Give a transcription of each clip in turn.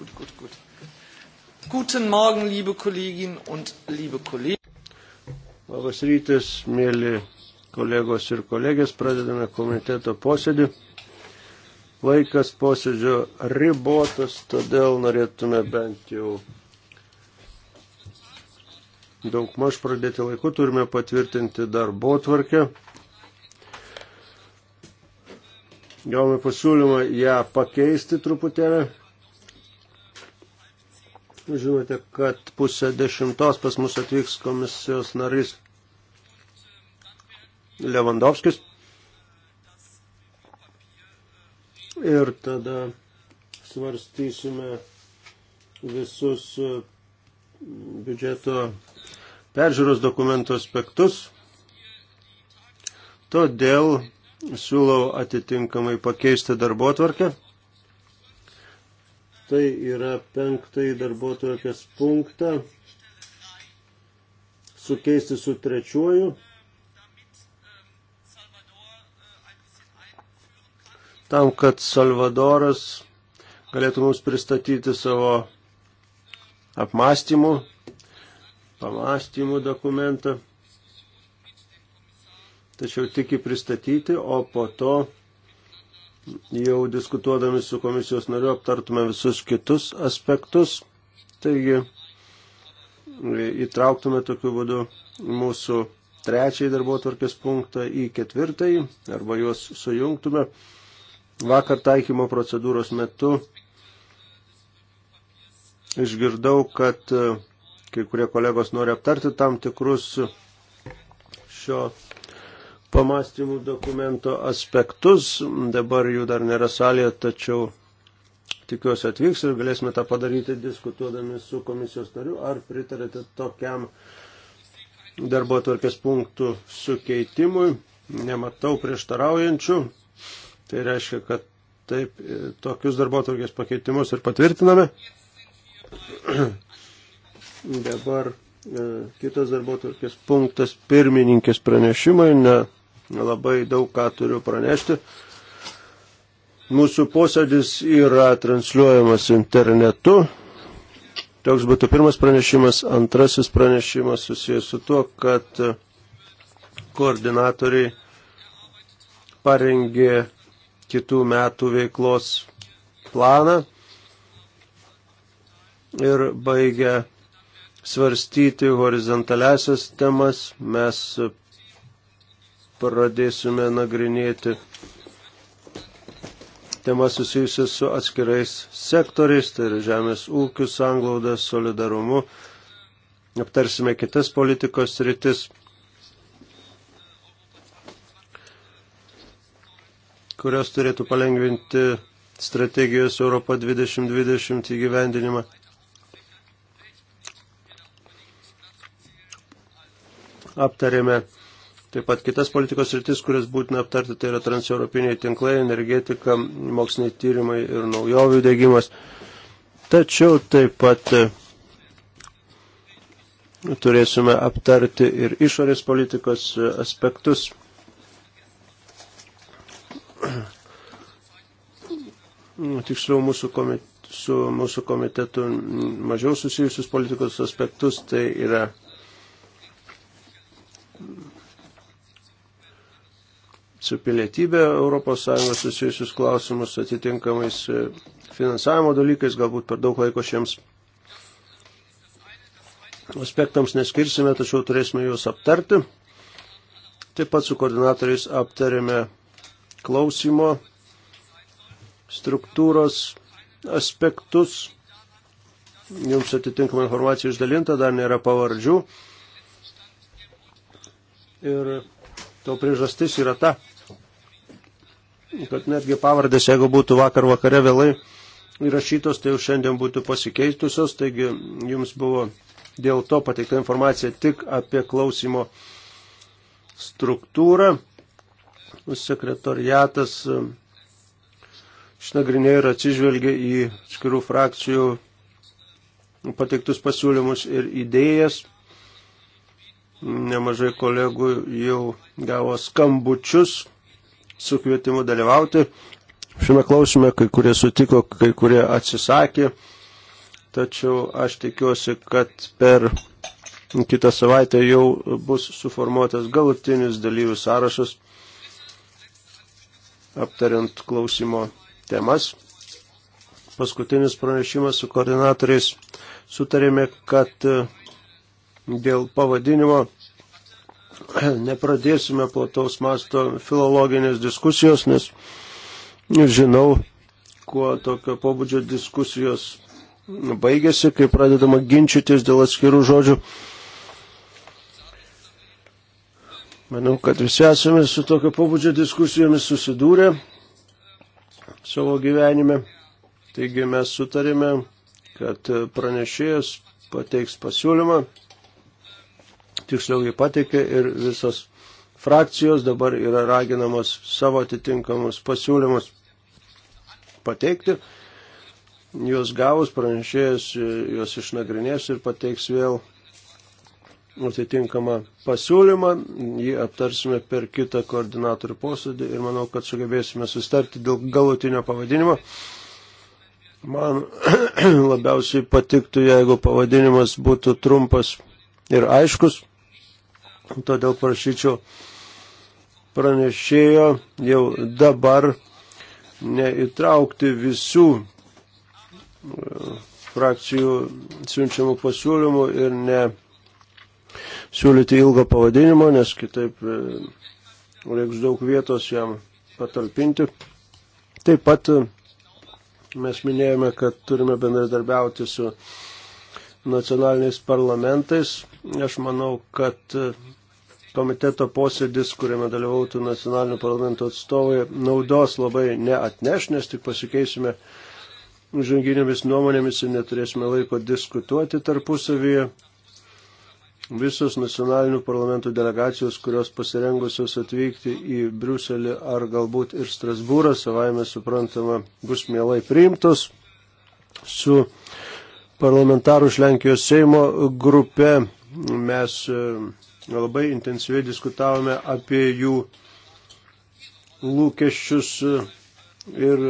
gut, gut, gut. Guten Morgen, liebe Kolleginnen und liebe Kollegen. Labas rytas, mėly kolegos ir kolegės, pradedame komiteto posėdį. Laikas posėdžio ribotas, todėl norėtume bent jau daug maž pradėti laiku, turime patvirtinti darbo tvarkę. Gavome pasiūlymą ją pakeisti truputėlį. Žinote, kad pusę dešimtos pas mus atvyks komisijos narys Levandovskis. Ir tada svarstysime visus e, biudžeto peržiūros dokumentų aspektus. Todėl siūlau atitinkamai pakeisti darbo tvarkę. Tai yra penktai darbuotojas punktą sukeisti su trečiuoju. Tam, kad Salvadoras galėtų mums pristatyti savo apmąstymų, pamąstymų dokumentą. Tačiau tik jį pristatyti, o po to jau diskutuodami su komisijos nariu aptartume visus kitus aspektus. Taigi įtrauktume tokiu būdu mūsų trečiąjį darbo tvarkės punktą į ketvirtąjį arba juos sujungtume. Vakar taikymo procedūros metu išgirdau, kad e, kai kurie kolegos nori aptarti tam tikrus šio pamastymų dokumento aspektus. Dabar jų dar nėra salėje, tačiau tikiuosi atvyks ir galėsime tą padaryti diskutuodami su komisijos nariu. Ar pritarėte tokiam darbo atvarkės punktų sukeitimui? Nematau prieštaraujančių. Tai reiškia, kad taip e, tokius darbo atvarkės pakeitimus ir patvirtiname. Dabar e, kitas darbo atvarkės punktas pirmininkės pranešimai. Ne, labai daug ką turiu pranešti. Mūsų posėdis yra transliuojamas internetu. Toks būtų pirmas pranešimas. Antrasis pranešimas susijęs su tuo, kad koordinatoriai parengė kitų metų veiklos planą ir baigė svarstyti horizontaliasias temas. Mes pradėsime nagrinėti temas susijusias su atskirais sektoriais, tai yra žemės ūkių, sanglauda, solidarumu. Aptarsime kitas politikos rytis, kurios turėtų palengvinti strategijos Europa 2020 įgyvendinimą. Aptarėme Taip pat kitas politikos rytis, kuris būtina aptarti, tai yra transeuropiniai tinklai, energetika, moksliniai tyrimai ir naujovių dėgymas. Tačiau taip pat e, turėsime aptarti ir išorės politikos e, aspektus. Nu, tiksliau, mūsų komitetas su mūsų komitetu mažiau susijusius politikos aspektus, tai yra su pilietybė ES susijusius klausimus atitinkamais e, finansavimo dalykais, galbūt per daug laiko šiems aspektams neskirsime, tačiau turėsime juos aptarti. Taip pat su koordinatoriais aptarėme klausimo struktūros aspektus. Jums atitinkama informacija išdalinta, dar nėra pavardžių. Ir to priežastis yra ta, kad netgi pavardės, jeigu būtų vakar vakare vėlai įrašytos, tai jau šiandien būtų pasikeistusios, taigi jums buvo dėl to pateikta informacija tik apie klausimo struktūrą. Sekretoriatas e, išnagrinėjo ir atsižvelgė į skirų frakcijų pateiktus pasiūlymus ir idėjas. Nemažai kolegų jau gavo skambučius su kvietimu dalyvauti. Šiame klausime kai kurie sutiko, kai kurie atsisakė, tačiau aš tikiuosi, kad per kitą savaitę jau bus suformuotas galutinis dalyvių sąrašas, aptariant klausimo temas. Paskutinis pranešimas su koordinatoriais sutarėme, kad dėl pavadinimo nepradėsime plataus masto filologinės diskusijos, nes žinau, kuo tokio pobūdžio diskusijos baigėsi, kai pradedama ginčytis dėl atskirų žodžių. Manau, kad visi esame su tokio pobūdžio diskusijomis susidūrę savo gyvenime. Taigi mes sutarėme, kad pranešėjas pateiks pasiūlymą tiksliau jį pateikė ir visos frakcijos dabar yra raginamos savo atitinkamus pasiūlymus pateikti. Juos gavus pranešėjas, juos išnagrinės ir pateiks vėl atitinkamą pasiūlymą. Jį aptarsime per kitą koordinatorių posėdį ir manau, kad sugebėsime sustarti dėl galutinio pavadinimo. Man labiausiai patiktų, jeigu pavadinimas būtų trumpas ir aiškus. Todėl prašyčiau pranešėjo jau dabar neįtraukti visų e, frakcijų siunčiamų pasiūlymų ir ne siūlyti ilgo pavadinimo, nes kitaip e, reiks daug vietos jam patalpinti. Taip pat e, mes minėjome, kad turime bendradarbiauti su nacionaliniais parlamentais. Aš manau, kad komiteto posėdis, kuriame dalyvautų nacionalinio parlamento atstovai, naudos labai neatneš, nes tik pasikeisime žanginėmis nuomonėmis ir neturėsime laiko diskutuoti tarpusavyje. Visos nacionalinių parlamentų delegacijos, kurios pasirengusios atvykti į Briuselį ar galbūt ir Strasbūrą, savaime suprantama, bus mielai priimtos su parlamentarų iš Lenkijos Seimo grupe. Mes labai intensyviai diskutavome apie jų lūkesčius e, ir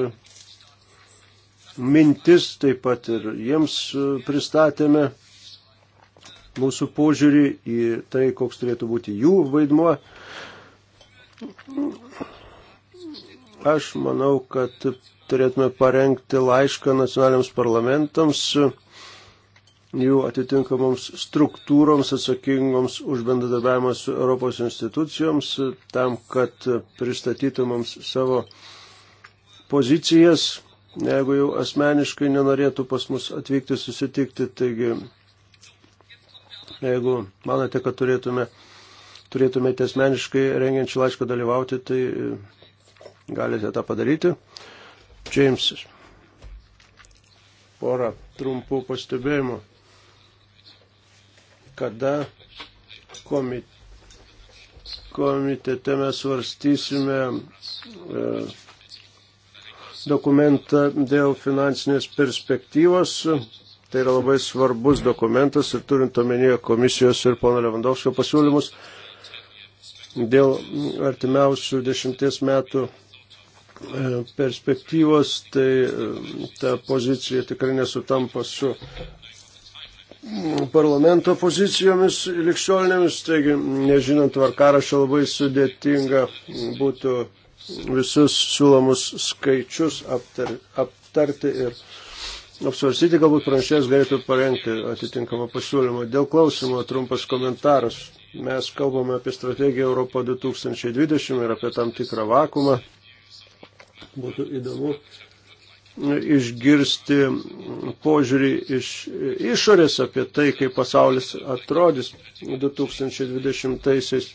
mintis, taip pat ir jiems e, pristatėme mūsų požiūrį į tai, koks turėtų būti jų vaidmuo. Aš manau, kad turėtume parengti laišką nacionaliniams parlamentams jų atitinkamoms struktūroms atsakingoms už bendradarbiavimą su Europos institucijoms, tam, kad pristatytų mums savo pozicijas, jeigu jau asmeniškai nenorėtų pas mus atvykti susitikti. Taigi, jeigu manote, kad turėtume, turėtumėte asmeniškai rengiančių laišką dalyvauti, tai galite tą padaryti. Džeimsas. Porą trumpų pastebėjimų kada komitete mes svarstysime e, dokumentą dėl finansinės perspektyvos. Tai yra labai svarbus dokumentas ir turint omenyje komisijos ir pono Levandovskio pasiūlymus dėl artimiausių dešimties metų e, perspektyvos, tai e, ta pozicija tikrai nesutampa su parlamento pozicijomis likščiolinėmis, taigi nežinant tvarkarašio labai sudėtinga būtų visus siūlomus skaičius aptar, aptarti ir apsvarstyti, galbūt pranešėjas galėtų parengti atitinkamą pasiūlymą. Dėl klausimo trumpas komentaras. Mes kalbame apie strategiją Europo 2020 ir apie tam tikrą vakumą. Būtų įdomu išgirsti požiūrį iš išorės apie tai, kaip pasaulis atrodys 2020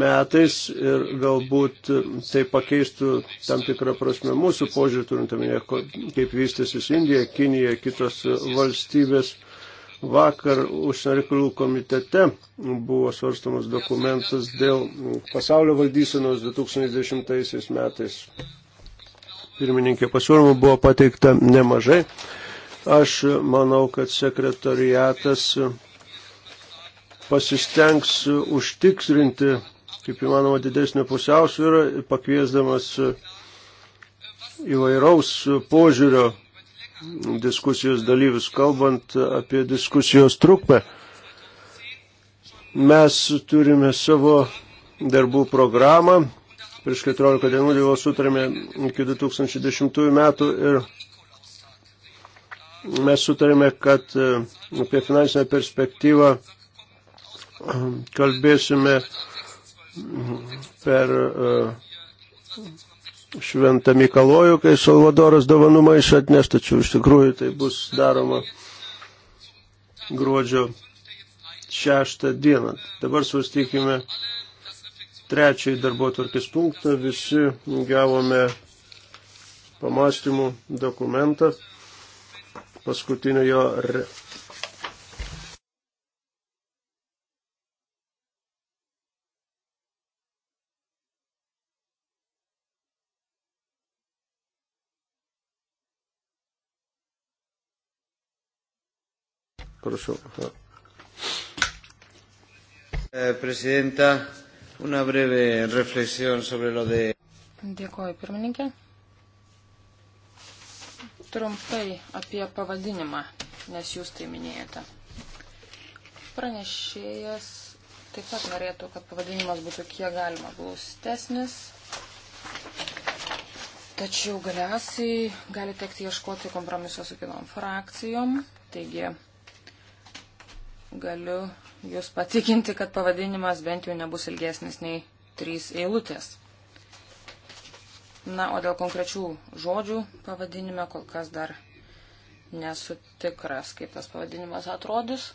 metais ir galbūt tai pakeistų tam tikrą prasme mūsų požiūrį, turint omenyje, kaip vystysis Indija, Kinija, kitos valstybės. Vakar užsienio reikalų komitete buvo svarstamas dokumentas dėl pasaulio valdysenos 2010 metais pirmininkė, pasiūlymų buvo pateikta nemažai. Aš manau, kad sekretariatas pasistengs užtikrinti, kaip įmanoma, didesnį pusiausvyrą, pakviesdamas įvairaus požiūrio diskusijos dalyvius, kalbant apie diskusijos trukmę. Mes turime savo darbų programą, prieš 14 dienų jau sutarėme iki 2010 metų ir mes sutarėme, kad e, apie finansinę perspektyvą kalbėsime per e, šventą Mikalojų, kai Salvadoras dovanų maišą atneš, tačiau iš tikrųjų tai bus daroma gruodžio šeštą dieną. Dabar svarstykime trečiai darbo tvarkės punktą. Visi gavome pamastymų dokumentą, paskutinio jo re... Prašau. Eh, presidenta, Una breve reflexión sobre lo de. Dėkoju, pirmininkė. Trumpai apie pavadinimą, nes jūs tai minėjote. Pranešėjas taip pat norėtų, kad pavadinimas būtų kiek galima glaustesnis. Tačiau galiausiai gali tekti ieškoti kompromiso su kitom frakcijom. Taigi galiu jūs patikinti, kad pavadinimas bent jau nebus ilgesnis nei trys eilutės. Na, o dėl konkrečių žodžių pavadinime kol kas dar nesu tikras, kaip tas pavadinimas atrodys.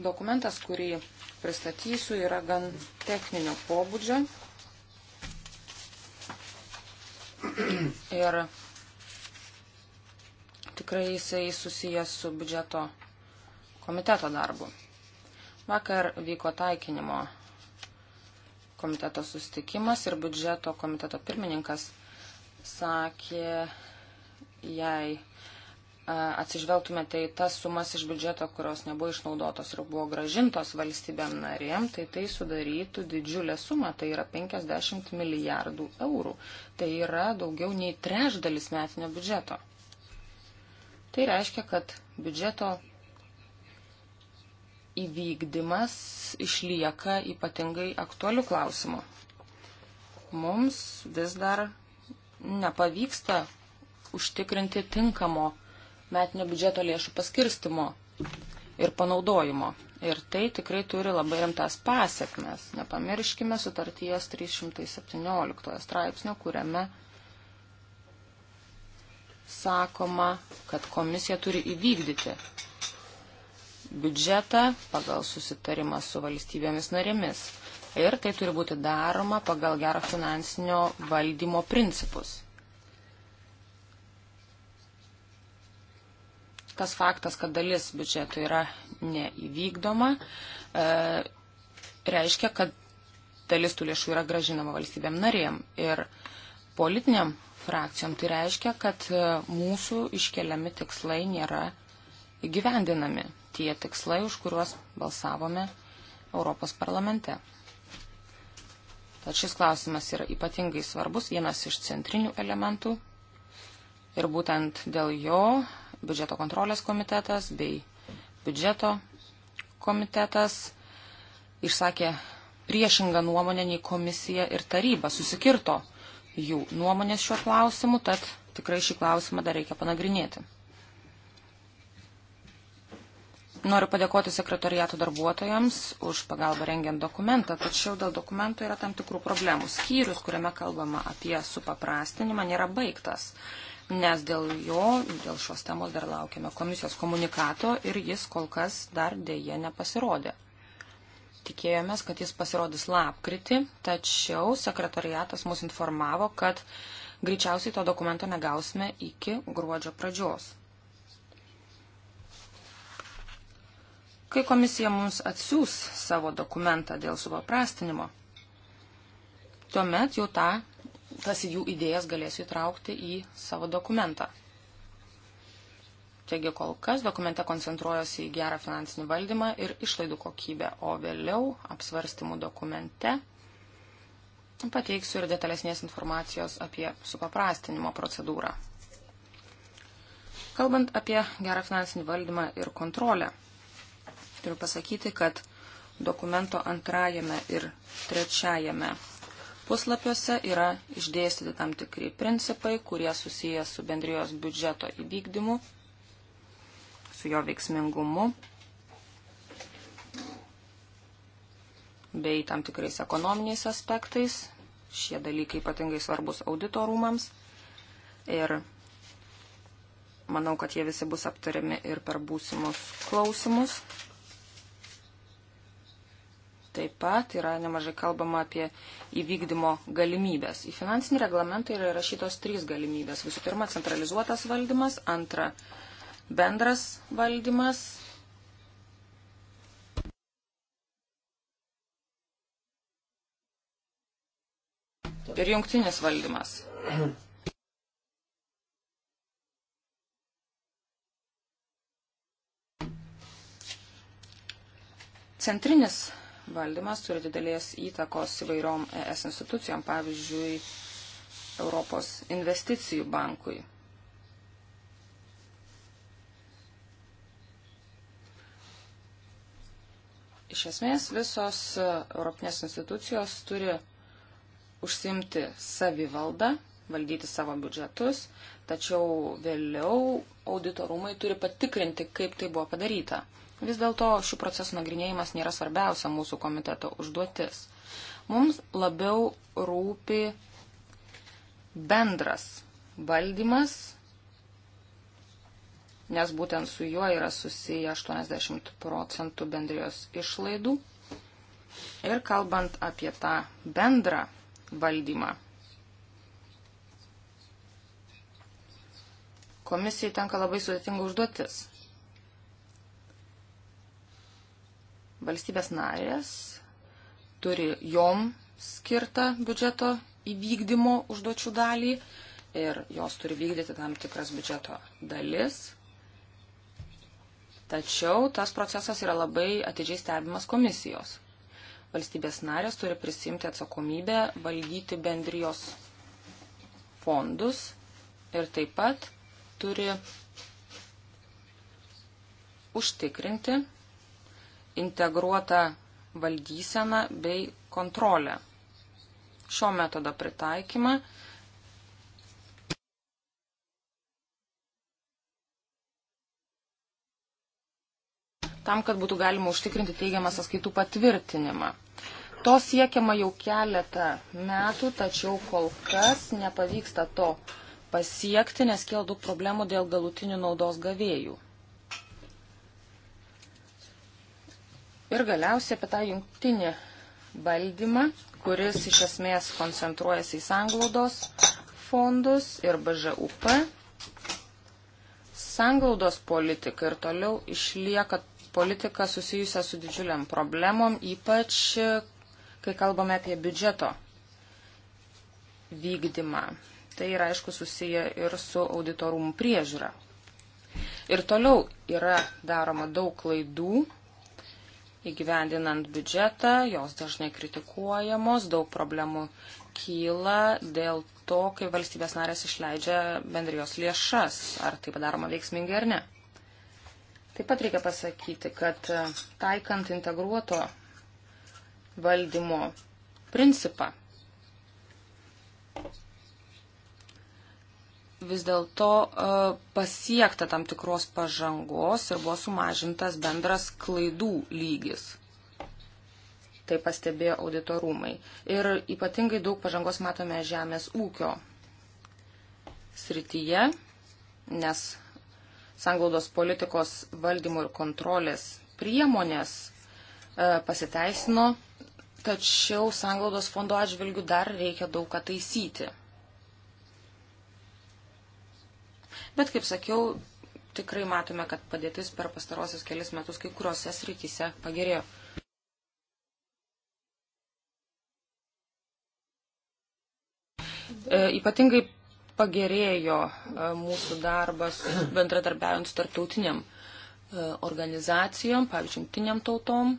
Dokumentas, kurį pristatysiu, yra gan techninio pobūdžio. Ir tikrai jisai susijęs su biudžeto komiteto darbu. Vakar vyko taikinimo komiteto sustikimas ir biudžeto komiteto pirmininkas sakė, jei atsižvelgtumėte į tas sumas iš biudžeto, kurios nebuvo išnaudotos ir buvo gražintos valstybėm narėm, tai tai sudarytų didžiulę sumą, tai yra 50 milijardų eurų. Tai yra daugiau nei trešdalis metinio biudžeto. Tai reiškia, kad biudžeto įvykdymas išlieka ypatingai aktualių klausimų. Mums vis dar nepavyksta užtikrinti tinkamo metinio biudžeto lėšų paskirstimo ir panaudojimo. Ir tai tikrai turi labai rimtas pasiekmes. Nepamirškime sutarties 317 straipsnio, kuriame sakoma, kad komisija turi įvykdyti biudžetą pagal susitarimą su valstybėmis narėmis. Ir tai turi būti daroma pagal gero finansinio valdymo principus. Tas faktas, kad dalis biudžeto yra neįvykdoma, e, reiškia, kad dalis tų lėšų yra gražinama valstybėm narėm. Ir politiniam frakcijom. Tai reiškia, kad e, mūsų iškeliami tikslai nėra įgyvendinami. Tie tikslai, už kuriuos balsavome Europos parlamente. Tad šis klausimas yra ypatingai svarbus, vienas iš centrinių elementų. Ir būtent dėl jo biudžeto kontrolės komitetas bei biudžeto komitetas išsakė priešingą nuomonę nei komisija ir taryba susikirto jų nuomonės šiuo klausimu, tad tikrai šį klausimą dar reikia panagrinėti. Noriu padėkoti sekretoriato darbuotojams už pagalbą rengiant dokumentą, tačiau dėl dokumento yra tam tikrų problemų. Skyrius, kuriame kalbama apie supaprastinimą, nėra baigtas, nes dėl jo, dėl šios temos dar laukiame komisijos komunikato ir jis kol kas dar dėje nepasirodė. Tikėjomės, kad jis pasirodys lapkritį, tačiau sekretariatas mus informavo, kad greičiausiai to dokumento negausime iki gruodžio pradžios. Kai komisija mums atsiūs savo dokumentą dėl supaprastinimo, tuomet jau tą, tas jų idėjas galėsiu įtraukti į savo dokumentą. Taigi kol kas dokumente koncentruojasi į gerą finansinį valdymą ir išlaidų kokybę, o vėliau apsvarstymų dokumente pateiksiu ir detalesnės informacijos apie supaprastinimo procedūrą. Kalbant apie gerą finansinį valdymą ir kontrolę, turiu pasakyti, kad dokumento antrajame ir trečiajame puslapiuose yra išdėstyti tam tikri principai, kurie susiję su bendrijos biudžeto įvykdymu su jo veiksmingumu bei tam tikrais ekonominiais aspektais. Šie dalykai ypatingai svarbus auditorumams ir manau, kad jie visi bus aptariami ir per būsimus klausimus. Taip pat yra nemažai kalbama apie įvykdymo galimybės. Į finansinį reglamentą yra rašytos trys galimybės. Visų pirma, centralizuotas valdymas, antra, bendras valdymas. Ir jungtinis valdymas. Centrinis valdymas turi didelės įtakos įvairiom ES institucijom, pavyzdžiui, Europos investicijų bankui. Iš esmės visos e, Europinės institucijos turi užsimti savivaldą, valdyti savo biudžetus, tačiau vėliau auditorumai turi patikrinti, kaip tai buvo padaryta. Vis dėlto šių procesų nagrinėjimas nėra svarbiausia mūsų komiteto užduotis. Mums labiau rūpi bendras valdymas nes būtent su juo yra susiję 80 procentų bendrijos išlaidų. Ir kalbant apie tą bendrą valdymą, komisijai tenka labai sudėtinga užduotis. Valstybės narės turi jom skirtą biudžeto įvykdymo užduočių dalį ir jos turi vykdyti tam tikras biudžeto dalis. Tačiau tas procesas yra labai atidžiai stebimas komisijos. Valstybės narės turi prisimti atsakomybę valdyti bendrijos fondus ir taip pat turi užtikrinti integruotą valdyseną bei kontrolę. Šio metodo pritaikymą tam, kad būtų galima užtikrinti teigiamą sąskaitų patvirtinimą. To siekiama jau keletą metų, tačiau kol kas nepavyksta to pasiekti, nes kėl daug problemų dėl galutinių naudos gavėjų. Ir galiausiai apie tą jungtinį valdymą, kuris iš esmės koncentruojasi į sanglaudos fondus ir BŽUP. Sanglaudos politika ir toliau išlieka politiką susijusią su didžiuliam problemom, ypač e, kai kalbame apie biudžeto vykdymą. Tai yra, aišku, susiję ir su auditorumų priežiūra. Ir toliau yra daroma daug klaidų įgyvendinant biudžetą, jos dažnai kritikuojamos, daug problemų kyla dėl to, kai valstybės narės išleidžia bendrijos lėšas, ar tai padaroma veiksmingai ar ne. Taip pat reikia pasakyti, kad e, taikant integruoto valdymo principą vis dėlto e, pasiekta tam tikros pažangos ir buvo sumažintas bendras klaidų lygis. Tai pastebėjo auditorumai. Ir ypatingai daug pažangos matome žemės ūkio srityje, nes sanglaudos politikos valdymo ir kontrolės priemonės e, pasiteisino, tačiau sanglaudos fondo atžvilgių dar reikia daug ką taisyti. Bet, kaip sakiau, tikrai matome, kad padėtis per pastarosius kelias metus kai kuriuose srityse pagerėjo. E, ypatingai pagerėjo e, mūsų darbas bendradarbiaujant su tarptautiniam e, organizacijom, pavyzdžiui, jungtiniam tautom.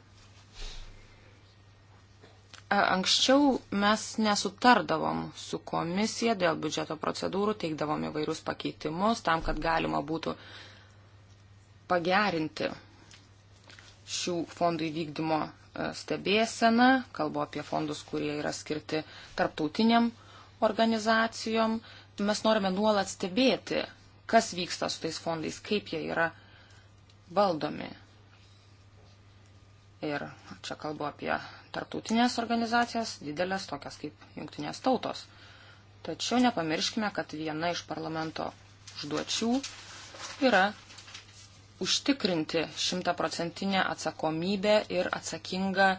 E, anksčiau mes nesutardavom su komisija dėl biudžeto procedūrų, teikdavom įvairius pakeitimus tam, kad galima būtų pagerinti šių fondų įvykdymo stebėseną, kalbu apie fondus, kurie yra skirti tarptautiniam organizacijom mes norime nuolat stebėti, kas vyksta su tais fondais, kaip jie yra valdomi. Ir čia kalbu apie tarptautinės organizacijas, didelės tokias kaip jungtinės tautos. Tačiau nepamirškime, kad viena iš parlamento užduočių yra užtikrinti šimtaprocentinę atsakomybę ir atsakingą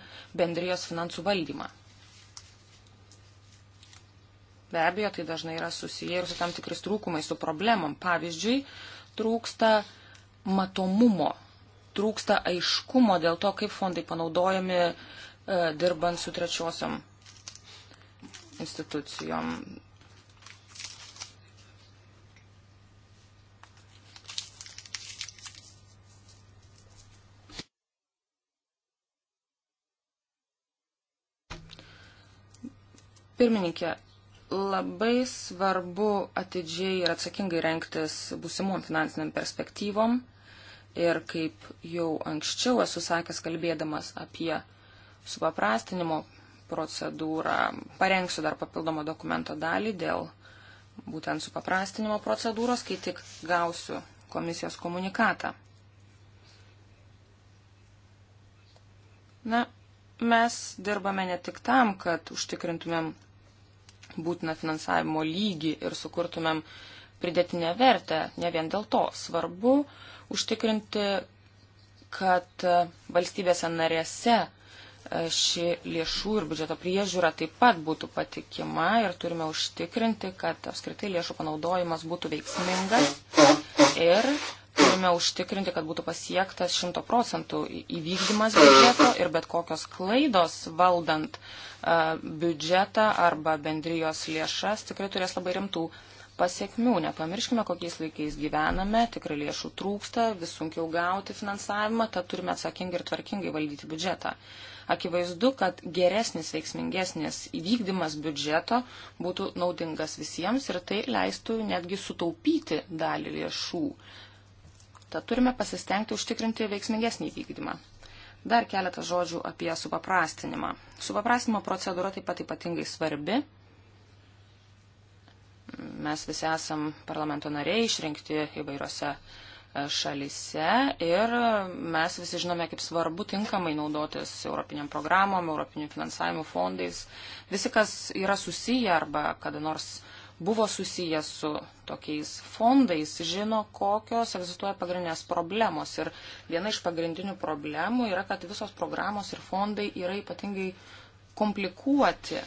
bendrijos finansų valdymą. Be abejo, tai dažnai yra susiję ir su tam tikris trūkumai, su problemom. Pavyzdžiui, trūksta matomumo, trūksta aiškumo dėl to, kaip fondai panaudojami e, dirbant su trečiosiom institucijom. Pirmininkė, labai svarbu atidžiai ir atsakingai renktis būsimom finansiniam perspektyvom. Ir kaip jau anksčiau esu sakęs, kalbėdamas apie supaprastinimo procedūrą, parengsiu dar papildomą dokumento dalį dėl būtent supaprastinimo procedūros, kai tik gausiu komisijos komunikatą. Na, mes dirbame ne tik tam, kad užtikrintumėm būtiną finansavimo lygį ir sukurtumėm pridėtinę vertę. Ne vien dėl to svarbu užtikrinti, kad e, valstybėse narėse e, ši lėšų ir biudžeto priežiūra taip pat būtų patikima ir turime užtikrinti, kad apskritai lėšų panaudojimas būtų veiksmingas ir turime užtikrinti, kad būtų pasiektas 100 procentų įvykdymas biudžeto ir bet kokios klaidos valdant uh, biudžetą arba bendrijos lėšas tikrai turės labai rimtų pasiekmių. Nepamirškime, kokiais laikais gyvename, tikrai lėšų trūksta, vis sunkiau gauti finansavimą, tad turime atsakingai ir tvarkingai valdyti biudžetą. Akivaizdu, kad geresnis, veiksmingesnis įvykdymas biudžeto būtų naudingas visiems ir tai leistų netgi sutaupyti dalį lėšų. Uh, Tad turime pasistengti užtikrinti veiksmingesnį įvykdymą. Dar keletą žodžių apie supaprastinimą. Supaprastinimo procedūra taip pat ypatingai svarbi. Mes visi esam parlamento nariai išrinkti įvairiose e, šalise ir mes visi žinome, kaip svarbu tinkamai naudotis europiniam programom, europinių finansavimų fondais. Visi, kas yra susiję arba kada nors buvo susijęs su tokiais fondais, žino, kokios egzistuoja pagrindinės problemos. Ir viena iš pagrindinių problemų yra, kad visos programos ir fondai yra ypatingai komplikuoti.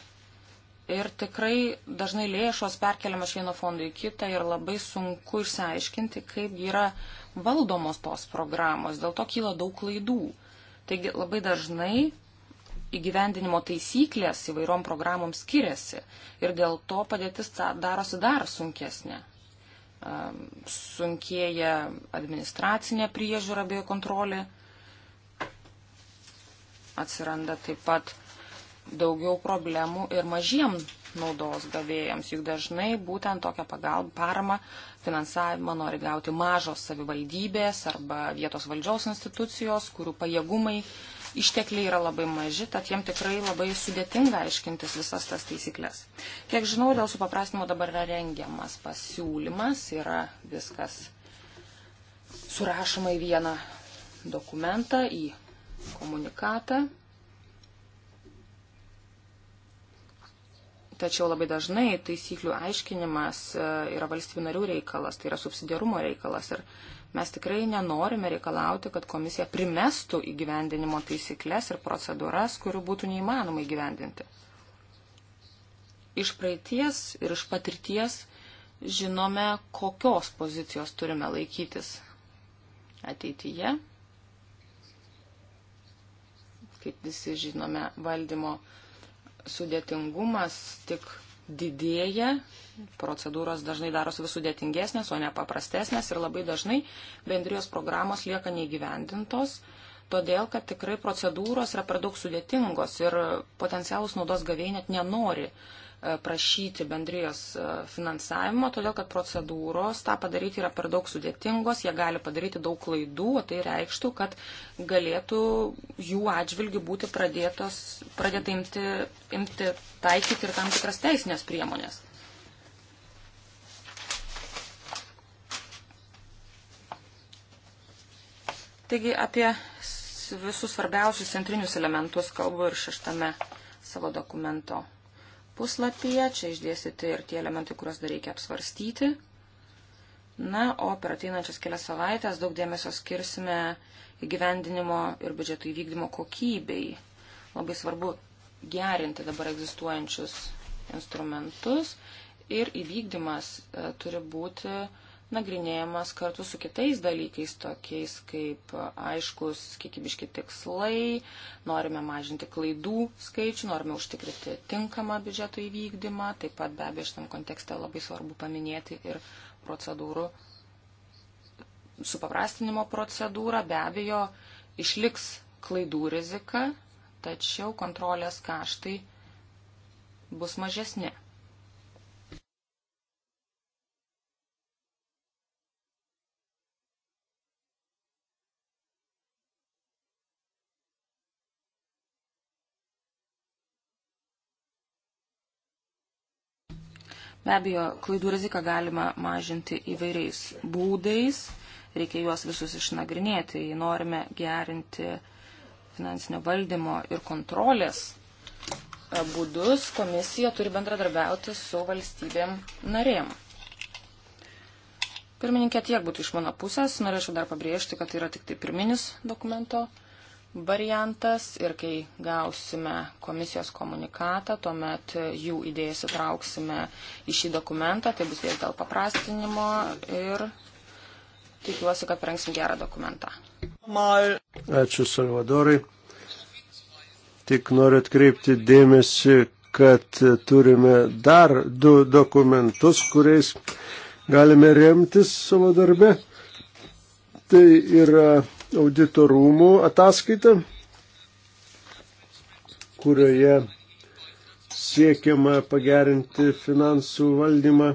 Ir tikrai dažnai lėšos perkeliamas vieno fondo į kitą ir labai sunku išsiaiškinti, kaip yra valdomos tos programos. Dėl to kyla daug klaidų. Taigi labai dažnai įgyvendinimo taisyklės įvairiom programom skiriasi ir dėl to padėtis darosi dar sunkesnė. Sunkėja administracinė priežiūra bei kontrolė. Atsiranda taip pat daugiau problemų ir mažiem naudos gavėjams, juk dažnai būtent tokią pagalbą, paramą, finansavimą nori gauti mažos savivaldybės arba vietos valdžios institucijos, kurių pajėgumai uh, ištekliai yra labai maži, tad jiem tikrai labai sudėtinga aiškintis visas tas taisyklės. Kiek žinau, dėl supaprastinimo dabar yra rengiamas pasiūlymas, yra viskas surašoma į vieną dokumentą, į komunikatą. Tačiau labai dažnai taisyklių aiškinimas e, yra valstybių narių reikalas, tai yra subsidiarumo reikalas ir Mes tikrai nenorime reikalauti, kad komisija primestų įgyvendinimo taisyklės ir procedūras, kurių būtų neįmanoma įgyvendinti. Iš praeities ir iš patirties žinome, kokios pozicijos turime laikytis ateityje. Kaip visi žinome, valdymo sudėtingumas tik didėja, procedūros dažnai darosi vis sudėtingesnės, o ne paprastesnės ir labai dažnai bendrijos programos lieka neįgyvendintos, todėl kad tikrai procedūros yra per daug sudėtingos ir potencialus naudos gavėjai net nenori uh, E, prašyti bendrijos e, finansavimo, todėl kad procedūros tą padaryti yra per daug sudėtingos, jie gali padaryti daug klaidų, o tai reikštų, kad galėtų jų atžvilgių būti pradėtos, pradėta imti, imti taikyti ir tam tikras teisinės priemonės. Taigi apie visus svarbiausius centrinius elementus kalbu ir šeštame savo dokumento puslapyje. Čia išdėstyti ir tie elementai, kuriuos dar reikia apsvarstyti. Na, o per ateinančias kelias savaitės daug dėmesio skirsime įgyvendinimo ir biudžeto įvykdymo kokybei. Labai svarbu gerinti dabar egzistuojančius instrumentus ir įvykdymas e, turi būti uh, nagrinėjamas kartu su kitais dalykais, tokiais kaip aiškus kiekybiški tikslai, norime mažinti klaidų skaičių, norime užtikrinti tinkamą biudžeto įvykdymą, taip pat be abejo šitam kontekste labai svarbu paminėti ir procedūrų supaprastinimo procedūrą, be abejo išliks klaidų rizika, tačiau kontrolės kaštai bus mažesni. Be abejo, klaidų riziką galima mažinti įvairiais būdais, reikia juos visus išnagrinėti, jei norime gerinti finansinio valdymo ir kontrolės e, būdus, komisija turi bendradarbiauti su valstybėm narėm. Pirmininkė, tiek būtų iš mano pusės. Norėčiau dar pabrėžti, kad tai yra tik tai pirminis dokumento variantas ir kai gausime komisijos komunikatą, tuomet jų idėjas įtrauksime į šį dokumentą, tai bus vėl dėl paprastinimo ir tikiuosi, kad rengsim gerą dokumentą. Mal. Ačiū Salvadorai. Tik noriu atkreipti dėmesį, kad turime dar du dokumentus, kuriais galime remtis savo darbe. Tai yra auditorumų ataskaitą, kurioje siekiama pagerinti finansų valdymą,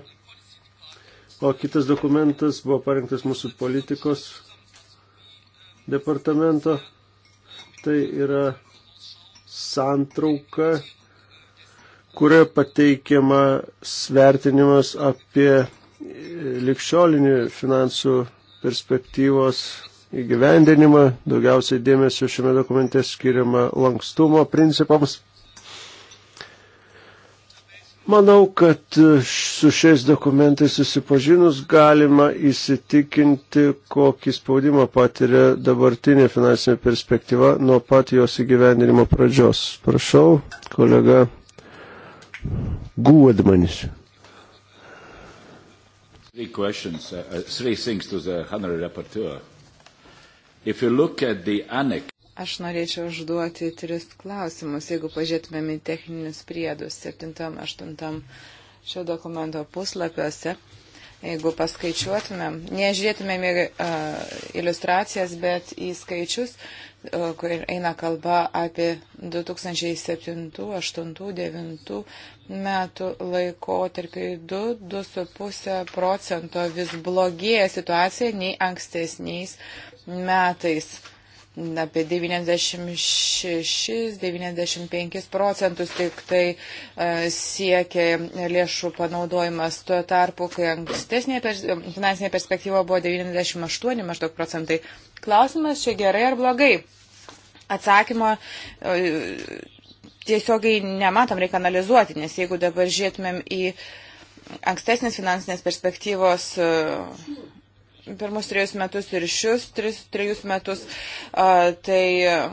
o kitas dokumentas buvo parengtas mūsų politikos departamento. Tai yra santrauka, kurioje pateikiama svertinimas apie likščiolinį finansų perspektyvos įgyvendinimą. Daugiausiai dėmesio šiame dokumente skiriama lankstumo principams. Manau, kad su šiais dokumentais susipažinus galima įsitikinti, kokį spaudimą patiria dabartinė finansinė perspektyva nuo pat jos įgyvendinimo pradžios. Prašau, kolega Guodmanis. Three questions, uh, uh three things to the honorary rapporteur. Annex... Aš norėčiau užduoti tris klausimus, jeigu pažiūrėtumėm į techninius priedus 7-8 šio dokumento puslapiuose. Jeigu paskaičiuotumėm, nežiūrėtumėm į uh, iliustracijas, bet į skaičius, uh, kur eina kalba apie 2007, 2008, 2009 metų laikotarpį 2-2,5 procento vis blogėja situacija nei ankstesniais uh, metais apie 96-95 procentus tik tai e, siekia lėšų panaudojimas. Tuo tarpu, kai ankstesnė finansinė perspektyva buvo 98 maždaug procentai. Klausimas čia gerai ar blogai? Atsakymo e, tiesiogai nematom, reikia analizuoti, nes jeigu dabar žiūrėtumėm į ankstesnės finansinės perspektyvos e, pirmus trejus metus ir šius tris, trejus metus, a, tai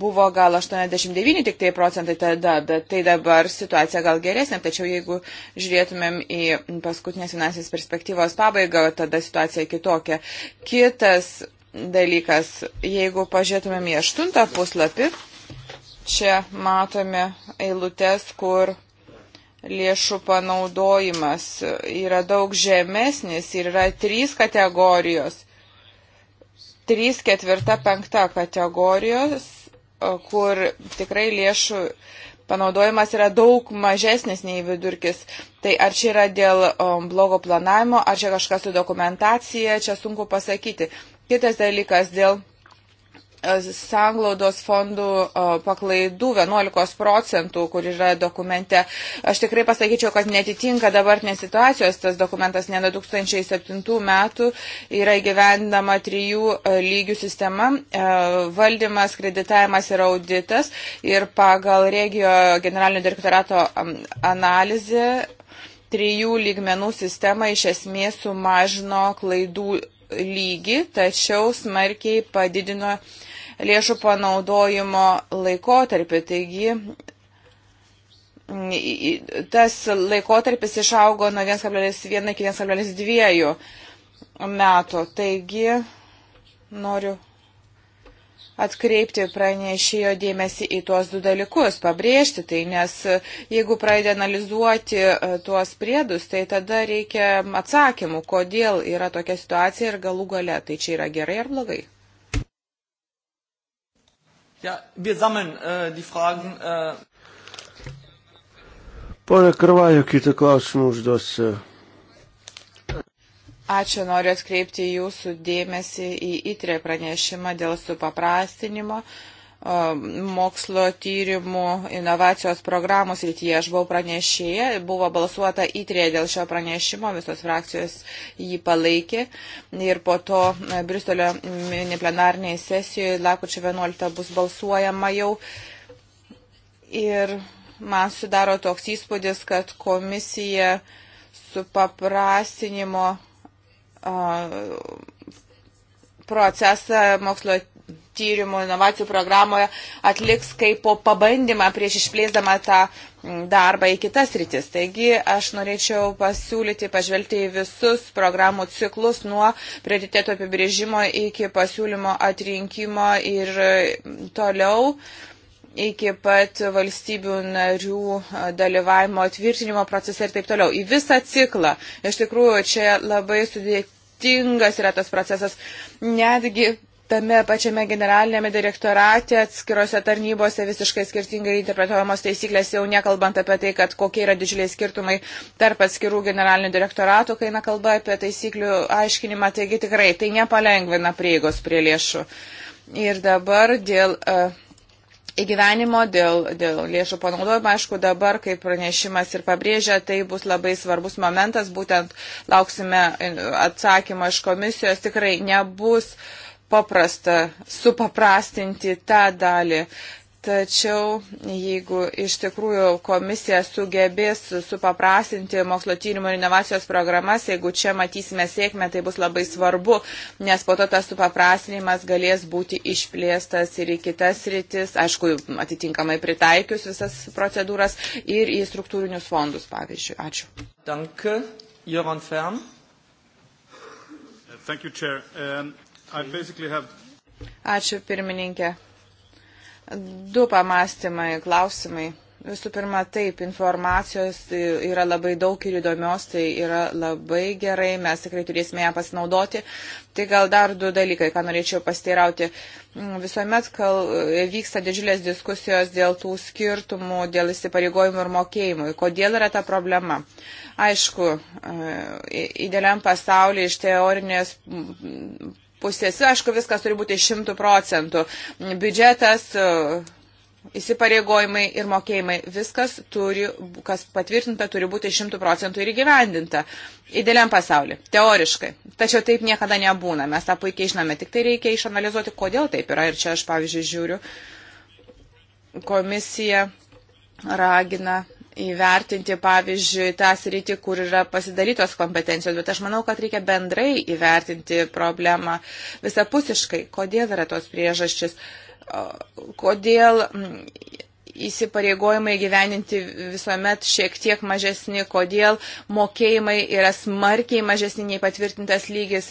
buvo gal 89 tik tai procentai tada, bet tai dabar situacija gal geresnė, tačiau jeigu žiūrėtumėm į paskutinės finansinės perspektyvos pabaigą, tada situacija kitokia. Kitas dalykas, jeigu pažiūrėtumėm į aštuntą puslapį, čia matome eilutes, kur lėšų panaudojimas yra daug žemesnis ir yra trys kategorijos. 3, 4, 5 kategorijos, kur tikrai lėšų panaudojimas yra daug mažesnis nei vidurkis. Tai ar čia yra dėl um, blogo planavimo, ar čia kažkas su dokumentacija, čia sunku pasakyti. Kitas dalykas dėl sanglaudos fondų paklaidų 11 procentų, kur yra dokumente. Aš tikrai pasakyčiau, kad netitinka dabartinės situacijos. Tas dokumentas ne 2007 metų yra įgyvendama trijų e, lygių sistema e, - valdymas, kreditavimas ir auditas. Ir pagal regio generalinio direktorato analizę trijų lygmenų sistema iš esmės sumažino klaidų lygį, tačiau smarkiai padidino uh, lėšų panaudojimo laikotarpį. Taigi tas laikotarpis išaugo nuo 1,1 iki 1,2 metų. Taigi noriu atkreipti pranešėjo dėmesį į tuos du dalykus, pabrėžti tai, nes e, jeigu pradė analizuoti e, tuos priedus, tai tada reikia atsakymų, kodėl yra tokia situacija ir galų gale, tai čia yra gerai ar blogai. Ja, wir sammeln äh, die Fragen. Äh... Pone Karvajo, kitą klausimą užduosiu. Ačiū, noriu atkreipti jūsų dėmesį į įtrę pranešimą dėl supaprastinimo. Uh, mokslo tyrimų inovacijos programos rytyje. Aš buvau pranešėja, buvo balsuota įtrė dėl šio pranešimo, visos frakcijos jį palaikė. Ir po to e, Bristolio plenarniai sesijoje, lakučio 11 bus balsuojama jau. Ir man sudaro toks įspūdis, kad komisija su paprastinimo procesą mokslo tyrimo inovacijų programoje atliks kaip po pabandymą prieš išplėsdama tą mm, darbą į kitas rytis. Taigi aš norėčiau pasiūlyti pažvelgti į visus programų ciklus nuo prioritėto apibrėžimo iki pasiūlymo atrinkimo ir mm, toliau iki pat valstybių narių dalyvavimo tvirtinimo procese ir taip toliau. Į visą ciklą. Iš tikrųjų, čia labai sudėtingas yra tas procesas. Netgi tame pačiame generalinėme direktorate atskirose tarnybose visiškai skirtingai interpretuojamos taisyklės, jau nekalbant apie tai, kad kokie yra didžiuliai skirtumai tarp atskirų generalinių direktoratų, kai eina kalba apie taisyklių aiškinimą, taigi tikrai tai nepalengvina prieigos prie lėšų. Ir dabar dėl. Uh, įgyvenimo, dėl, dėl lėšų panaudojimo. Aišku, dabar, kaip pranešimas ir pabrėžia, tai bus labai svarbus momentas, būtent lauksime e, atsakymo iš komisijos, tikrai nebus uh, paprasta supaprastinti tą dalį. Tačiau jeigu iš tikrųjų komisija sugebės supaprastinti mokslo tyrimo ir inovacijos programas, jeigu čia matysime sėkmę, tai bus labai svarbu, nes po to tas supaprastinimas galės būti išplėstas ir į kitas rytis, aišku, atitinkamai pritaikius visas procedūras ir į struktūrinius fondus, pavyzdžiui. Ačiū. Danke, Joran Fern. Thank you, Chair. Um have... Ačiū pirmininkė. Du pamastymai, klausimai. Visų pirma, taip, informacijos yra labai daug ir įdomios, tai yra labai gerai, mes tikrai turėsime ją pasinaudoti. Tai gal dar du dalykai, ką norėčiau pasteirauti. Visuomet kal, vyksta didžiulės diskusijos dėl tų skirtumų, dėl įsipareigojimų ir mokėjimų. Kodėl yra ta problema? Aišku, e, idealiam pasaulyje iš teorinės pusės. Aišku, viskas turi būti šimtų procentų. Biudžetas, įsipareigojimai ir mokėjimai, viskas turi, kas patvirtinta, turi būti šimtų procentų ir įgyvendinta. Idealiam pasauliu, teoriškai. Tačiau taip niekada nebūna. Mes tą puikiai žinome. Tik tai reikia išanalizuoti, kodėl taip yra. Ir čia aš, pavyzdžiui, žiūriu, komisija ragina įvertinti, pavyzdžiui, tą sritį, kur yra pasidarytos kompetencijos, bet aš manau, kad reikia bendrai įvertinti problemą visapusiškai, kodėl yra tos priežasčius, kodėl įsipareigojimai gyveninti visuomet šiek tiek mažesni, kodėl mokėjimai yra smarkiai mažesni nei patvirtintas lygis,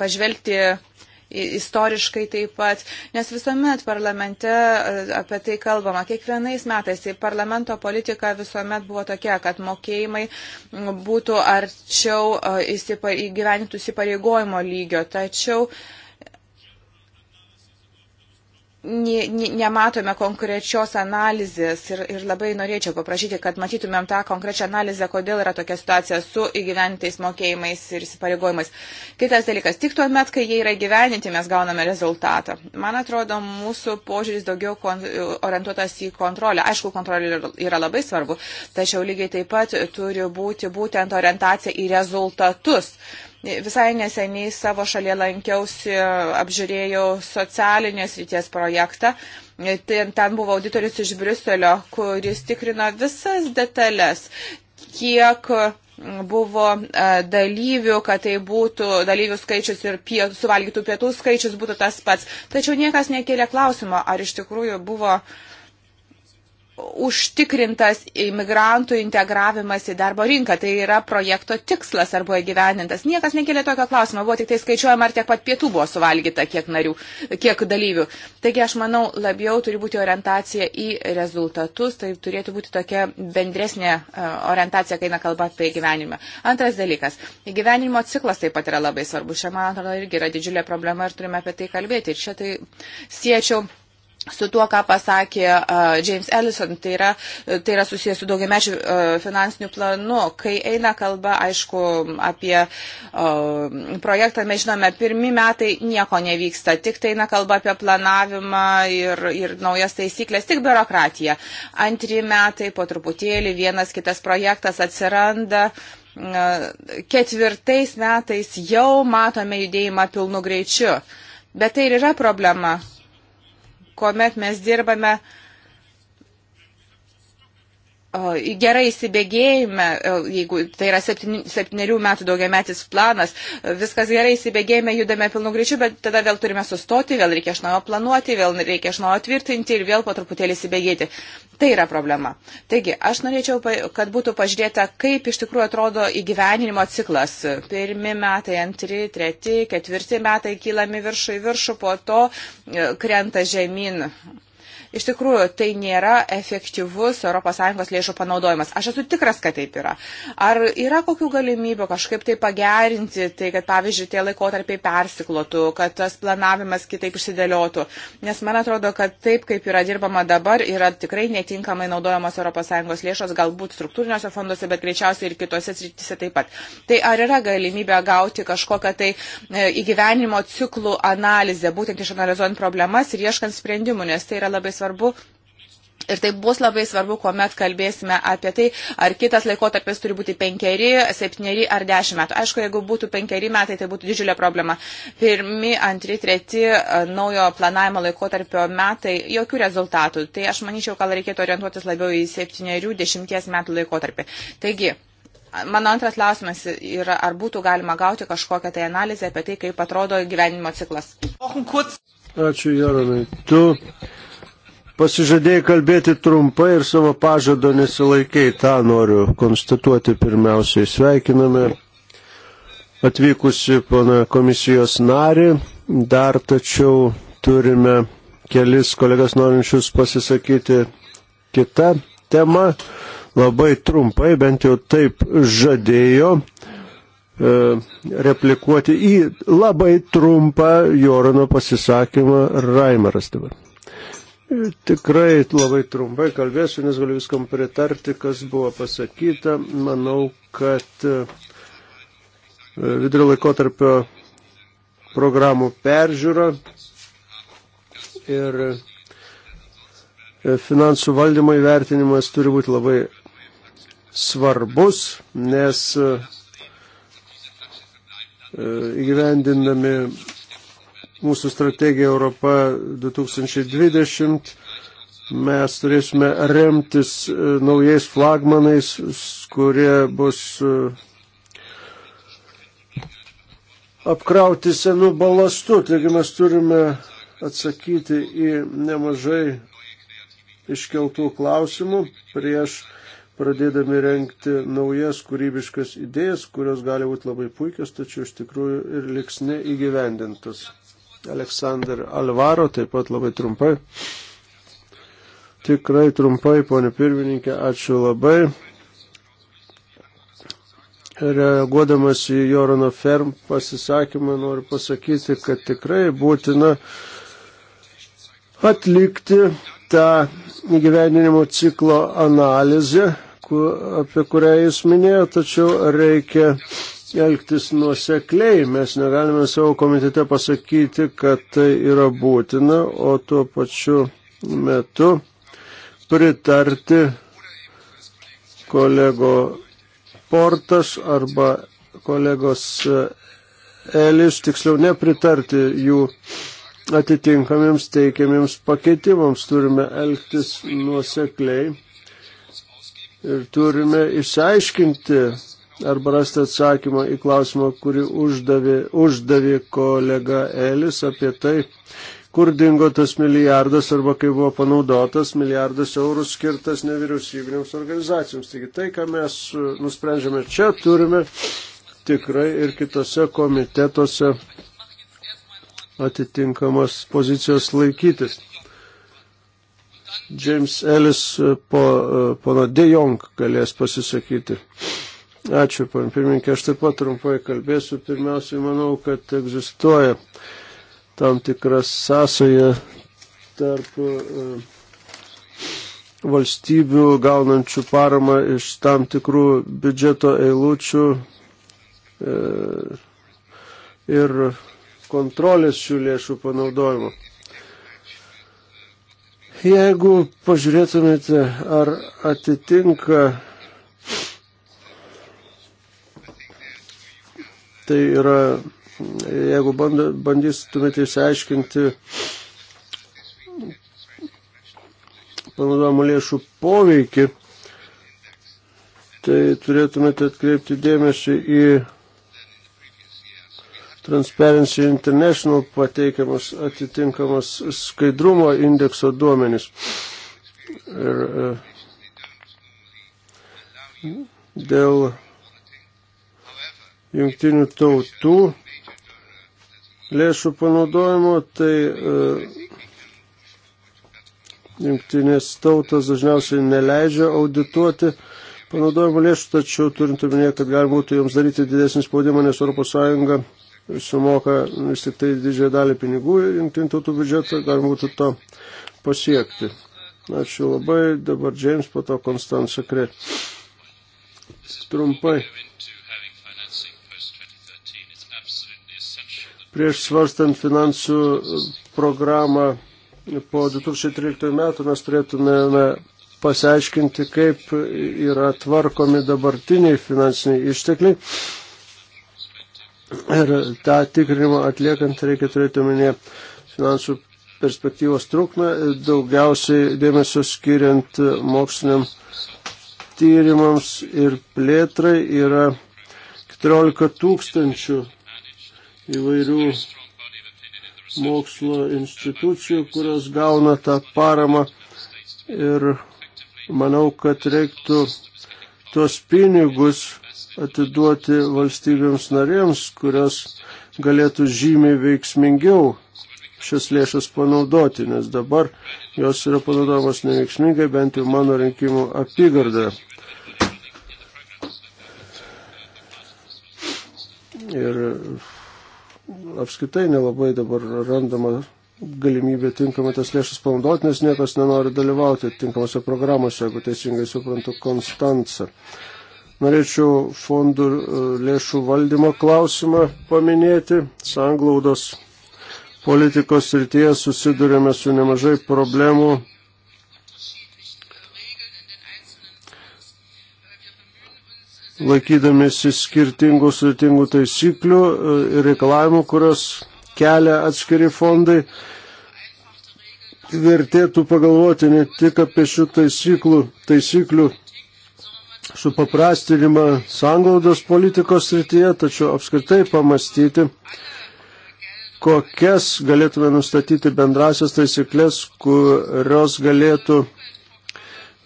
pažvelgti istoriškai taip pat, nes visuomet parlamente e, apie tai kalbama. Kiekvienais metais tai parlamento politika visuomet buvo tokia, kad mokėjimai būtų arčiau e, įgyvenintų įsipareigojimo lygio. Tačiau nematome konkrečios analizės ir, ir labai norėčiau paprašyti, kad matytumėm tą konkrečią analizę, kodėl yra tokia situacija su įgyventais mokėjimais ir įsipareigojimais. Kitas dalykas, tik tuo met, kai jie yra gyveninti, mes gauname rezultatą. Man atrodo, mūsų požiūris daugiau orientuotas į kontrolę. Aišku, kontrolė yra labai svarbu, tačiau lygiai taip pat turi būti būtent orientacija į rezultatus. Visai neseniai savo šalyje lankiausi, apžiūrėjau socialinės ryties projektą. Tai ten buvo auditorius iš Briuselio, kuris tikrino visas detalės, kiek buvo e, dalyvių, kad tai būtų dalyvių skaičius ir piet, suvalgytų pietų skaičius būtų tas pats. Tačiau niekas nekėlė klausimo, ar iš tikrųjų buvo uh, užtikrintas imigrantų integravimas į darbo rinką. Tai yra projekto tikslas ar buvo įgyvenintas. Niekas nekėlė tokio klausimo. Buvo tik tai skaičiuojama, ar tiek pat pietų buvo suvalgyta, kiek narių, kiek dalyvių. Taigi aš manau, labiau turi būti orientacija į rezultatus. Tai turėtų būti tokia bendresnė e, orientacija, kai nekalba apie gyvenimą. Antras dalykas. Gyvenimo ciklas taip pat yra labai svarbus. Šią, man atrodo, irgi yra didžiulė problema ir turime apie tai kalbėti. Ir čia tai siečiau su tuo, ką pasakė uh, James Ellison, tai yra, tai yra susijęs su daugiamečiu uh, finansiniu planu. Kai eina kalba, aišku, apie uh, projektą, mes žinome, pirmi metai nieko nevyksta, tik tai eina kalba apie planavimą ir, ir naujas taisyklės, tik biurokratija. Antri metai po truputėlį vienas kitas projektas atsiranda. Uh, ketvirtais metais jau matome judėjimą pilnu greičiu. Bet tai ir yra problema kuomet mes dirbame uh, gerai įsibėgėjime, jeigu tai yra septyniarių metų daugiametis planas, viskas gerai įsibėgėjime, judame pilnu greičiu, bet tada vėl turime sustoti, vėl reikia iš naujo planuoti, vėl reikia iš naujo tvirtinti ir vėl po truputėlį įsibėgėti. Tai yra problema. Taigi, aš norėčiau, kad būtų pažiūrėta, kaip iš tikrųjų atrodo įgyveninimo ciklas. Pirmi metai, antri, treti, ketvirti metai kylami viršų į viršų, po to e, krenta žemyn Iš tikrųjų, tai nėra efektyvus ES lėšų panaudojimas. Aš esu tikras, kad taip yra. Ar yra kokių galimybių kažkaip tai pagerinti, tai kad pavyzdžiui tie laikotarpiai persiklotų, kad tas planavimas kitaip išsidėliotų? Nes man atrodo, kad taip, kaip yra dirbama dabar, yra tikrai netinkamai naudojamos ES lėšos, galbūt struktūriniuose fonduose, bet greičiausiai ir kitose srityse taip pat. Tai ar yra galimybė gauti kažkokią tai e, įgyvenimo ciklų analizę, būtent išanalizuojant problemas ir ieškant sprendimų, nes tai yra labai svarbu svarbu Ir tai bus labai svarbu, kuomet kalbėsime apie tai, ar kitas laikotarpis turi būti penkeri, septyneri ar dešimt metų. Aišku, jeigu būtų penkeri metai, tai būtų didžiulė problema. Pirmi, antri, treti e, naujo planavimo laikotarpio metai, jokių rezultatų. Tai aš manyčiau, gal reikėtų orientuotis labiau į septynerių, dešimties metų laikotarpį. Taigi, mano antras klausimas yra, ar būtų galima gauti kažkokią tai analizę apie tai, kaip atrodo gyvenimo ciklas. Ačiū, Jaronai. Tu Pasižadėjai kalbėti trumpai ir savo pažado nesilaikiai, tą noriu konstatuoti pirmiausiai. Sveikiname atvykusi pana komisijos nari, dar tačiau turime kelis kolegas norinčius pasisakyti kitą temą. Labai trumpai, bent jau taip žadėjo e, replikuoti į labai trumpą Jorano pasisakymą Raimaras dabar. Tikrai labai trumpai kalbėsiu, nes galiu viskam pritarti, kas buvo pasakyta. Manau, kad e, vidurio laikotarpio programų peržiūra ir e, finansų valdymo įvertinimas turi būti labai svarbus, nes e, įgyvendindami mūsų strategija Europa 2020 mes turėsime remtis e, naujais flagmanais, kurie bus e, apkrauti senų balastų. Taigi mes turime atsakyti į nemažai iškeltų klausimų prieš pradėdami renkti naujas kūrybiškas idėjas, kurios gali būti labai puikios, tačiau iš tikrųjų ir liks neįgyvendintas. Aleksandr Alvaro, taip pat labai trumpai. Tikrai trumpai, ponė pirmininkė, ačiū labai. Reaguodamas į Jorano Ferm pasisakymą noriu pasakyti, kad tikrai būtina atlikti tą įgyvendinimo ciklo analizę, apie kurią jūs minėjote, tačiau reikia elgtis nuosekliai. Mes negalime savo komitete pasakyti, kad tai yra būtina, o tuo pačiu metu pritarti kolego Portas arba kolegos Elis, tiksliau nepritarti jų atitinkamiems teikiamiems pakeitimams. Turime elgtis nuosekliai ir turime išsiaiškinti arba rasti atsakymą į klausimą, kurį uždavė, uždavė kolega Elis apie tai, kur dingo tas milijardas arba kaip buvo panaudotas milijardas eurų skirtas nevyriausybinėms organizacijoms. Taigi tai, ką mes e, nusprendžiame čia, turime tikrai ir kitose komitetuose atitinkamas pozicijos laikytis. James Ellis e, po, e, pono De Jong galės pasisakyti. Ačiū, pan pirmininkė, aš taip pat trumpai kalbėsiu. Pirmiausiai, manau, kad egzistuoja tam tikras sąsoja tarp e, valstybių gaunančių paramą iš tam tikrų biudžeto eilučių e, ir kontrolės šių lėšų panaudojimo. Jeigu pažiūrėtumėte, ar atitinka Tai yra, jeigu bandystumėte išsiaiškinti panaudojamų lėšų poveikį, tai turėtumėte atkreipti dėmesį į Transparency International pateikiamas atitinkamas skaidrumo indekso duomenys. Ir e, dėl jungtinių tautų lėšų panaudojimo, tai e, jungtinės tautos dažniausiai neleidžia audituoti panaudojimo lėšų, tačiau turint omenyje, kad gali būti joms daryti didesnį spaudimą, nes ES sumoka vis tik tai didžiąją dalį pinigų ir jungtinių tautų biudžetą, galima būtų to pasiekti. Ačiū labai, dabar James, po to Konstantas Kret. Trumpai. Prieš svarstant finansų programą po 2013 metų mes turėtumėme pasiaiškinti, kaip yra tvarkomi dabartiniai finansiniai ištekliai. Ir tą tikrinimą atliekant reikia turėti omenyje finansų perspektyvos trukmę, daugiausiai dėmesio skiriant moksliniam tyrimams ir plėtrai yra 14 tūkstančių įvairių mokslo institucijų, kurios gauna tą paramą ir manau, kad reiktų tuos pinigus atiduoti valstybėms narėms, kurios galėtų žymiai veiksmingiau šias lėšas panaudoti, nes dabar jos yra panaudojamos neveiksmingai, bent jau mano rinkimų apygardoje. Ir apskaitai nelabai dabar randama galimybė tinkamai tas lėšas panaudoti, nes niekas nenori dalyvauti tinkamose programose, jeigu teisingai suprantu, Konstanca. Norėčiau fondų e, lėšų valdymo klausimą paminėti. Sanglaudos politikos srityje susidurėme su nemažai problemų laikydamėsi skirtingų sudėtingų taisyklių e, ir reikalavimų, kurios kelia atskiri fondai. Vertėtų pagalvoti ne tik apie šių taisyklų, taisyklių supaprastinimą sanglaudos politikos srityje, tačiau apskritai pamastyti, kokias galėtume nustatyti bendrasias taisyklės, kurios galėtų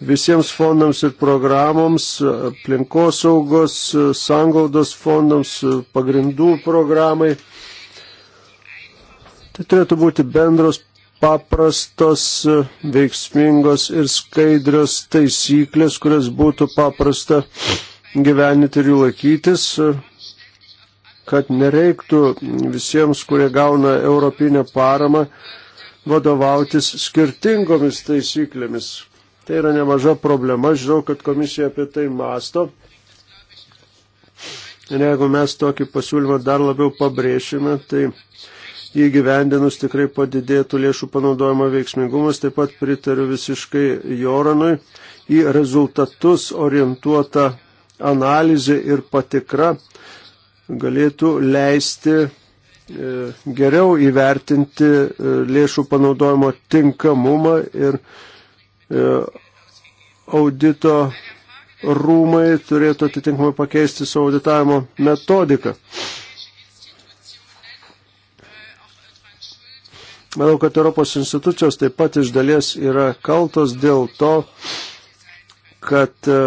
visiems fondams ir programoms, aplinkosaugos, sangaudos fondams, pagrindų programai. Tai turėtų būti bendros, paprastos, veiksmingos ir skaidrios taisyklės, kurias būtų paprasta gyveninti ir jų laikytis, kad nereiktų visiems, kurie gauna europinę paramą, vadovautis skirtingomis taisyklėmis, Tai yra nemaža problema, žinau, kad komisija apie tai masto. Ir jeigu mes tokį pasiūlymą dar labiau pabrėšime, tai įgyvendinus tikrai padidėtų lėšų panaudojimo veiksmingumas, taip pat pritariu visiškai Joranui į rezultatus orientuota analizė ir patikra galėtų leisti e, geriau įvertinti e, lėšų panaudojimo tinkamumą ir E, audito rūmai turėtų atitinkamai pakeisti savo auditavimo metodiką. Manau, kad Europos institucijos taip pat iš dalies yra kaltos dėl to, kad e,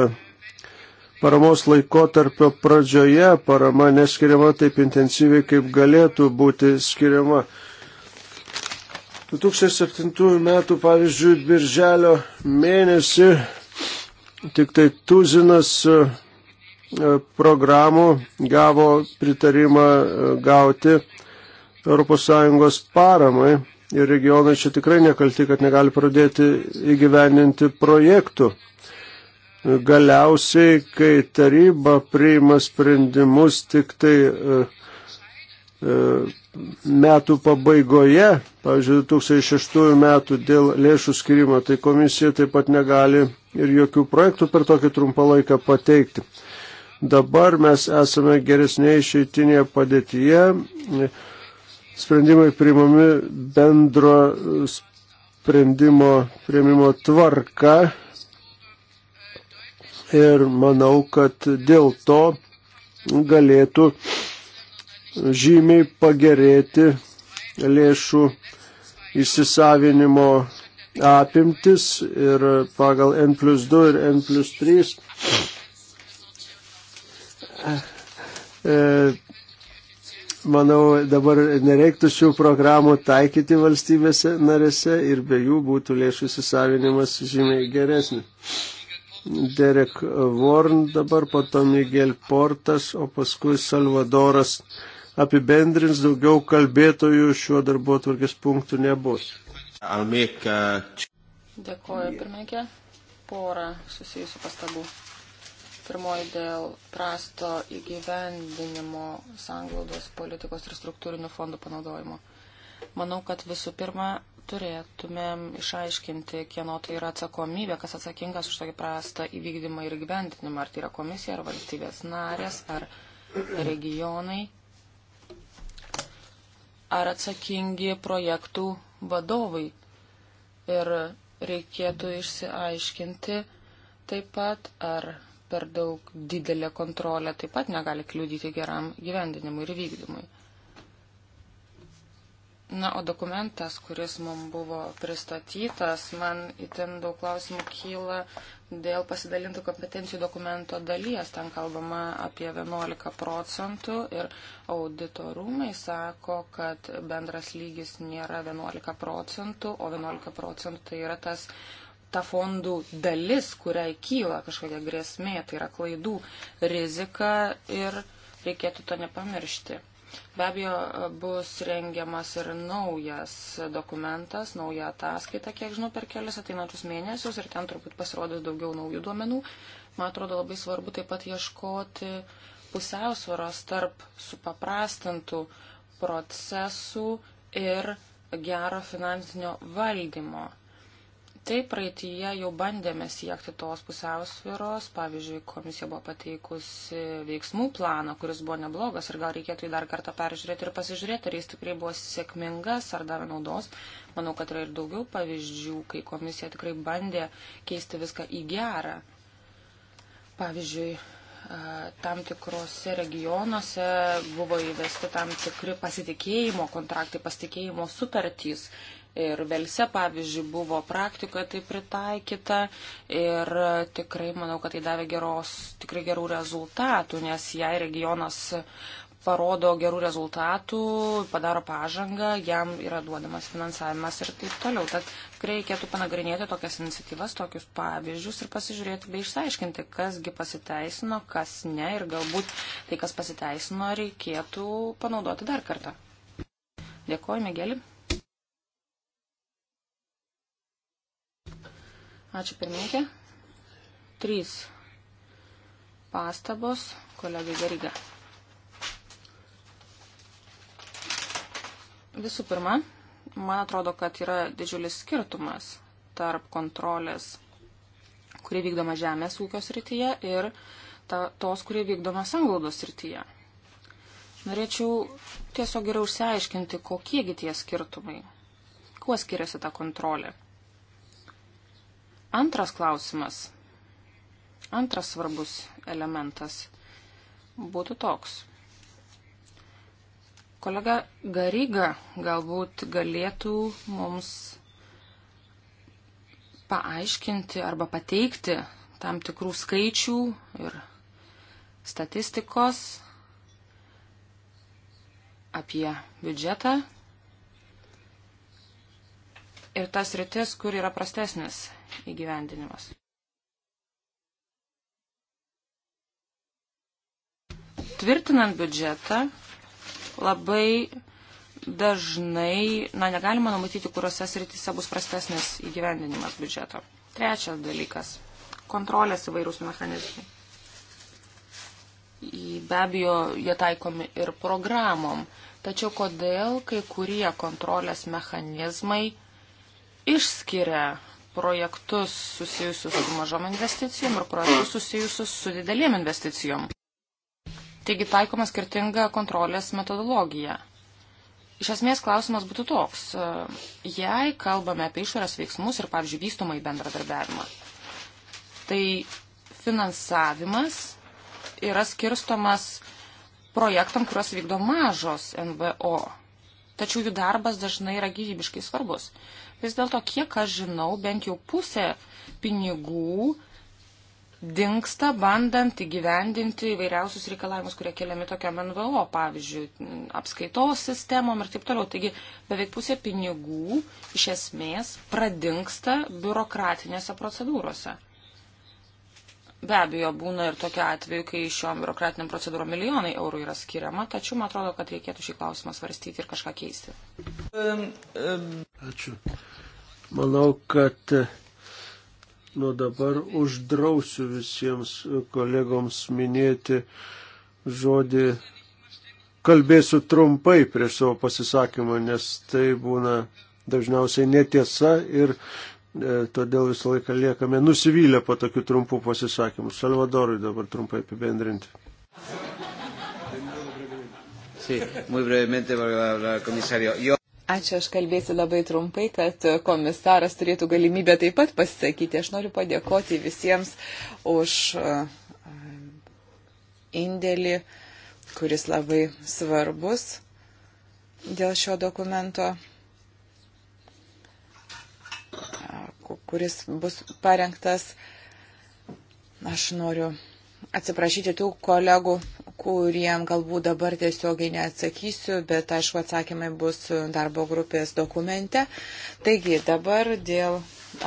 paramos laikotarpio pradžioje parama neskiriama taip intensyviai, kaip galėtų būti skiriama. 2007 metų, pavyzdžiui, birželio mėnesį tik tai tuzinas e, programų gavo pritarimą e, gauti ES paramai ir regionai čia tikrai nekalti, kad negali pradėti įgyveninti projektų. Galiausiai, kai taryba priima sprendimus tik tai uh, uh, metų pabaigoje, pavyzdžiui, 2006 metų dėl lėšų skirimo, tai komisija taip pat negali ir jokių projektų per tokį trumpą laiką pateikti. Dabar mes esame geresnėje išeitinėje padėtyje, sprendimai priimami bendro sprendimo priimimo tvarka ir manau, kad dėl to galėtų uh, žymiai pagerėti lėšų įsisavinimo apimtis ir pagal N plus 2 ir N plus 3 e, manau, dabar nereiktų šių programų taikyti valstybėse narėse ir be jų būtų lėšų įsisavinimas žymiai geresnis. Derek Vorn dabar, po to Miguel Portas, o paskui Salvadoras apibendrins, daugiau kalbėtojų šiuo darbo atvarkės punktu nebus. Uh, Dėkuoju, pirmininkė. Porą susijusių pastabų. Pirmoji dėl prasto įgyvendinimo sanglaudos politikos ir struktūrinių fondų panaudojimo. Manau, kad visų pirma turėtumėm išaiškinti, kieno tai yra atsakomybė, kas atsakingas už tokį prastą įvykdymą ir gyventinimą, ar tai yra komisija, ar valstybės narės, ar regionai, ar atsakingi projektų vadovai. Ir reikėtų išsiaiškinti taip pat, ar per daug didelė kontrolė taip pat negali kliudyti geram gyvendinimui ir vykdymui. Na, o dokumentas, kuris mums buvo pristatytas, man įtin daug klausimų kyla Dėl pasidalintų kompetencijų dokumento dalies ten kalbama apie 11 procentų ir auditorumai sako, kad bendras lygis nėra 11 procentų, o 11 procentų tai yra tas ta fondų dalis, kuriai kyla kažkokia grėsmė, tai yra klaidų rizika ir reikėtų to nepamiršti. Be abejo, bus rengiamas ir naujas dokumentas, nauja ataskaita, kiek žinau, per kelias ateinančius mėnesius ir ten turbūt pasirodys daugiau naujų duomenų. Man atrodo labai svarbu taip pat ieškoti pusiausvėros tarp supaprastintų procesų ir gero finansinio valdymo Taip, praeitįje jau bandėme siekti tos pusiausviros. Pavyzdžiui, komisija buvo pateikusi veiksmų planą, kuris buvo neblogas ir gal reikėtų jį dar kartą peržiūrėti ir pasižiūrėti, ar jis tikrai buvo sėkmingas, ar davė naudos. Manau, kad yra ir daugiau pavyzdžių, kai komisija tikrai bandė keisti viską į gerą. Pavyzdžiui, tam tikrose regionuose buvo įvesti tam tikri pasitikėjimo kontraktai, pasitikėjimo sutartys Ir Velse, pavyzdžiui, buvo praktikoje tai pritaikyta ir tikrai manau, kad tai davė geros, tikrai gerų rezultatų, nes jei regionas parodo gerų rezultatų, padaro pažangą, jam yra duodamas finansavimas ir taip toliau. Tad tikrai reikėtų panagrinėti tokias iniciatyvas, tokius pavyzdžius ir pasižiūrėti bei išsiaiškinti, kasgi pasiteisino, kas ne ir galbūt tai, kas pasiteisino, reikėtų panaudoti dar kartą. Dėkuoju, Mėgeli. Ačiū pirmininkė. Trys pastabos kolegai Gariga. Visų pirma, man atrodo, kad yra didžiulis skirtumas tarp kontrolės, kuri vykdoma žemės ūkio srityje ir ta, tos, kurie vykdoma sanglaudos srityje. Norėčiau tiesiog geriau išsiaiškinti, kokiegi tie skirtumai, kuo skiriasi ta kontrolė. Antras klausimas, antras svarbus elementas būtų toks. Kolega Garyga galbūt galėtų mums paaiškinti arba pateikti tam tikrų skaičių ir statistikos apie biudžetą ir tas rytis, kur yra prastesnis įgyvendinimas. Tvirtinant biudžetą, labai dažnai, na, negalima numatyti, kuriuose srityse bus prastesnis įgyvendinimas biudžeto. Trečias dalykas - kontrolės įvairūs mechanizmai. Be abejo, jie taikomi ir programom. Tačiau kodėl kai kurie kontrolės mechanizmai išskiria projektus susijusius su mažom investicijom ir projektus susijusius su didelėm investicijom. Taigi taikoma skirtinga kontrolės metodologija. Iš esmės klausimas būtų toks. Jei kalbame apie išorės veiksmus ir, pavyzdžiui, vystomą į bendradarbiavimą, tai finansavimas yra skirstomas projektam, kuriuos vykdo mažos NVO. Tačiau jų darbas dažnai yra gyvybiškai svarbus. Vis dėlto, kiek aš žinau, bent jau pusė pinigų dinksta, bandant įgyvendinti įvairiausius reikalavimus, kurie keliami tokiam NVO, pavyzdžiui, apskaitos sistemom ir taip toliau. Taigi beveik pusė pinigų iš esmės pradingsta biurokratinėse procedūrose. Be abejo, būna ir tokia atveju, kai šiom biurokratiniam procedūrom milijonai eurų yra skiriama, tačiau man atrodo, kad reikėtų šį klausimą svarstyti ir kažką keisti. Um, um. Ačiū. Manau, kad e, nuo dabar uždrausiu visiems kolegoms minėti žodį. Kalbėsiu trumpai prieš savo pasisakymą, nes tai būna dažniausiai netiesa ir E, todėl visą laiką liekame nusivylę po tokių trumpų pasisakymų. Salvadorui dabar trumpai apibendrinti. Ačiū, aš kalbėsiu labai trumpai, kad komisaras turėtų galimybę taip pat pasisakyti. Aš noriu padėkoti visiems už e, indėlį, kuris labai svarbus dėl šio dokumento kuris bus parengtas. Aš noriu atsiprašyti tų kolegų, kuriem galbūt dabar tiesiogiai neatsakysiu, bet aišku atsakymai bus darbo grupės dokumente. Taigi dabar dėl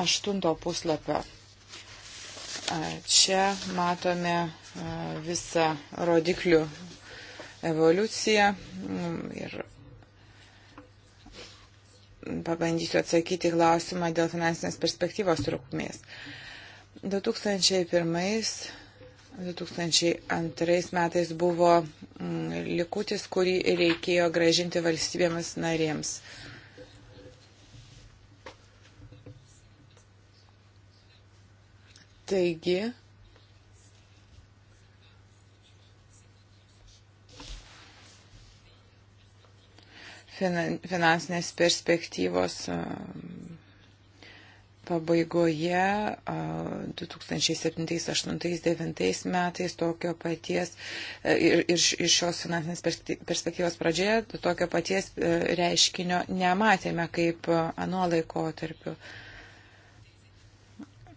aštunto puslapio. Čia matome visą rodiklių evoliuciją ir pabandysiu atsakyti klausimą dėl finansinės perspektyvos trukmės. 2001-2002 metais buvo mm, likutis, kurį reikėjo gražinti valstybėms narėms. Taigi, finansinės perspektyvos pabaigoje 2007-2008-2009 metais tokio paties e, ir, ir, ir šios finansinės perspektyvos pradžioje tokio paties e, reiškinio nematėme kaip anuo laikotarpiu.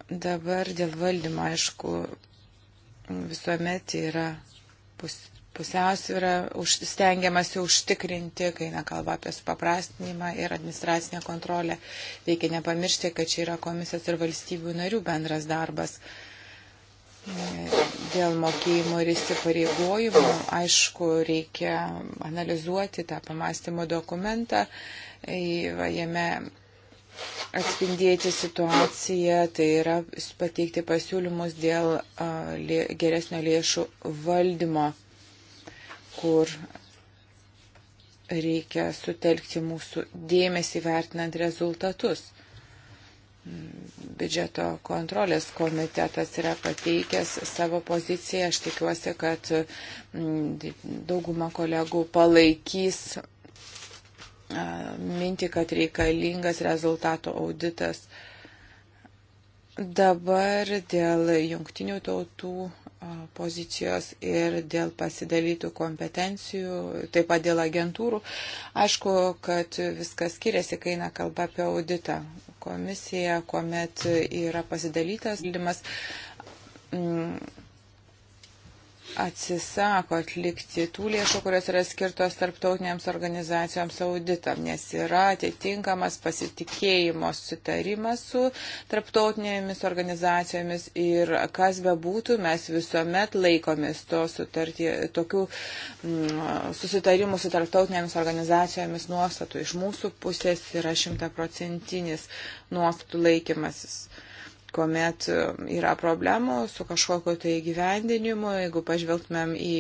Dabar dėl valdymo, aišku, visuomet yra pus, pusiausvyrą už, stengiamasi užtikrinti, kai nekalba apie supaprastinimą ir administracinę kontrolę. Reikia nepamiršti, kad čia yra komisijos ir valstybių narių bendras darbas dėl mokėjimo ir įsipareigojimų, aišku, reikia analizuoti tą pamastymo dokumentą, jame atspindėti situaciją, tai yra pateikti pasiūlymus dėl geresnio lėšų valdymo kur reikia sutelkti mūsų dėmesį vertinant rezultatus. Biudžeto kontrolės komitetas yra pateikęs savo poziciją. Aš tikiuosi, kad mm, dauguma kolegų palaikys minti, kad reikalingas rezultato auditas. Dabar dėl jungtinių tautų pozicijos ir dėl pasidalytų kompetencijų, taip pat dėl agentūrų. Aišku, kad viskas skiriasi, kai eina kalba apie auditą. Komisija, kuomet yra pasidalytas valdymas, mm, atsisako atlikti tų lėšų, kurios yra skirtos tarptautinėms organizacijoms auditam, nes yra atitinkamas pasitikėjimo sutarimas su tarptautinėmis organizacijomis ir kas be būtų, mes visuomet laikomės to sutartį, tokių mm, susitarimų su tarptautinėmis organizacijomis nuostatų. Iš mūsų pusės yra šimtaprocentinis nuostatų laikymasis kuomet e, yra problemų su kažkokiu tai gyvendinimu, jeigu pažvelgtumėm į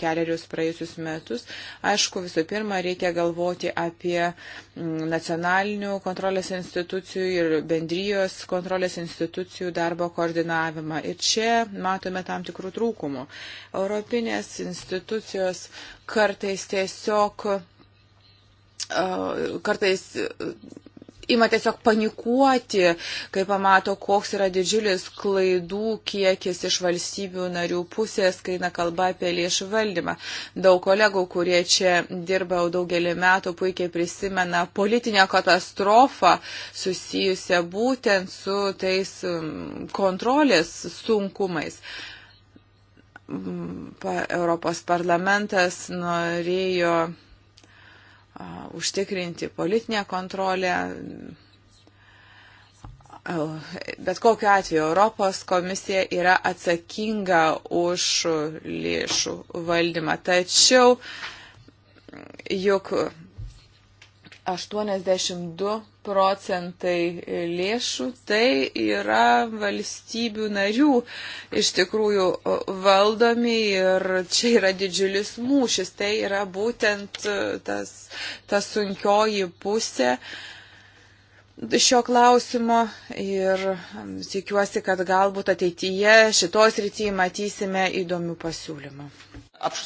keliarius praėjusius metus, aišku, visų pirma, reikia galvoti apie nacionalinių kontrolės institucijų ir bendrijos kontrolės institucijų darbo koordinavimą. Ir čia matome tam tikrų trūkumų. Europinės institucijos kartais tiesiog e, kartais ima tiesiog panikuoti, kai pamato, koks yra didžiulis klaidų kiekis iš valstybių narių pusės, kai na kalba apie lėšų valdymą. Daug kolegų, kurie čia dirba jau daugelį metų, puikiai prisimena politinę katastrofą susijusią būtent su tais um, kontrolės sunkumais. Mm, Europos parlamentas norėjo užtikrinti politinę kontrolę. Bet kokiu atveju Europos komisija yra atsakinga už lėšų valdymą. Tačiau juk 82 procentai lėšų tai yra valstybių narių iš tikrųjų valdomi ir čia yra didžiulis mūšis, tai yra būtent tas, ta sunkioji pusė šio klausimo ir tikiuosi, kad galbūt ateityje šitos rytyje matysime įdomių pasiūlymų. Äh,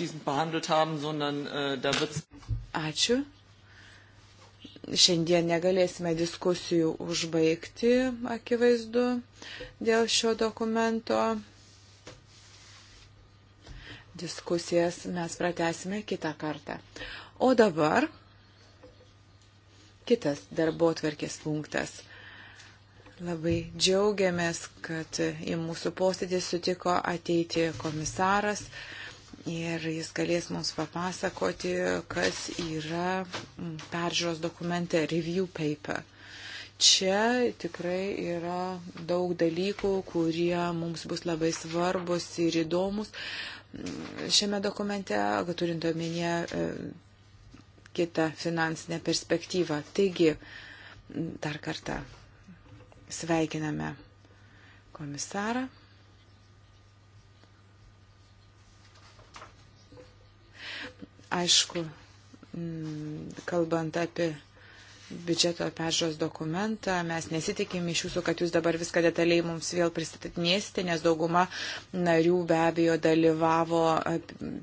Ačiū. Šiandien negalėsime diskusijų užbaigti, akivaizdu, dėl šio dokumento. Diskusijas mes pratesime kitą kartą. O dabar kitas darbo tvarkės punktas. Labai džiaugiamės, kad į mūsų posėdį sutiko ateiti komisaras ir jis galės mums papasakoti, kas yra peržiūros dokumente, review paper. Čia tikrai yra daug dalykų, kurie mums bus labai svarbus ir įdomus šiame dokumente, turint omenyje e, kitą finansinę perspektyvą. Taigi, dar kartą sveikiname komisarą. Aišku, mm, kalbant apie biudžeto peržiūros dokumentą. Mes nesitikim iš jūsų, kad jūs dabar viską detaliai mums vėl pristatinėsite, nes dauguma narių be abejo dalyvavo e,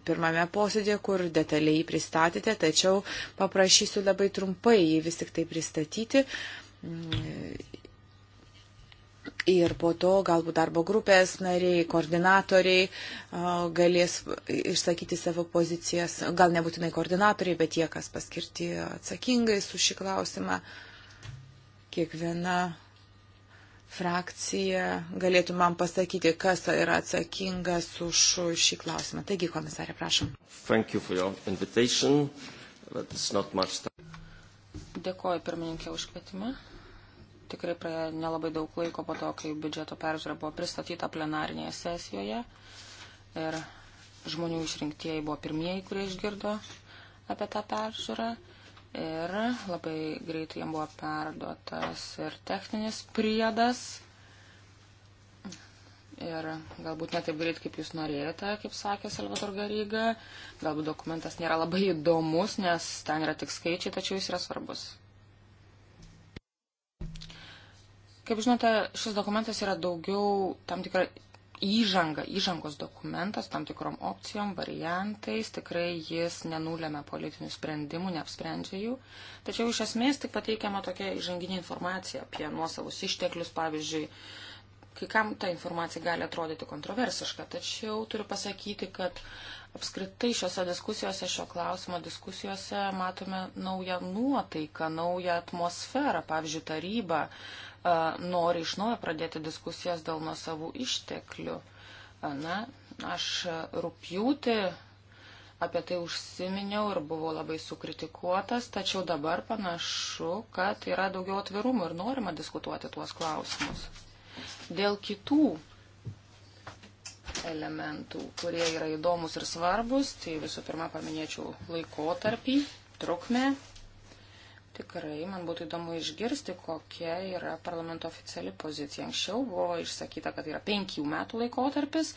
pirmame posėdėje, kur detaliai pristatėte, tačiau paprašysiu labai trumpai jį vis tik tai pristatyti mm, Ir po to galbūt darbo grupės nariai, koordinatoriai galės išsakyti savo pozicijas. Gal nebūtinai koordinatoriai, bet tie, kas paskirti atsakingai su šį klausimą. Kiekviena frakcija galėtų man pasakyti, kas yra atsakingas už šį klausimą. Taigi, komisarė, prašom. You Dėkoju pirmininkė už kvietimą tikrai praėjo nelabai daug laiko po to, kai biudžeto peržiūra buvo pristatyta plenarinėje sesijoje. Ir žmonių išrinktieji buvo pirmieji, kurie išgirdo apie tą peržiūrą. Ir labai greitai jam buvo perduotas ir techninis priedas. Ir galbūt ne taip greit, kaip jūs norėjote, kaip sakė Salvador Garyga. Galbūt dokumentas nėra labai įdomus, nes ten yra tik skaičiai, tačiau jis yra svarbus. Kaip žinote, šis dokumentas yra daugiau tam tikra įžanga, įžangos dokumentas, tam tikrom opcijom, variantais, tikrai jis nenulėmė politinių sprendimų, neapsprendžia jų, tačiau iš esmės tik pateikiama tokia įžanginė informacija apie nuosavus išteklius, pavyzdžiui, kai kam ta informacija gali atrodyti kontroversiška, tačiau turiu pasakyti, kad apskritai šiuose diskusijose, šio klausimo diskusijose matome naują nuotaiką, naują atmosferą, pavyzdžiui, taryba nori iš naujo pradėti diskusijas dėl nuosavų išteklių. Na, aš rūpjūti apie tai užsiminiau ir buvau labai sukritikuotas, tačiau dabar panašu, kad yra daugiau atvirumų ir norima diskutuoti tuos klausimus. Dėl kitų elementų, kurie yra įdomus ir svarbus, tai visų pirma paminėčiau laikotarpį, trukmę, Tikrai, man būtų įdomu išgirsti, kokia yra parlamento oficiali pozicija. Anksčiau buvo išsakyta, kad yra penkių metų laikotarpis.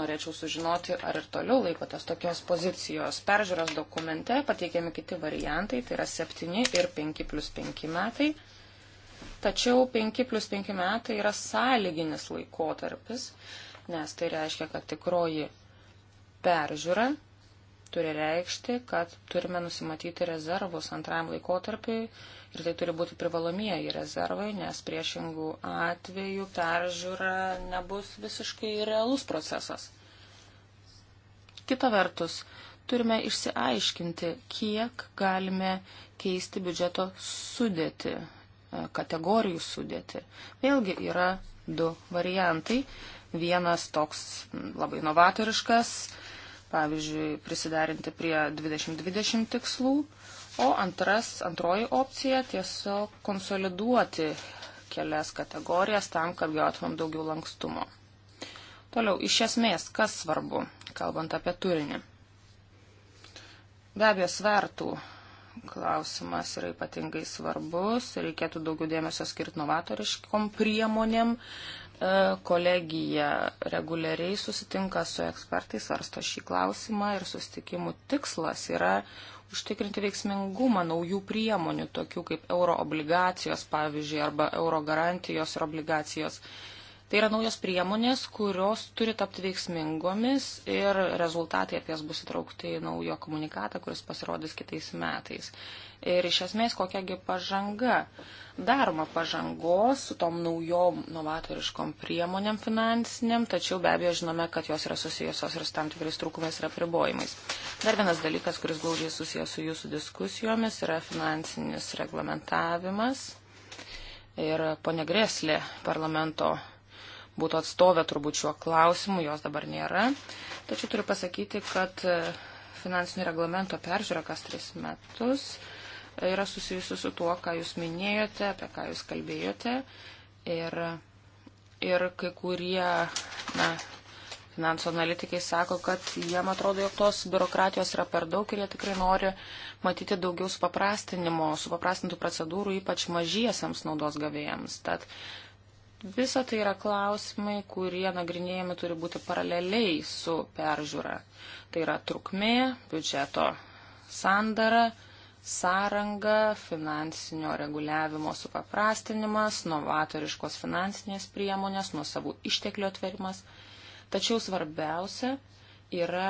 Norėčiau sužinoti, ar ir toliau laikotės tokios pozicijos. Peržiūros dokumente pateikiami kiti variantai, tai yra 7 ir 5 plus 5 metai. Tačiau 5 plus 5 metai yra sąlyginis laikotarpis, nes tai reiškia, kad tikroji peržiūra turi reikšti, kad turime nusimatyti rezervus antrajam laikotarpiui ir tai turi būti privalomieji rezervai, nes priešingų atvejų peržiūra nebus visiškai realus procesas. Kita vertus, turime išsiaiškinti, kiek galime keisti biudžeto sudėti, e, kategorijų sudėti. Vėlgi yra du variantai. Vienas toks labai novatoriškas, pavyzdžiui, prisiderinti prie 2020 tikslų, o antras, antroji opcija tiesiog konsoliduoti kelias kategorijas tam, kad gautumėm daugiau lankstumo. Toliau, iš esmės, kas svarbu, kalbant apie turinį. Be abejo, svertų klausimas yra ypatingai svarbus, reikėtų daugiau dėmesio skirti novatoriškom priemonėm, E, kolegija reguliariai susitinka su ekspertais, svarsto šį klausimą ir susitikimų tikslas yra užtikrinti veiksmingumą naujų priemonių, tokių kaip euroobligacijos, pavyzdžiui, arba eurogarantijos ir obligacijos. Tai yra naujos priemonės, kurios turi tapti veiksmingomis ir rezultatai apie jas bus įtraukti į naujo komunikatą, kuris pasirodys kitais metais ir iš esmės kokiagi pažanga. Daroma pažangos su tom naujom novatoriškom priemonėm finansiniam, tačiau be abejo žinome, kad jos yra susijusios ir su tam tikrais trūkumais ir apribojimais. Dar vienas dalykas, kuris glaudžiai susijęs su jūsų diskusijomis, yra finansinis reglamentavimas. Ir ponė Greslė parlamento būtų atstovė turbūt šiuo klausimu, jos dabar nėra. Tačiau turiu pasakyti, kad finansinio reglamento peržiūra kas tris metus yra susijusi su tuo, ką jūs minėjote, apie ką jūs kalbėjote. Ir, ir kai kurie na, finansų analitikai sako, kad jiem atrodo, jog tos biurokratijos yra per daug ir jie tikrai nori matyti daugiau supaprastinimo, supaprastintų procedūrų, ypač mažiesiams naudos gavėjams. Tad Visa tai yra klausimai, kurie nagrinėjami turi būti paraleliai su peržiūra. Tai yra trukmė, biudžeto sandara, sąranga, finansinio reguliavimo supaprastinimas, novatoriškos finansinės priemonės, nuo savų išteklių atverimas. Tačiau svarbiausia yra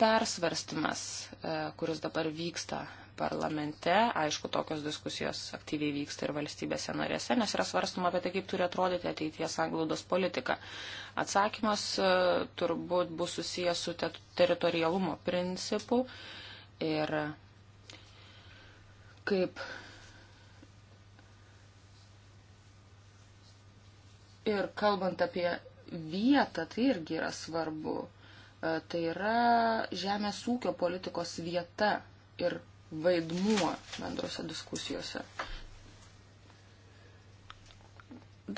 persvarstymas, e, kuris dabar vyksta parlamente. Aišku, tokios diskusijos aktyviai vyksta ir valstybėse narėse, nes yra svarstama apie tai, kaip turi atrodyti ateities anglaudos politika. Atsakymas e, turbūt bus susijęs su teritorialumo principu ir kaip ir kalbant apie vietą, tai irgi yra svarbu. E, tai yra žemės ūkio politikos vieta ir vaidmuo bendrose diskusijose.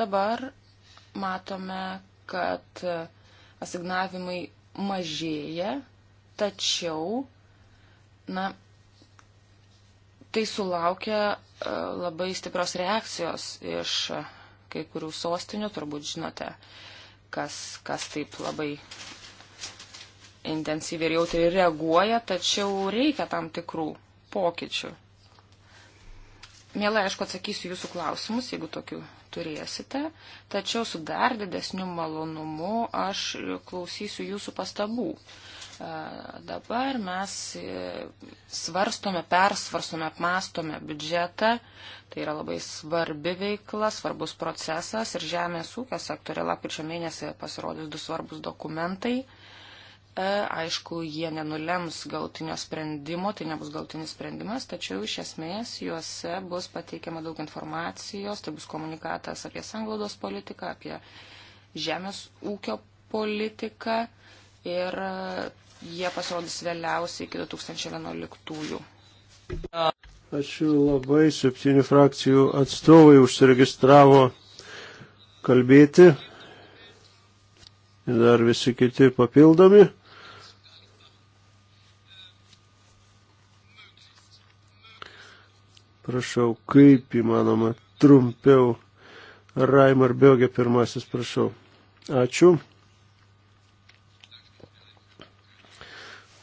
Dabar matome, kad asignavimai mažėja, tačiau, na, tai sulaukia e, labai stiprios reakcijos iš kai kurių sostinių, turbūt žinote, kas, kas taip labai intensyviai ir jautriai reaguoja, tačiau reikia tam tikrų pokyčių. Mielai, aišku, atsakysiu jūsų klausimus, jeigu tokių turėsite, tačiau su dar didesniu malonumu aš klausysiu jūsų pastabų. Uh, Dabar mes e, svarstome, persvarstome, apmastome biudžetą. Tai yra labai svarbi veikla, svarbus procesas ir žemės ūkio sektorė lapkričio mėnesį pasirodys du svarbus dokumentai. E, aišku, jie nenulems galtinio sprendimo, tai nebus galtinis sprendimas, tačiau iš esmės juose bus pateikiama daug informacijos, tai bus komunikatas apie sanglaudos politiką, apie žemės ūkio politiką ir e, Jie pasirodys vėliausiai iki 2011. Ačiū labai. Septynių frakcijų atstovai užsiregistravo kalbėti. Ir dar visi kiti papildomi. Prašau, kaip įmanoma trumpiau. Raimar Biogė pirmasis, prašau. Ačiū.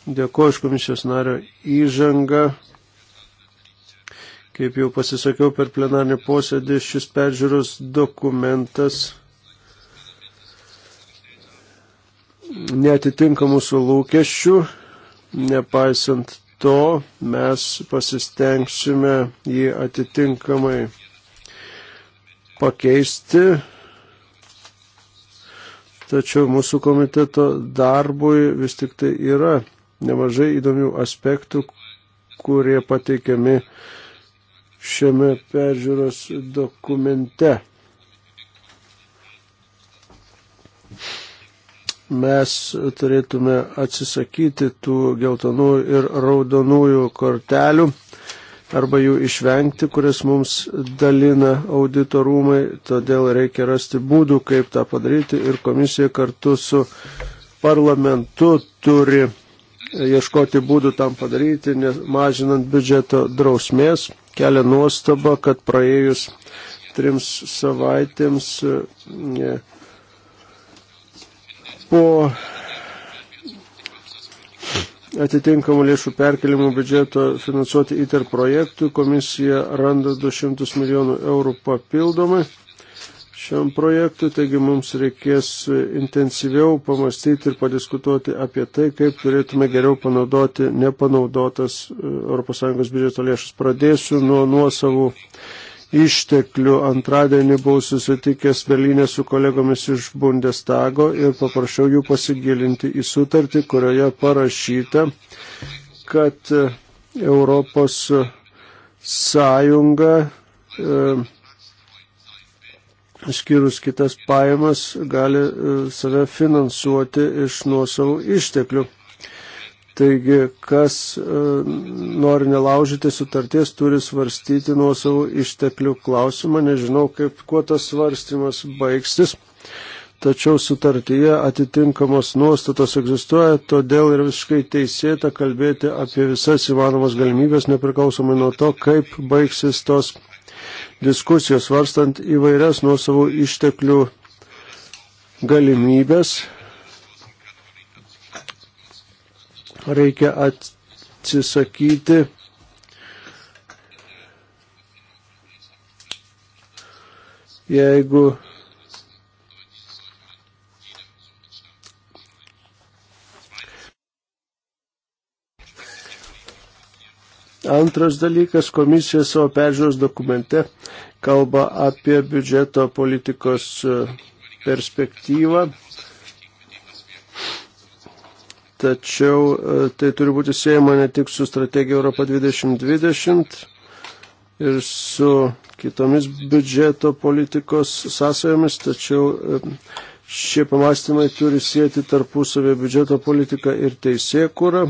Dėkuoju iš komisijos nario įžangą. Kaip jau pasisakiau per plenarnį posėdį, šis peržiūros dokumentas netitinka mūsų lūkesčių. Nepaisant to, mes pasistengsime jį atitinkamai pakeisti. Tačiau mūsų komiteto darbui vis tik tai yra nemažai įdomių aspektų, kurie pateikiami šiame peržiūros dokumente. Mes turėtume atsisakyti tų geltonų ir raudonųjų kortelių arba jų išvengti, kuris mums dalina auditorumai, todėl reikia rasti būdų, kaip tą padaryti ir komisija kartu su parlamentu turi ieškoti būdų tam padaryti, mažinant biudžeto drausmės. Kelia nuostaba, kad praėjus trims savaitėms ne, po atitinkamų lėšų perkelimų biudžeto finansuoti ITER projektų komisija randa 200 milijonų eurų papildomai šiam projektui, taigi mums reikės intensyviau pamastyti ir padiskutuoti apie tai, kaip turėtume geriau panaudoti nepanaudotas e, ES biudžeto lėšas. Pradėsiu nuo nuosavų išteklių. Antradienį buvau susitikęs Berlyne su kolegomis iš Bundestago ir paprašiau jų pasigilinti į sutartį, kurioje parašyta, kad e, Europos sąjunga e, skirus kitas pajamas, gali e, save finansuoti iš nuosavų išteklių. Taigi, kas e, nori nelaužyti sutarties, turi svarstyti nuosavų išteklių klausimą. Nežinau, kaip, kuo tas svarstymas baigsis tačiau sutartyje atitinkamos nuostatos egzistuoja, todėl ir visiškai teisėta kalbėti apie visas įmanomas galimybės, nepriklausomai nuo to, kaip baigsis tos diskusijos varstant įvairias nuo savo išteklių galimybės. Reikia atsisakyti jeigu Antras dalykas, komisija savo peržiūros dokumente kalba apie biudžeto politikos e, perspektyvą, tačiau e, tai turi būti siejama ne tik su strategija Europa 2020 ir su kitomis biudžeto politikos sąsajomis, tačiau e, šie pamastymai turi sieti tarpusavę biudžeto politiką ir teisėkūrą.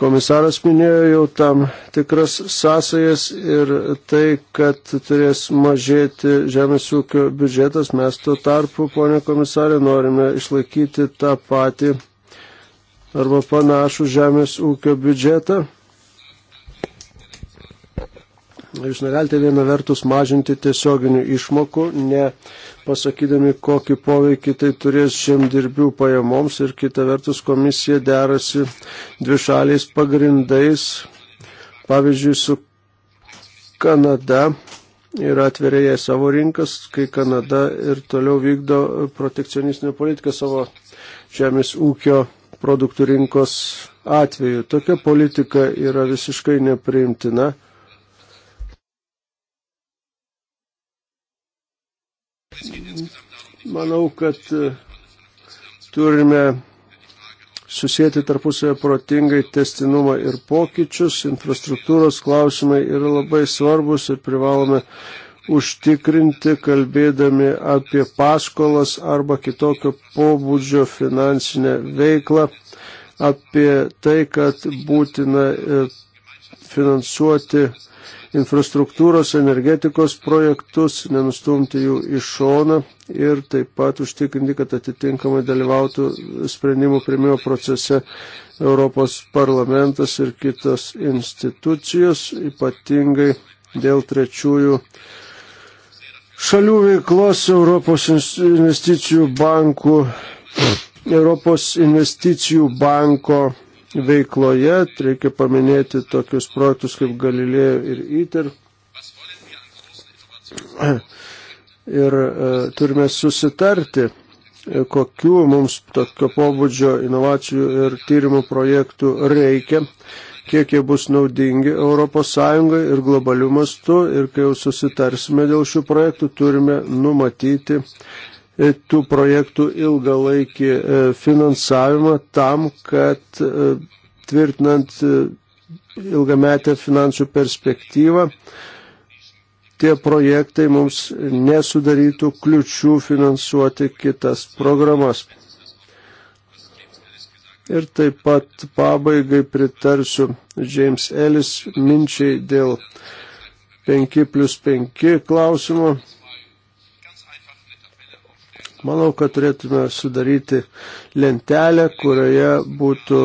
Komisaras minėjo jau tam tikras sąsajas ir tai, kad turės mažėti žemės ūkio biudžetas, mes tuo tarpu, ponė komisarė, norime išlaikyti tą patį arba panašų žemės ūkio biudžetą. Jūs negalite viena vertus mažinti tiesioginių išmokų, nepasakydami, kokį poveikį tai turės žemdirbių pajamoms ir kita vertus komisija derasi dvišaliais pagrindais, pavyzdžiui, su Kanada ir atveria jai savo rinkas, kai Kanada ir toliau vykdo protekcionistinę politiką savo žemės ūkio produktų rinkos atveju. Tokia politika yra visiškai nepriimtina Manau, kad e, turime susijęti tarpusavę protingai testinumą ir pokyčius. Infrastruktūros klausimai yra labai svarbus ir privalome užtikrinti, kalbėdami apie paskolas arba kitokio pobūdžio finansinę veiklą, apie tai, kad būtina e, finansuoti infrastruktūros, energetikos projektus, nenustumti jų į šoną ir taip pat užtikrinti, kad atitinkamai dalyvautų sprendimų prieimimo procese Europos parlamentas ir kitos institucijos, ypatingai dėl trečiųjų šalių veiklos Europos investicijų bankų, Europos investicijų banko veikloje. Reikia paminėti tokius projektus kaip Galilėjo ir ITER. Ir e, turime susitarti, e, kokiu mums tokio pobūdžio inovacijų ir tyrimų projektų reikia, kiek jie bus naudingi ES ir globalių mastų ir kai jau susitarsime dėl šių projektų, turime numatyti E, tų projektų ilgalaikį e, finansavimą tam, kad e, tvirtinant ilgametę finansų perspektyvą, tie projektai mums nesudarytų kliučių finansuoti kitas programas. Ir taip pat pabaigai pritarsiu James Ellis minčiai dėl 5 plus 5 klausimo. Manau, kad turėtume sudaryti lentelę, kurioje būtų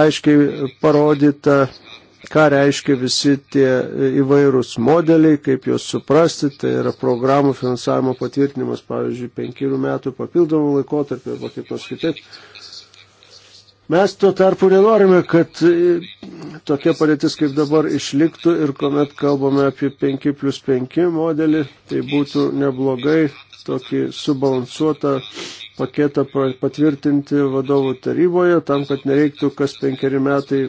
aiškiai parodyta, ką reiškia visi tie įvairūs modeliai, kaip juos suprasti. Tai yra programų finansavimo patvirtinimas, pavyzdžiui, penkių metų papildomų laikotarpį arba kaip nors kitaip. Mes tuo tarpu nenorime, kad e, tokia padėtis kaip dabar išliktų ir kuomet kalbame apie 5 plus 5 modelį, tai būtų neblogai tokį subalansuotą paketą patvirtinti vadovų taryboje, tam, kad nereiktų kas penkeri metai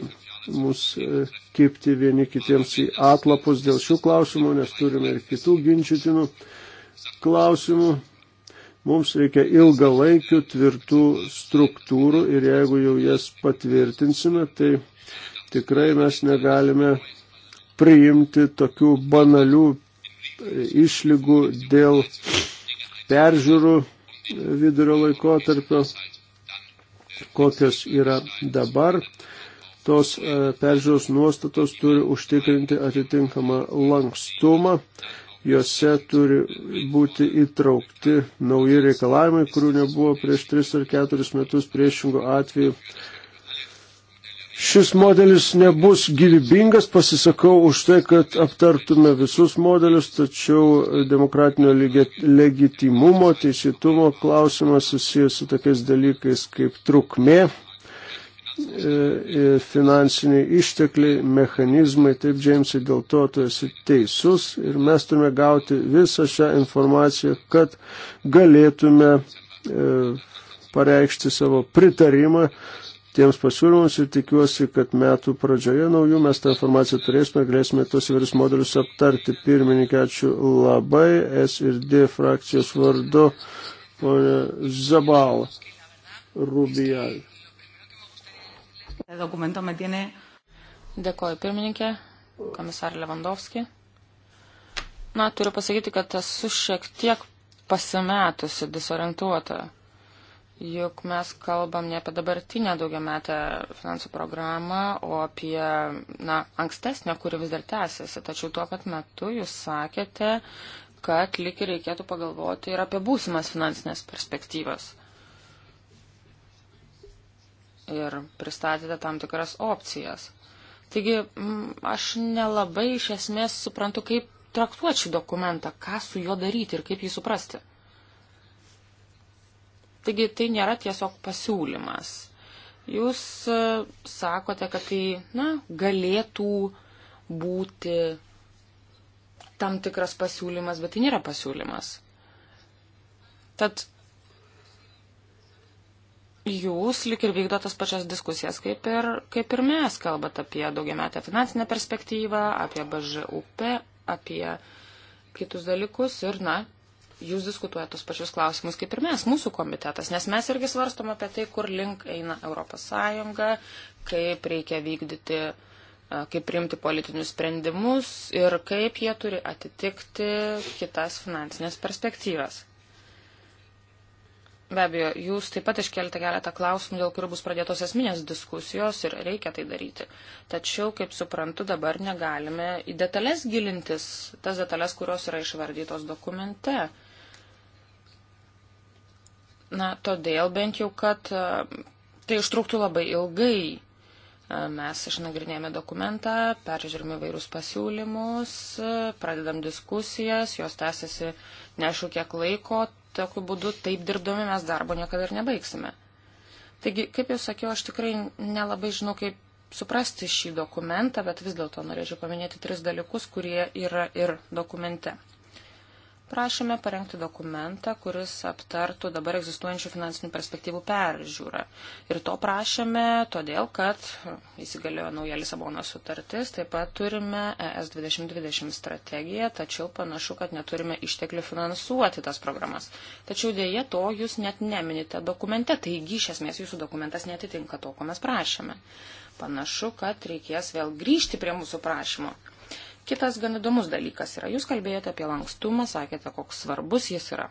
mus e, kipti vieni kitiems į atlapus dėl šių klausimų, nes turime ir kitų ginčytinų klausimų. Mums reikia ilgalaikių tvirtų struktūrų ir jeigu jau jas patvirtinsime, tai tikrai mes negalime priimti tokių banalių išlygų dėl peržiūrų vidurio laikotarpio, kokios yra dabar. Tos e, peržiūros nuostatos turi užtikrinti atitinkamą lankstumą Jose turi būti įtraukti nauji reikalavimai, kurių nebuvo prieš 3 ar 4 metus priešingų atveju. Šis modelis nebus gyvybingas, pasisakau už tai, kad aptartume visus modelius, tačiau demokratinio legitimumo, teisėtumo klausimas susijęs su tokiais dalykais kaip trukmė E, e, finansiniai ištekliai, mechanizmai, taip Džeimsai, dėl to tu esi teisus ir mes turime gauti visą šią informaciją, kad galėtume e, pareikšti savo pritarimą tiems pasiūlymams ir tikiuosi, kad metų pradžioje naujų mes tą informaciją turėsime, galėsime tos įvairius modelius aptarti. Pirmininkė, ačiū labai, S ir D frakcijos vardu, ponė Zabal Rubijal dokumento metinė. Dėkoju pirmininkė, komisarė Levandovski. Na, turiu pasakyti, kad esu šiek tiek pasimetusi, disorientuota. Juk mes kalbam ne apie dabartinę daugiametę finansų programą, o apie na, ankstesnę, kuri vis dar tęsiasi. Tačiau tuo pat metu jūs sakėte, kad lik ir reikėtų pagalvoti ir apie būsimas finansinės perspektyvas ir pristatėte tam tikras opcijas. Taigi aš nelabai iš esmės suprantu, kaip traktuoti šį dokumentą, ką su juo daryti ir kaip jį suprasti. Taigi tai nėra tiesiog pasiūlymas. Jūs e, sakote, kad tai, na, galėtų būti tam tikras pasiūlymas, bet tai nėra pasiūlymas. Tad jūs lik ir vykdo tas pačias diskusijas, kaip ir, kaip ir mes, kalbat apie daugiametę finansinę perspektyvą, apie BŽUP, apie kitus dalykus ir, na, jūs diskutuojate tos pačius klausimus kaip ir mes, mūsų komitetas, nes mes irgi svarstom apie tai, kur link eina Europos Sąjunga, kaip reikia vykdyti, kaip priimti politinius sprendimus ir kaip jie turi atitikti kitas finansinės perspektyvas. Be abejo, jūs taip pat iškelite keletą klausimų, dėl kurių bus pradėtos esminės diskusijos ir reikia tai daryti. Tačiau, kaip suprantu, dabar negalime į detalės gilintis, tas detalės, kurios yra išvardytos dokumente. Na, todėl bent jau, kad e, tai užtruktų labai ilgai. E, mes išnagrinėjame dokumentą, peržiūrime vairūs pasiūlymus, e, pradedam diskusijas, jos tęsiasi neaišku kiek laiko, tokiu būdu taip dirbdami mes darbo niekada ir nebaigsime. Taigi, kaip jau sakiau, aš tikrai nelabai žinau, kaip suprasti šį dokumentą, bet vis dėlto norėčiau paminėti tris dalykus, kurie yra ir dokumente prašėme parengti dokumentą, kuris aptartų dabar egzistuojančių finansinių perspektyvų peržiūrą. Ir to prašėme todėl, kad įsigaliojo nauja Lisabono sutartis, taip pat turime ES 2020 strategiją, tačiau panašu, kad neturime išteklių finansuoti tas programas. Tačiau dėje to jūs net neminite dokumente, taigi iš esmės jūsų dokumentas netitinka to, ko mes prašėme. Panašu, kad reikės vėl grįžti prie mūsų prašymo. Kitas gan įdomus dalykas yra, jūs kalbėjote apie lankstumą, sakėte, koks svarbus jis yra.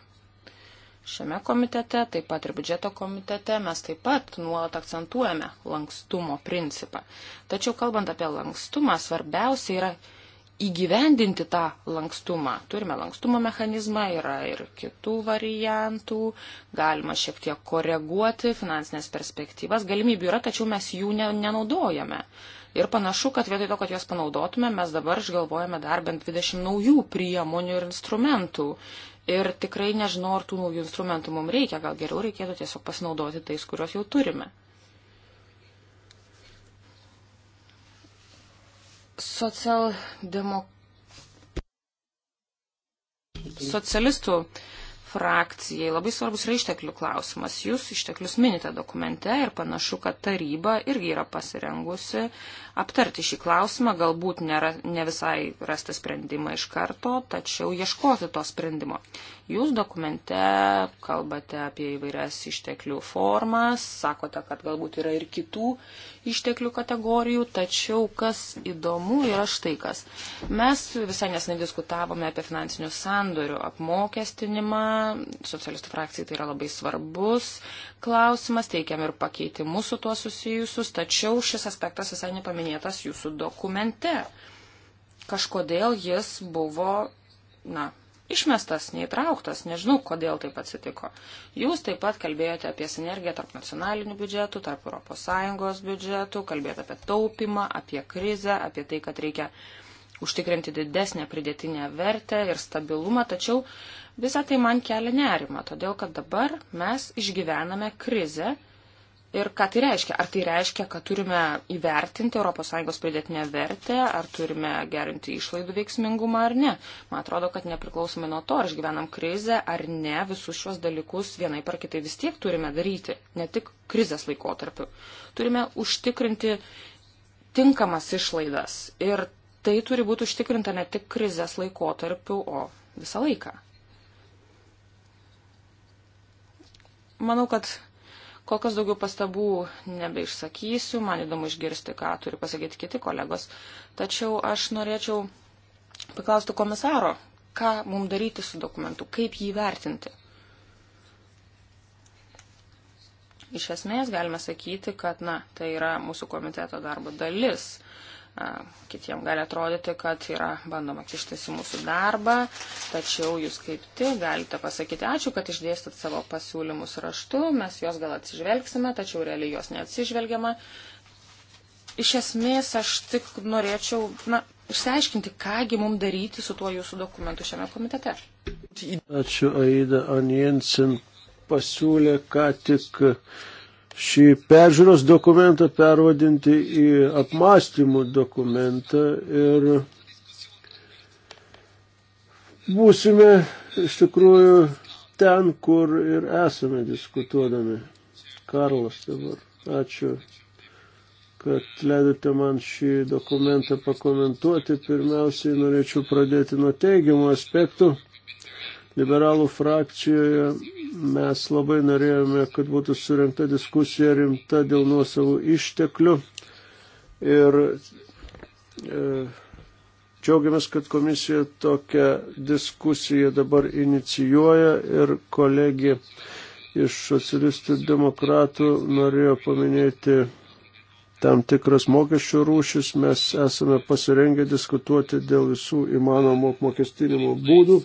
Šiame komitete, taip pat ir biudžeto komitete mes taip pat nuolat akcentuojame lankstumo principą. Tačiau kalbant apie lankstumą, svarbiausia yra įgyvendinti tą lankstumą. Turime lankstumo mechanizmą, yra ir kitų variantų, galima šiek tiek koreguoti finansinės perspektyvas, galimybių yra, tačiau mes jų nenaudojame. Ir panašu, kad vietoj to, kad juos panaudotume, mes dabar išgalvojame dar bent 20 naujų priemonių ir instrumentų. Ir tikrai nežinau, ar tų naujų instrumentų mums reikia, gal geriau reikėtų tiesiog pasinaudoti tais, kuriuos jau turime. Socialdemok... Socialistų frakcijai labai svarbus yra išteklių klausimas. Jūs išteklius minite dokumente ir panašu, kad taryba irgi yra pasirengusi aptarti šį klausimą, galbūt nėra, ne visai rasti sprendimą iš karto, tačiau ieškoti to sprendimo. Jūs dokumente kalbate apie įvairias išteklių formas, sakote, kad galbūt yra ir kitų išteklių kategorijų, tačiau kas įdomu yra štai kas. Mes visai nesnai diskutavome apie finansinių sandorių apmokestinimą, socialistų frakcijai tai yra labai svarbus klausimas, teikiam ir pakeitimus su tuo susijusius, tačiau šis aspektas visai nepaminėtas jūsų dokumente. Kažkodėl jis buvo, na, išmestas, neįtrauktas, nežinau, kodėl taip atsitiko. Jūs taip pat kalbėjote apie sinergiją tarp nacionalinių biudžetų, tarp ES biudžetų, kalbėjote apie taupimą, apie krizę, apie tai, kad reikia uh, užtikrinti didesnę pridėtinę vertę ir stabilumą, tačiau visą tai man kelia nerima, todėl kad dabar mes išgyvename krizę. Ir ką tai reiškia? Ar tai reiškia, kad turime įvertinti ES pridėtinę vertę, ar turime gerinti išlaidų veiksmingumą ar ne? Man atrodo, kad nepriklausomai nuo to, ar išgyvenam krizę ar ne, visus šios dalykus vienai par kitai vis tiek turime daryti, ne tik krizės laikotarpiu. Turime užtikrinti tinkamas išlaidas ir tai turi būti užtikrinta ne tik krizės laikotarpiu, o visą laiką. Manau, kad kol kas daugiau pastabų nebeišsakysiu, man įdomu išgirsti, ką turi pasakyti kiti kolegos. Tačiau aš norėčiau paklausti komisaro, ką mums daryti su dokumentu, kaip jį vertinti. Iš esmės galime sakyti, kad na, tai yra mūsų komiteto darbo dalis. Uh, Kitiem gali atrodyti, kad yra bandoma kištis į mūsų darbą, tačiau jūs kaip tik galite pasakyti ačiū, kad išdėstat savo pasiūlymus raštu, mes juos gal atsižvelgsime, tačiau realiai juos neatsižvelgiama. Iš esmės aš tik norėčiau na, išsiaiškinti, kągi mums daryti su tuo jūsų dokumentu šiame komitete. Ačiū Aida Anjensen pasiūlė ką tik uh, šį peržiūros dokumentą pervadinti į apmąstymų dokumentą ir būsime iš tikrųjų ten, kur ir esame diskutuodami. Karlas dabar, ačiū, kad leidote man šį dokumentą pakomentuoti. Pirmiausiai norėčiau pradėti nuo teigiamų aspektų. Liberalų frakcijoje Mes labai norėjome, kad būtų surinkta diskusija rimta dėl nuosavų išteklių. Ir e, Džiaugiamės, kad komisija tokią diskusiją dabar inicijuoja ir kolegė iš socialistų demokratų norėjo paminėti tam tikras mokesčių rūšis. Mes esame pasirengę diskutuoti dėl visų įmanomų apmokestinimo būdų.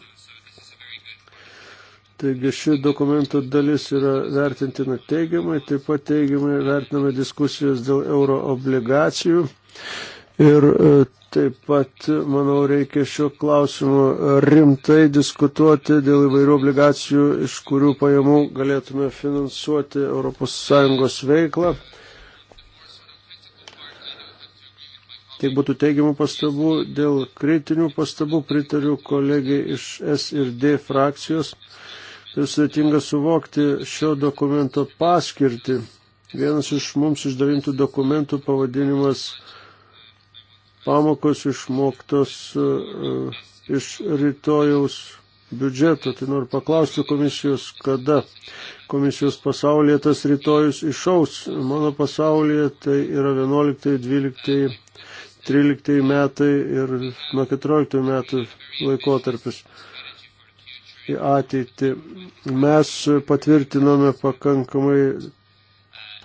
Taigi ši dokumento dalis yra vertintina teigiamai, taip pat teigiamai vertiname diskusijas dėl euro obligacijų. Ir e, taip pat, manau, reikia šio klausimo rimtai diskutuoti dėl įvairių obligacijų, iš kurių pajamų galėtume finansuoti ES veiklą. Tiek būtų teigiamų pastabų, dėl kritinių pastabų pritariu kolegiai iš S ir D frakcijos ir sudėtinga suvokti šio dokumento paskirtį. Vienas iš mums išdavintų dokumentų pavadinimas pamokos išmoktos uh, iš rytojaus biudžeto. Tai noriu paklausti komisijos, kada komisijos pasaulyje tas rytojus išaus. Mano pasaulyje tai yra 11, 12, 13 metai ir nuo 14 metų laikotarpis į ateitį. Mes patvirtinome pakankamai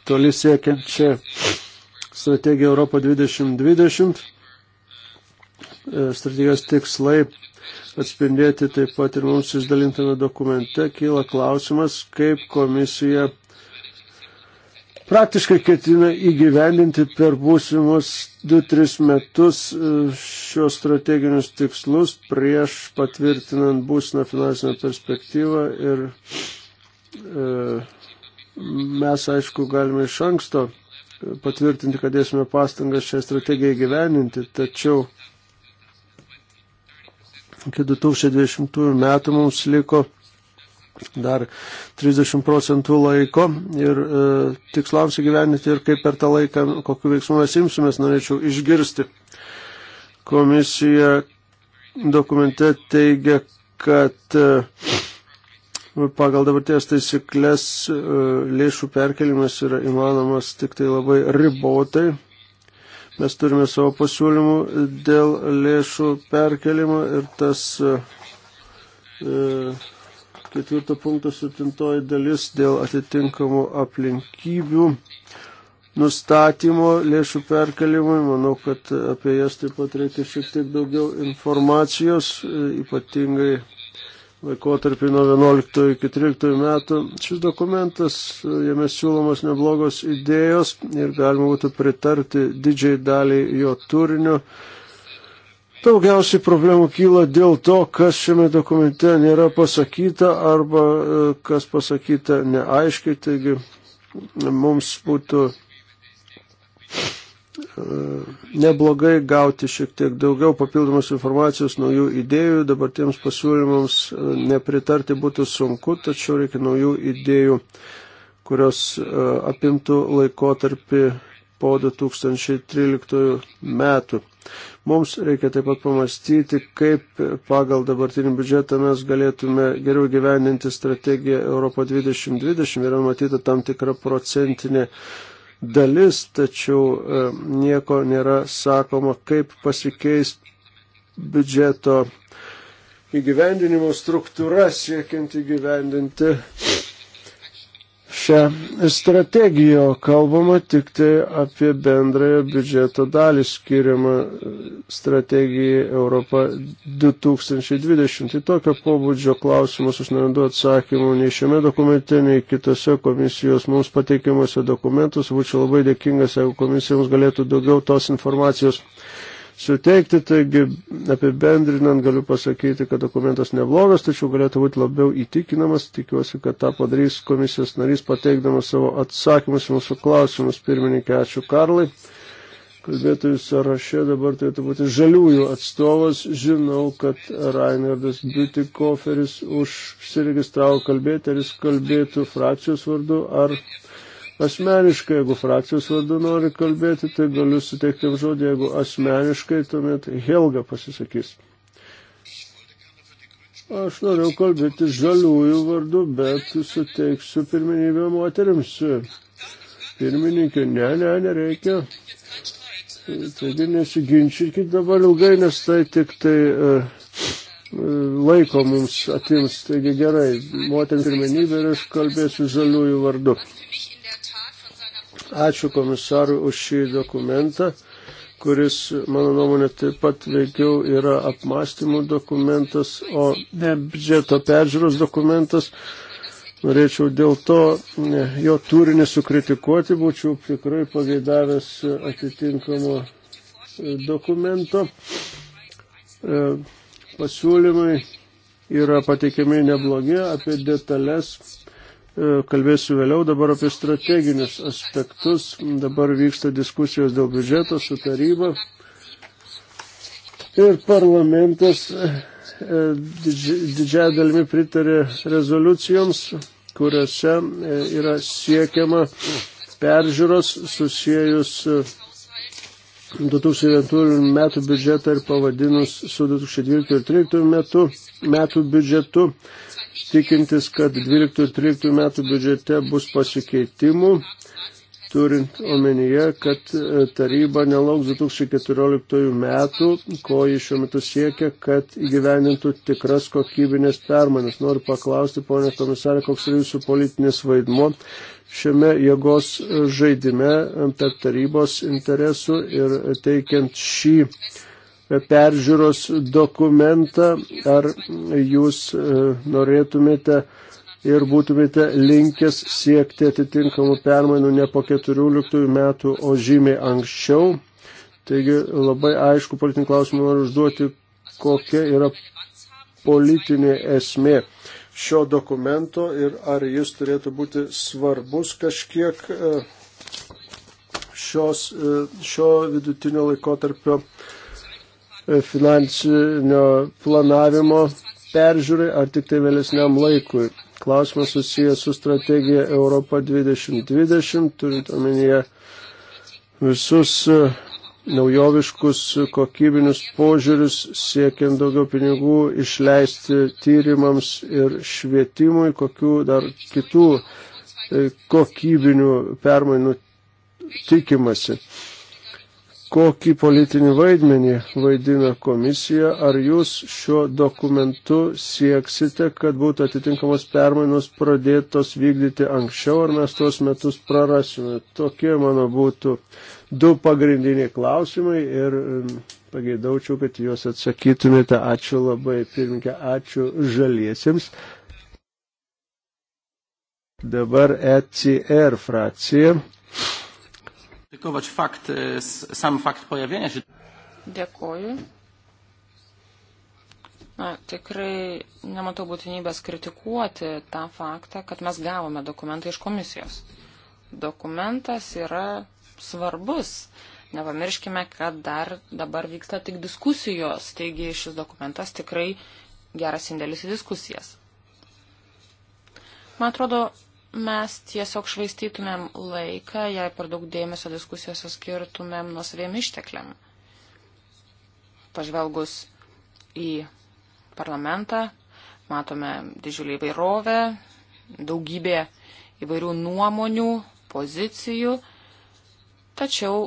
toli siekiančią strategiją Europą 2020. E, strategijos tikslai atspindėti taip pat ir mums išdalintame dokumente kyla klausimas, kaip komisija praktiškai ketina įgyvendinti per būsimus 2-3 metus e, šios strateginius tikslus prieš patvirtinant būsiną finansinę perspektyvą ir e, mes, aišku, galime iš anksto patvirtinti, kad dėsime pastangas šią strategiją gyveninti, tačiau iki 2020 metų mums liko dar 30 procentų laiko ir e, tikslams įgyveninti ir kaip per tą laiką, kokiu veiksmu mes imsimės, norėčiau išgirsti. Komisija dokumente teigia, kad e, pagal dabarties taisyklės e, lėšų perkelimas yra įmanomas tik tai labai ribotai mes turime savo pasiūlymų dėl lėšų perkelimo ir tas e, e ketvirto punkto septintoji dalis dėl atitinkamų aplinkybių nustatymo lėšų perkelimui. Manau, kad apie jas taip pat reikia šiek tiek daugiau informacijos, ypatingai laikotarpį nuo 11 iki 13 metų. Šis dokumentas, jame siūlomas neblogos idėjos ir galima būtų pritarti didžiai daliai jo turinio. Daugiausiai problemų kyla dėl to, kas šiame dokumente nėra pasakyta arba e, kas pasakyta neaiškiai, taigi mums būtų e, neblogai gauti šiek tiek daugiau papildomos informacijos, naujų idėjų, dabar tiems pasiūlymams e, nepritarti būtų sunku, tačiau reikia naujų idėjų, kurios apimtų laikotarpį po 2013 metų. Mums reikia taip pat pamastyti, kaip pagal dabartinį biudžetą mes galėtume geriau gyveninti strategiją Europo 2020. Yra matyta tam tikra procentinė dalis, tačiau e, nieko nėra sakoma, kaip pasikeis biudžeto įgyvendinimo struktūra siekiant įgyvendinti šią strategiją, kalbama tik tai apie bendrąją biudžeto dalį skiriamą strategijai Europą 2020. Tai tokio pobūdžio klausimus aš nerandu atsakymų nei šiame dokumente, nei kitose komisijos mums pateikimuose dokumentus. Būčiau labai dėkingas, jeigu komisija mums galėtų daugiau tos informacijos suteikti. Taigi, apibendrinant, galiu pasakyti, kad dokumentas neblogas, tačiau galėtų būti labiau įtikinamas. Tikiuosi, kad tą padarys komisijos narys, pateikdamas savo atsakymus mūsų klausimus. Pirmininkė, ačiū Karlai. Kalbėtojų sąraše dabar turėtų būti žaliųjų atstovas. Žinau, kad Rainerdas Biutikoferis užsiregistravo kalbėti, ar jis kalbėtų frakcijos vardu, ar Asmeniškai, jeigu frakcijos vardu nori kalbėti, tai galiu suteikti jam žodį, jeigu asmeniškai, tuomet Helga pasisakys. Aš norėjau kalbėti žaliųjų vardu, bet suteiksiu pirminybę moteriams. Pirmininkė, ne, ne, nereikia. Taigi nesiginčykit dabar ilgai, nes tai tik tai uh, laiko mums atims. Taigi gerai, moteriams pirminybė ir aš kalbėsiu žaliųjų vardu. Ačiū komisarui už šį dokumentą, kuris, mano nuomonė, taip pat veikiau yra apmąstymų dokumentas, o ne biudžeto peržiūros dokumentas. Norėčiau dėl to jo turinį sukritikuoti, būčiau tikrai pageidavęs atitinkamo e, dokumento. E, pasiūlymai yra pateikiami neblogi apie detalės E, kalbėsiu vėliau dabar apie strateginius aspektus. Dabar vyksta diskusijos dėl biudžeto su taryba. Ir parlamentas e, e, didžiąją dalimi pritarė rezoliucijoms, kuriuose yra siekiama peržiūros susijęs 2011 metų biudžetą ir pavadinus su 2012 ir 2013 metų, metų biudžetu tikintis, kad 12-13 metų biudžete bus pasikeitimų, turint omenyje, kad e, taryba nelauks 2014 metų, ko jis šiuo metu siekia, kad įgyvenintų tikras kokybinės permainas. Noriu paklausti, ponė komisarė, koks yra jūsų politinis vaidmo šiame jėgos žaidime tarp tarybos interesų ir teikiant šį peržiūros dokumentą, ar jūs e, norėtumėte ir būtumėte linkęs siekti atitinkamų permainų ne po 14 metų, o žymiai anksčiau. Taigi labai aišku politinį klausimą noriu užduoti, kokia yra politinė esmė šio dokumento ir ar jis turėtų būti svarbus kažkiek e, šios, e, šio vidutinio laikotarpio tarpio E, finansinio planavimo peržiūrai ar tik tai vėlesniam laikui. Klausimas susijęs su strategija Europa 2020, turint omenyje visus e, naujoviškus e, kokybinius požiūrius, siekiant daugiau pinigų išleisti tyrimams ir švietimui, kokių dar kitų kokybinių permainų tikimasi kokį politinį vaidmenį vaidina komisija, ar jūs šiuo dokumentu sieksite, kad būtų atitinkamos permainos pradėtos vykdyti anksčiau, ar mes tuos metus prarasime. Tokie mano būtų du pagrindiniai klausimai ir um, pageidaučiau, kad juos atsakytumėte. Ačiū labai, pirmininkė, ačiū žaliesiems. Dabar ECR frakcija krytykować fakt, e, sam fakt pojawienia się. Dėkoju. Na, tikrai nematau būtinybės kritikuoti tą faktą, kad mes gavome dokumentą iš komisijos. Dokumentas yra svarbus. Nepamirškime, kad dar dabar vyksta tik diskusijos, taigi šis dokumentas tikrai geras indėlis į diskusijas. Man atrodo, mes tiesiog švaistytumėm laiką, jei per daug dėmesio diskusijose skirtumėm nuosaviem ištekliam. Pažvelgus į parlamentą, matome didžiulį įvairovę, daugybė įvairių nuomonių, pozicijų, tačiau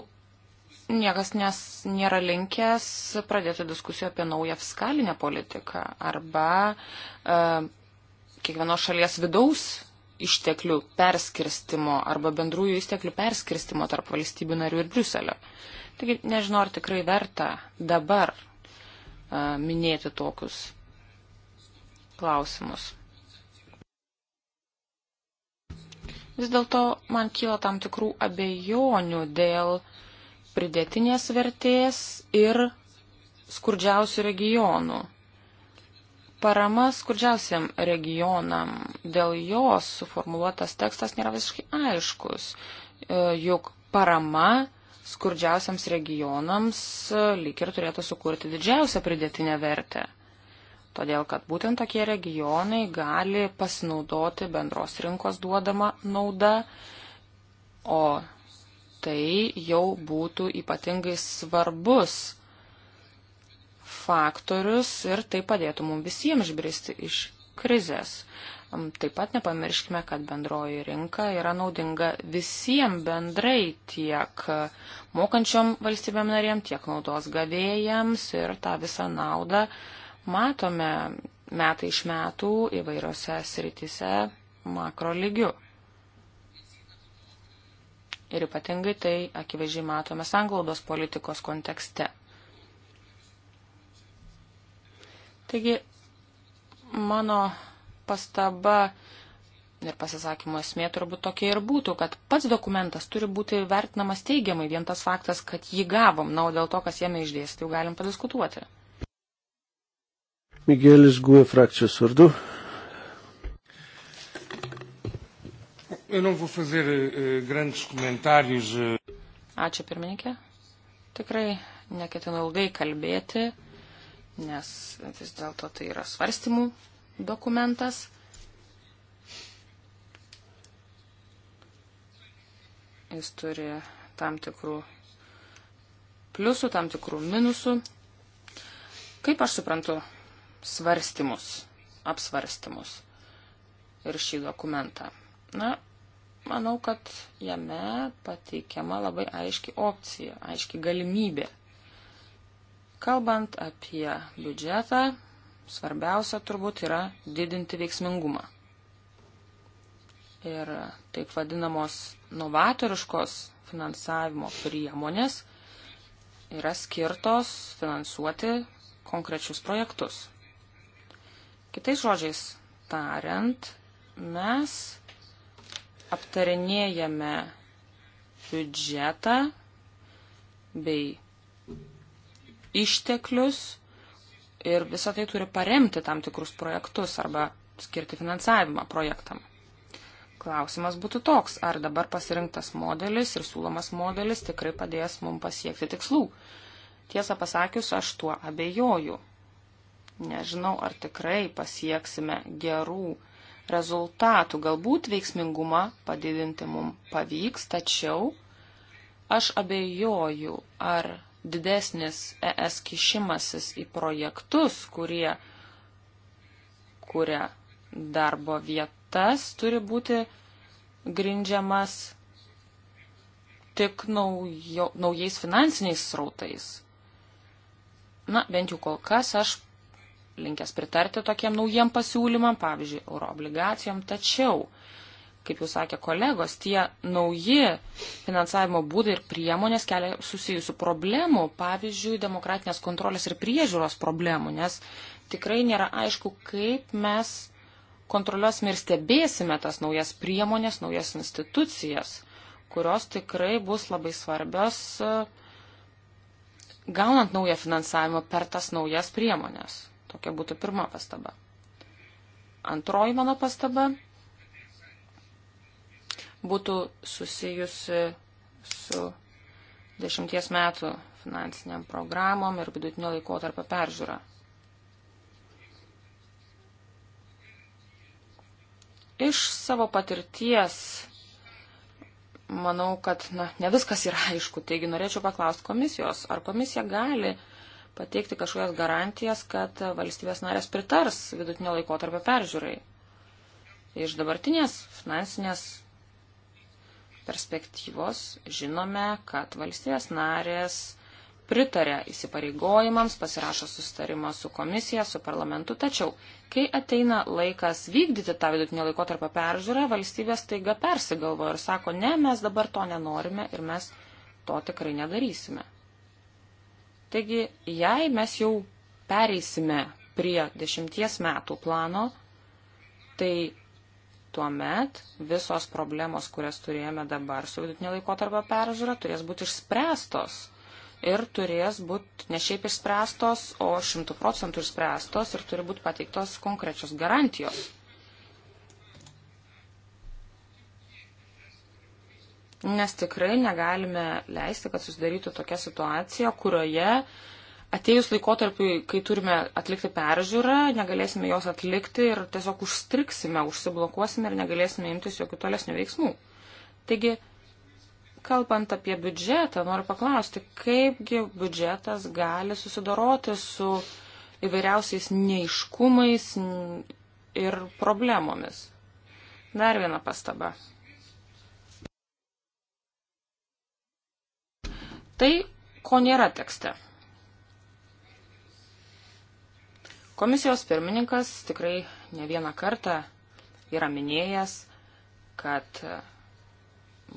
niekas nes, nėra linkęs pradėti diskusijų apie naują fiskalinę politiką arba e, kiekvienos šalies vidaus išteklių perskirstimo arba bendrųjų išteklių perskirstimo tarp valstybių narių ir Briuselio. Taigi nežinau, ar tikrai verta dabar a, minėti tokius klausimus. Vis dėlto man kyla tam tikrų abejonių dėl pridėtinės vertės ir skurdžiausių regionų. Parama skurdžiausiam regionam, dėl jos suformuoluotas tekstas nėra visiškai aiškus, e, juk parama skurdžiausiams regionams e, lyg ir turėtų sukurti didžiausią pridėtinę vertę. Todėl, kad būtent tokie regionai gali pasinaudoti bendros rinkos duodama nauda, o tai jau būtų ypatingai svarbus faktorius ir tai padėtų mums visiems išbristi iš krizės. Taip pat nepamirškime, kad bendroji rinka yra naudinga visiems bendrai tiek mokančiom valstybėm narėm, tiek naudos gavėjams ir tą visą naudą matome metai iš metų įvairiose sritise makro lygiu. Ir ypatingai tai akivaizdžiai matome sanglaudos politikos kontekste. Taigi, mano pastaba ir pasisakymo esmė turbūt tokia ir būtų, kad pats dokumentas turi būti vertinamas teigiamai, vien tas faktas, kad jį gavom, na, o dėl to, kas jame išdėstė, jau galim padiskutuoti. Migėlis Guė frakcijos vardu. Eh, eh, eh. Ačiū pirmininkė. Tikrai neketinu ilgai kalbėti nes vis dėlto tai yra svarstymų dokumentas. Jis turi tam tikrų pliusų, tam tikrų minusų. Kaip aš suprantu svarstymus, apsvarstymus ir šį dokumentą? Na, manau, kad jame pateikiama labai aiški opcija, aiški galimybė Kalbant apie biudžetą, svarbiausia turbūt yra didinti veiksmingumą. Ir taip vadinamos novatoriškos finansavimo priemonės yra skirtos finansuoti konkrečius projektus. Kitais žodžiais tariant, mes aptarinėjame biudžetą bei išteklius ir visą tai turi paremti tam tikrus projektus arba skirti finansavimą projektam. Klausimas būtų toks, ar dabar pasirinktas modelis ir siūlomas modelis tikrai padės mums pasiekti tikslų. Tiesą pasakius, aš tuo abejoju. Nežinau, ar tikrai pasieksime gerų rezultatų. Galbūt veiksmingumą padidinti mums pavyks, tačiau aš abejoju, ar didesnis ES kišimasis į projektus, kurie kuria darbo vietas, turi būti grindžiamas tik naujo, naujais finansiniais srautais. Na, bent jau kol kas aš linkęs pritarti tokiem naujiem pasiūlymam, pavyzdžiui, euroobligacijom, tačiau kaip jau sakė kolegos, tie nauji finansavimo būdai ir priemonės kelia susijusių problemų, pavyzdžiui, demokratinės kontrolės ir priežiūros problemų, nes tikrai nėra aišku, kaip mes kontroliuosime ir stebėsime tas naujas priemonės, naujas institucijas, kurios tikrai bus labai svarbios e, gaunant naują finansavimą per tas naujas priemonės. Tokia būtų pirma pastaba. Antroji mano pastaba būtų susijusi su dešimties metų finansiniam programom ir vidutinio laikotarpio peržiūra. Iš savo patirties manau, kad na, ne viskas yra aišku, taigi norėčiau paklausti komisijos, ar komisija gali pateikti kažkokias garantijas, kad valstybės narės pritars vidutinio laikotarpio peržiūrai. Iš dabartinės finansinės perspektyvos žinome, kad valstybės narės pritarė įsipareigojimams, pasirašo sustarimą su komisija, su parlamentu, tačiau, kai ateina laikas vykdyti tą vidutinio laiko tarp peržiūrą, valstybės taiga persigalvo ir sako, ne, mes dabar to nenorime ir mes to tikrai nedarysime. Taigi, jei mes jau pereisime prie dešimties metų plano, tai tuomet visos problemos, kurias turėjome dabar su vidutinė laikotarpio peržiūra, turės būti išspręstos. Ir turės būti ne šiaip išspręstos, o šimtų procentų išspręstos ir turi būti pateiktos konkrečios garantijos. Nes tikrai negalime leisti, kad susidarytų tokia situacija, kurioje uh, atėjus laikotarpiui, kai turime atlikti peržiūrą, negalėsime jos atlikti ir tiesiog užstriksime, užsiblokuosime ir negalėsime imtis jokių tolesnių veiksmų. Taigi, kalbant apie biudžetą, noriu paklausti, kaipgi biudžetas gali susidoroti su įvairiausiais neiškumais ir problemomis. Dar viena pastaba. Tai, ko nėra tekste Komisijos pirmininkas tikrai ne vieną kartą yra minėjęs, kad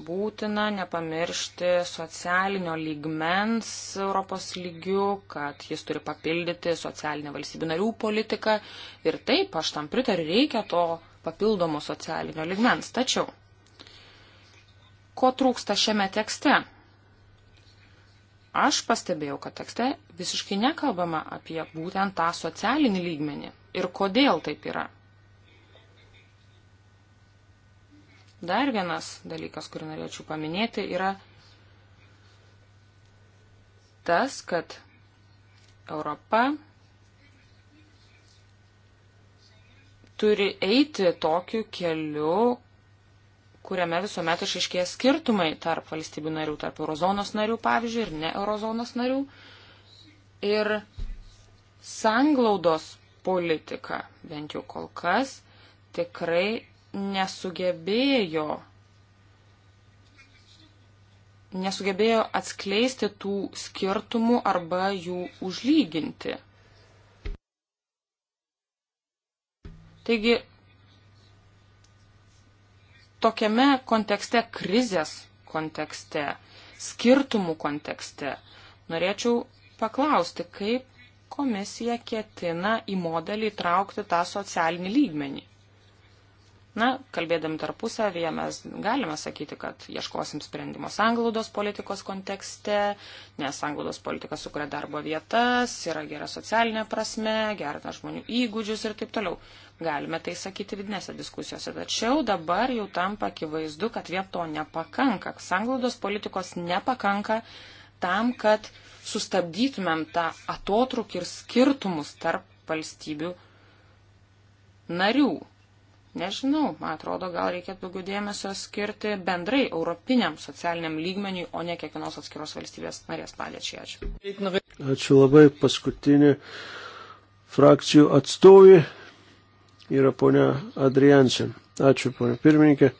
būtina nepamiršti socialinio lygmens Europos lygių, kad jis turi papildyti socialinę valstybių narių politiką. Ir taip, aš tam pritariu, reikia to papildomo socialinio lygmens. Tačiau, ko trūksta šiame tekste? Aš pastebėjau, kad tekste visiškai nekalbama apie būtent tą socialinį lygmenį ir kodėl taip yra. Dar vienas dalykas, kurį norėčiau paminėti, yra tas, kad Europa turi eiti tokiu keliu, kuriame visuomet išaiškėja skirtumai tarp valstybių narių, tarp eurozonos narių, pavyzdžiui, ir ne eurozonos narių. Ir sanglaudos politika, bent jau kol kas, tikrai nesugebėjo, nesugebėjo atskleisti tų skirtumų arba jų užlyginti. Taigi tokiame kontekste, krizės kontekste, skirtumų kontekste, norėčiau paklausti, kaip komisija ketina į modelį įtraukti tą socialinį lygmenį. Na, kalbėdami tarpusavėje mes galime sakyti, kad ieškosim sprendimo sanglaudos politikos kontekste, nes sanglaudos politika sukuria darbo vietas, yra gera socialinė prasme, gerina žmonių įgūdžius ir taip toliau. Galime tai sakyti vidinėse diskusijose, tačiau dabar jau tampa akivaizdu, kad vieto nepakanka. Sanglaudos politikos nepakanka tam, kad sustabdytumėm tą atotrukį ir skirtumus tarp valstybių narių Nežinau, man atrodo, gal reikėtų daugiau dėmesio skirti bendrai europiniam socialiniam lygmeniui, o ne kiekvienos atskiros valstybės narės padėčiai. Ačiū. Ačiū labai. Paskutinė frakcijų atstovė yra ponia Adriansen. Ačiū, ponia pirmininkė.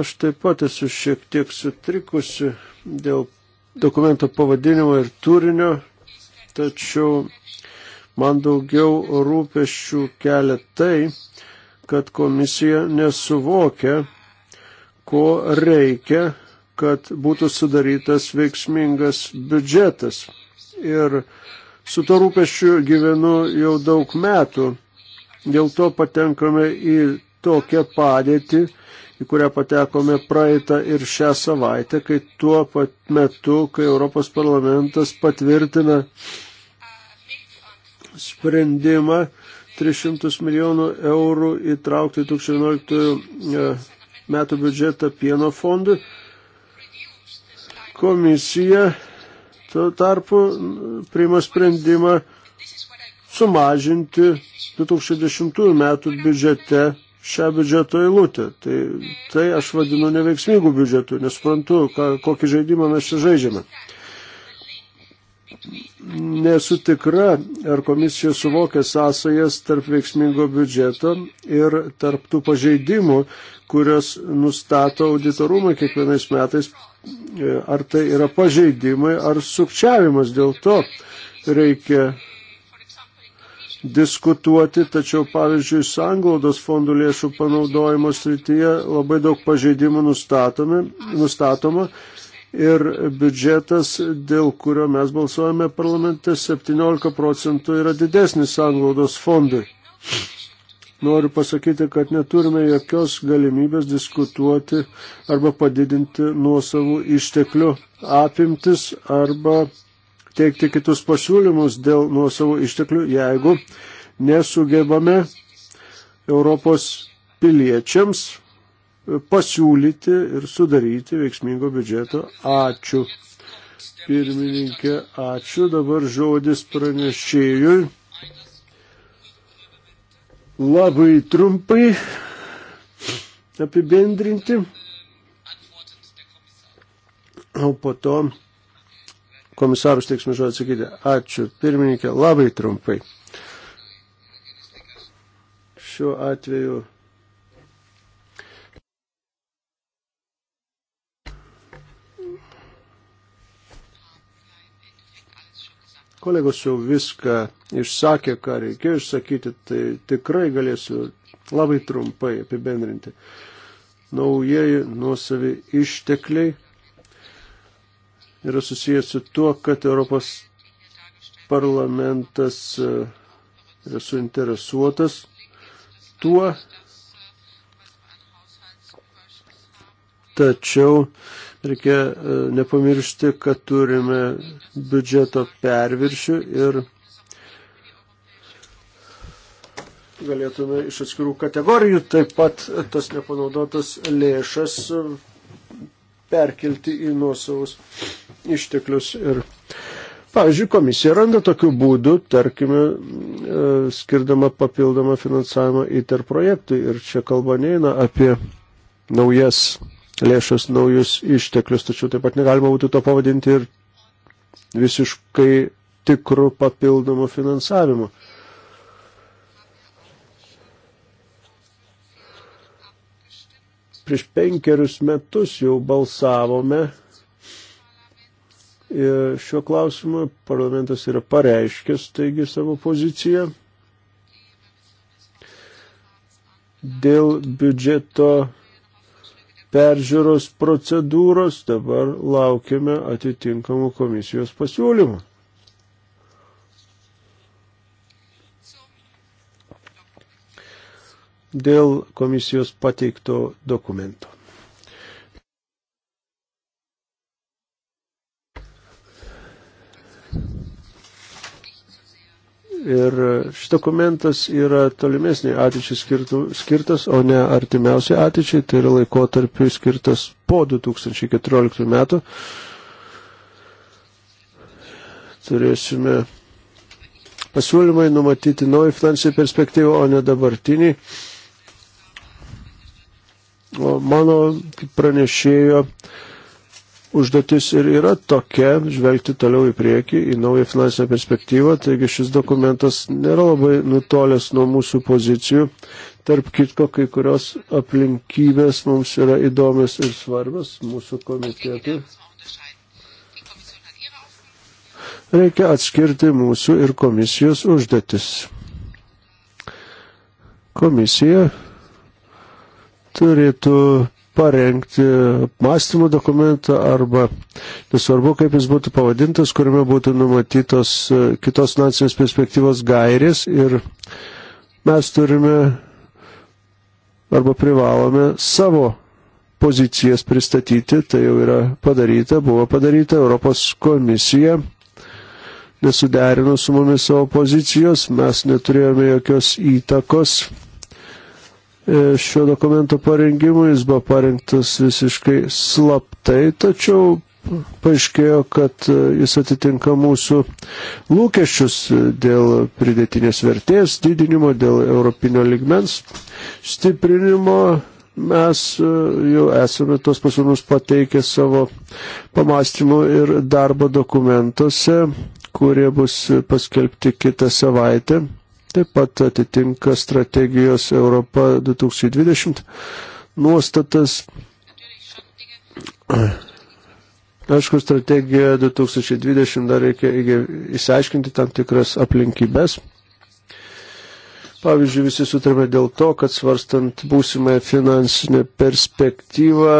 Aš taip pat esu šiek tiek sutrikusi dėl dokumento pavadinimo ir turinio, tačiau Man daugiau rūpeščių kelia tai, kad komisija nesuvokia, ko reikia, kad būtų sudarytas veiksmingas biudžetas. Ir su to rūpešiu gyvenu jau daug metų. Dėl to patenkame į tokią padėtį, į kurią patekome praeitą ir šią savaitę, kai tuo pat metu, kai Europos parlamentas patvirtina sprendimą 300 milijonų eurų įtraukti 2011 e, metų biudžetą pieno fondui. Komisija tuo tarpu priima sprendimą sumažinti 2010 metų biudžete šią biudžeto eilutę. Tai, tai aš vadinu neveiksmingų biudžetų, nesprantu, kokį žaidimą mes čia žaidžiame nesu tikra, ar komisija suvokia sąsajas tarp veiksmingo biudžeto ir tarp tų pažeidimų, kurios nustato auditorumai kiekvienais metais, e, ar tai yra pažeidimai ar sukčiavimas. Dėl to reikia diskutuoti, tačiau pavyzdžiui, sanglaudos fondų lėšų panaudojimo srityje labai daug pažeidimų nustatome, nustatoma ir biudžetas, dėl kurio mes balsuojame parlamente, 17 procentų yra didesnis sanglaudos fondui. Noriu pasakyti, kad neturime jokios galimybės diskutuoti arba padidinti nuosavų išteklių apimtis arba teikti kitus pasiūlymus dėl nuosavų išteklių, jeigu nesugebame Europos piliečiams pasiūlyti ir sudaryti veiksmingo biudžeto. Ačiū. Pirmininkė, ačiū. Dabar žodis pranešėjui. Labai trumpai apibendrinti. O po to komisarus teiksime žodį atsakyti. Ačiū. Pirmininkė, labai trumpai. Šiuo atveju Kolegos jau viską išsakė, ką reikėjo išsakyti, tai tikrai galėsiu labai trumpai apibendrinti. Naujieji nuosavi ištekliai yra susijęs su tuo, kad Europos parlamentas e, yra suinteresuotas tuo, Tačiau reikia e, nepamiršti, kad turime biudžeto perviršių ir galėtume iš atskirų kategorijų taip pat tas nepanaudotas lėšas perkelti į nuosavus išteklius. Ir, pavyzdžiui, komisija randa tokių būdų, tarkime, e, skirdama papildomą finansavimą įter projektui. Ir čia kalba neina apie naujas lėšas, naujus išteklius, tačiau taip pat negalima būtų to pavadinti ir visiškai tikrų papildomų finansavimų. Prieš penkerius metus jau balsavome ir šiuo klausimu parlamentas yra pareiškęs taigi savo poziciją dėl biudžeto peržiūros procedūros, dabar laukiame atitinkamų komisijos pasiūlymų. Dėl komisijos pateikto dokumento. Ir šis dokumentas yra tolimesnį ateičiai skirtų, skirtas, o ne artimiausiai ateičiai, tai yra laikotarpiu skirtas po 2014 metų. Turėsime pasiūlymai numatyti naują finansinį perspektyvą, o ne dabartinį. O mano pranešėjo užduotis ir yra tokia, žvelgti toliau į priekį, į naują finansinę perspektyvą, taigi šis dokumentas nėra labai nutolęs nuo mūsų pozicijų. Tarp kitko, kai kurios aplinkybės mums yra įdomios ir svarbios mūsų komitetui. Reikia atskirti mūsų ir komisijos užduotis. Komisija turėtų parengti mąstymo dokumentą arba, nesvarbu kaip jis būtų pavadintas, kuriame būtų numatytos e, kitos nacinės perspektyvos gairės ir mes turime arba privalome savo pozicijas pristatyti, tai jau yra padaryta, buvo padaryta Europos komisija nesuderino su mumis savo pozicijos, mes neturėjome jokios įtakos E, šio dokumento parengimui, jis buvo parengtas visiškai slaptai, tačiau paaiškėjo, kad e, jis atitinka mūsų lūkesčius e, dėl pridėtinės vertės didinimo, dėl europinio ligmens stiprinimo. Mes jau esame tos pasiūlymus pateikę savo pamastymų ir darbo dokumentuose, kurie bus paskelbti kitą savaitę taip pat atitinka strategijos Europa 2020 nuostatas. Aišku, strategiją 2020 dar reikia įsiaiškinti tam tikras aplinkybės. Pavyzdžiui, visi sutarėme dėl to, kad svarstant būsimąją finansinę perspektyvą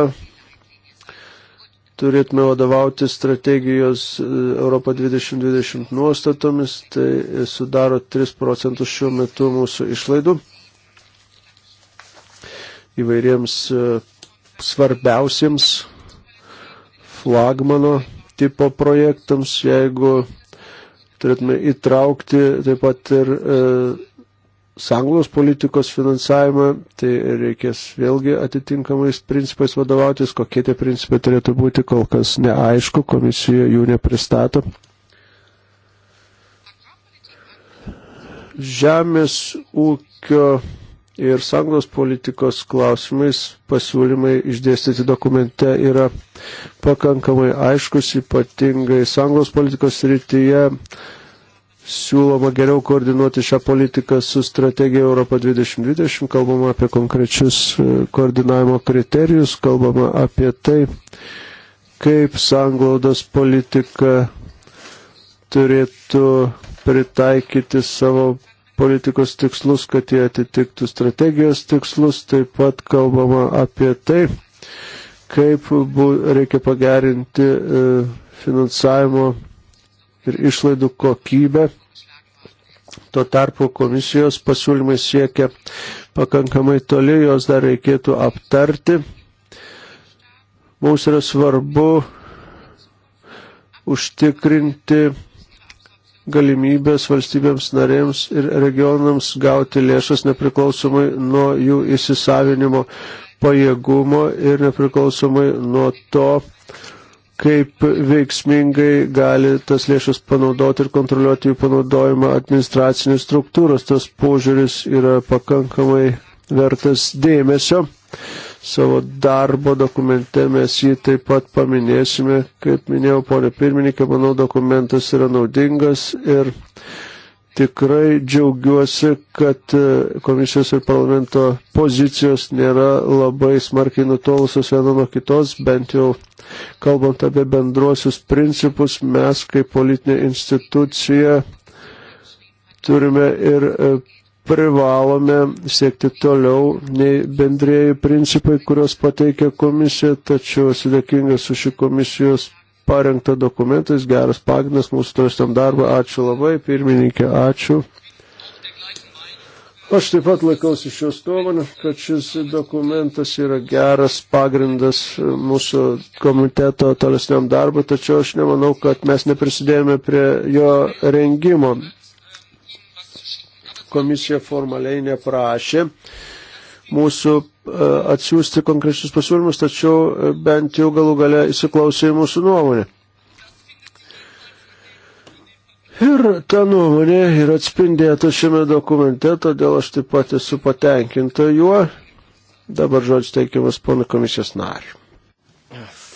turėtume vadovauti strategijos e, Europo 2020 nuostatomis, tai sudaro 3 procentus šiuo metu mūsų išlaidų įvairiems e, svarbiausiems flagmano tipo projektams, jeigu turėtume įtraukti taip pat ir e, sanglos politikos finansavimą, tai reikės vėlgi atitinkamais principais vadovautis, kokie tie principai turėtų būti, kol kas neaišku, komisija jų nepristato. Žemės ūkio ir sanglos politikos klausimais pasiūlymai išdėstyti dokumente yra pakankamai aiškus, ypatingai sanglos politikos rytyje siūloma geriau koordinuoti šią politiką su strategija Europa 2020, kalbama apie konkrečius e, koordinavimo kriterijus, kalbama apie tai, kaip sanglaudos politika turėtų pritaikyti savo politikos tikslus, kad jie atitiktų strategijos tikslus, taip pat kalbama apie tai, kaip reikia pagerinti e, finansavimo ir išlaidų kokybę. Tuo tarpu komisijos pasiūlymai siekia pakankamai toli, jos dar reikėtų aptarti. Mums yra svarbu užtikrinti galimybės valstybėms narėms ir regionams gauti lėšas nepriklausomai nuo jų įsisavinimo pajėgumo ir nepriklausomai nuo to, kaip veiksmingai gali tas lėšas panaudoti ir kontroliuoti jų panaudojimą administracinės struktūros. Tas požiūris yra pakankamai vertas dėmesio. Savo darbo dokumente mes jį taip pat paminėsime. Kaip minėjau, ponė pirmininkė, manau, dokumentas yra naudingas ir Tikrai džiaugiuosi, kad e, komisijos ir parlamento pozicijos nėra labai smarkiai nutolusios viena nuo kitos, bent jau kalbant apie bendruosius principus, mes kaip politinė institucija turime ir e, privalome siekti toliau nei bendrėjai principai, kurios pateikia komisija, tačiau esu dėkingas už šį komisijos parengtą dokumentą, jis geras pagrindas mūsų tolesniam darbą. Ačiū labai, pirmininkė, ačiū. Aš taip pat laikausi šios nuomonės, kad šis dokumentas yra geras pagrindas mūsų komiteto tolesniam darbui, tačiau aš nemanau, kad mes neprisidėjome prie jo rengimo. Komisija formaliai neprašė mūsų e, atsiųsti konkrečius pasiūlymus, tačiau e, bent jau galų gale įsiklausė į mūsų nuomonę. Ir ta nuomonė yra atspindėta šiame dokumente, todėl aš taip pat esu patenkinta juo. Dabar žodžiu teikiamas pono komisijos nariu.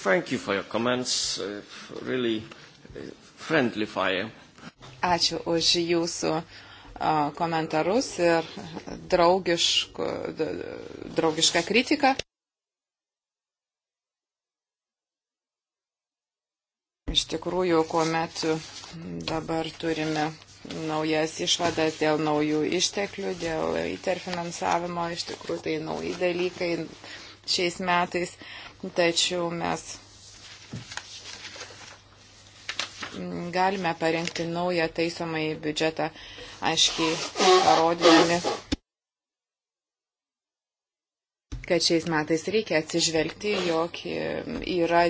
Thank you for your comments. Uh, really uh, friendly fire. Ačiū už jūsų komentarus ir draugišką, draugišką kritiką. Iš tikrųjų, kuomet dabar turime naujas išvadas dėl naujų išteklių, dėl interfinansavimo, iš tikrųjų tai nauji dalykai šiais metais, tačiau mes galime parengti naują taisomąjį biudžetą aiškiai parodydami, kad šiais metais reikia atsižvelgti, jog yra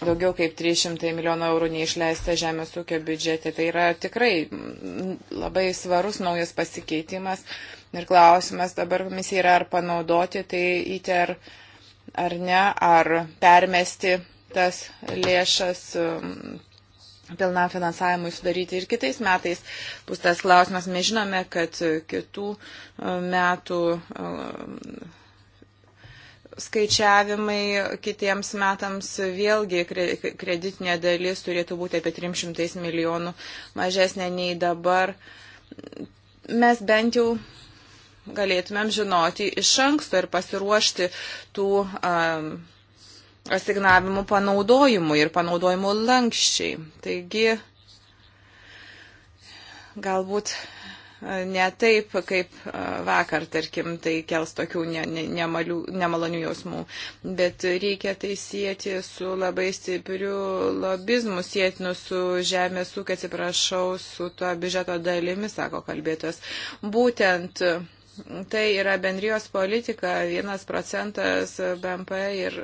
daugiau kaip 300 milijonų eurų neišleista žemės ūkio biudžete. Tai yra tikrai labai svarus naujas pasikeitimas. Ir klausimas dabar komisija yra, ar panaudoti tai įter ar ne, ar permesti tas lėšas pilnam finansavimui sudaryti ir kitais metais bus tas klausimas. Mes žinome, kad kitų e, metų e, skaičiavimai kitiems metams vėlgi kreditinė dalis turėtų būti apie 300 milijonų mažesnė nei dabar. Mes bent jau galėtumėm žinoti iš anksto ir pasiruošti tų um, asignavimų panaudojimui ir panaudojimų lankščiai. Taigi, galbūt e, ne taip, kaip e, vakar, tarkim, tai kels tokių ne, ne, nemalių, nemalonių jausmų, bet reikia tai sieti su labai stipriu lobizmu, sėtinu su žemės ūkio, atsiprašau, su tuo biudžeto dalimi, sako kalbėtojas. Būtent Tai yra bendrijos politika, vienas procentas BMP ir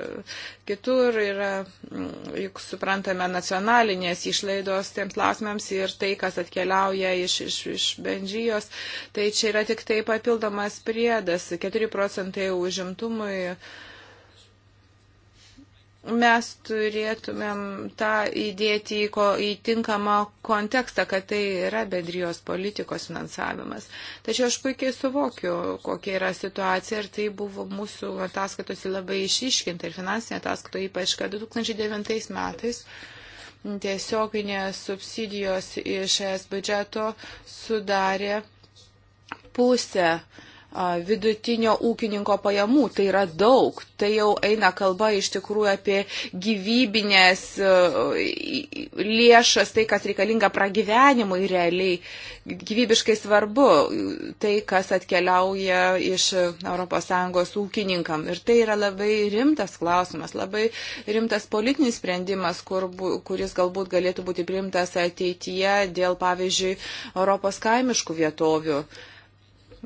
kitur yra, mm, juk suprantame, nacionalinės išlaidos tiems klausimams ir tai, kas atkeliauja iš, iš, iš bendrijos. Tai čia yra tik tai papildomas priedas, 4 procentai užimtumui. Uh, mes turėtumėm tą įdėti į, ko, į tinkamą kontekstą, kad tai yra bendrijos politikos finansavimas. Tačiau aš puikiai suvokiu, kokia yra situacija ir tai buvo mūsų ataskaitose labai išiškinta ir finansinė ataskaita, ypač kad 2009 metais tiesioginės subsidijos iš es biudžeto sudarė pusę uh, vidutinio ūkininko pajamų. Tai yra daug. Tai jau eina kalba iš tikrųjų apie gyvybinės lėšas, tai, kas reikalinga pragyvenimui realiai. Gyvybiškai svarbu tai, kas atkeliauja iš ES ūkininkam. Ir tai yra labai rimtas klausimas, labai rimtas politinis sprendimas, kur, kuris galbūt galėtų būti priimtas ateityje dėl, pavyzdžiui, Europos kaimiškų vietovių. Uh,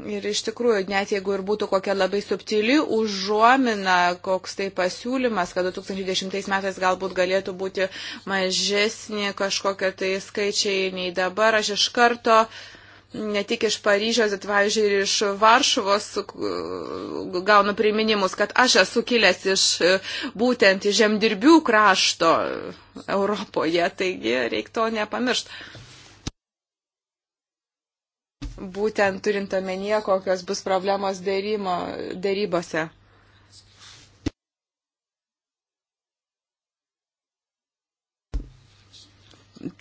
Ir iš tikrųjų, net jeigu ir būtų kokia labai subtili užuomina, koks tai pasiūlymas, kad 2010 metais galbūt galėtų būti mažesni kažkokie tai skaičiai nei dabar, aš iš karto ne tik iš Paryžiaus, bet, pavyzdžiui, ir iš Varšuvos uh, gaunu priminimus, kad aš esu kilęs iš uh, būtent žemdirbių krašto Europoje, taigi reikto nepamiršti būtent turint omenyje, kokios bus problemos dėrymo, dėrybose.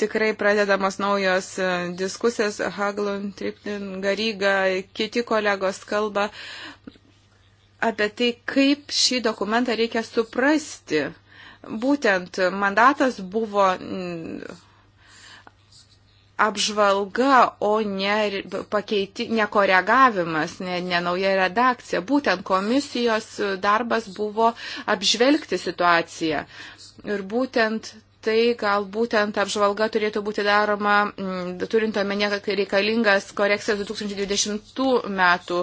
Tikrai pradedamos naujos e, diskusijos, Haglund, Triptin, Garyga, kiti kolegos kalba apie tai, kaip šį dokumentą reikia suprasti. Būtent mandatas buvo apžvalga, o ne, pakeiti, ne koregavimas, ne, ne nauja redakcija. Būtent komisijos darbas buvo apžvelgti situaciją. Ir būtent tai gal būtent apžvalga turėtų būti daroma, mm, turint omenyje, kad reikalingas korekcijas 2020 metų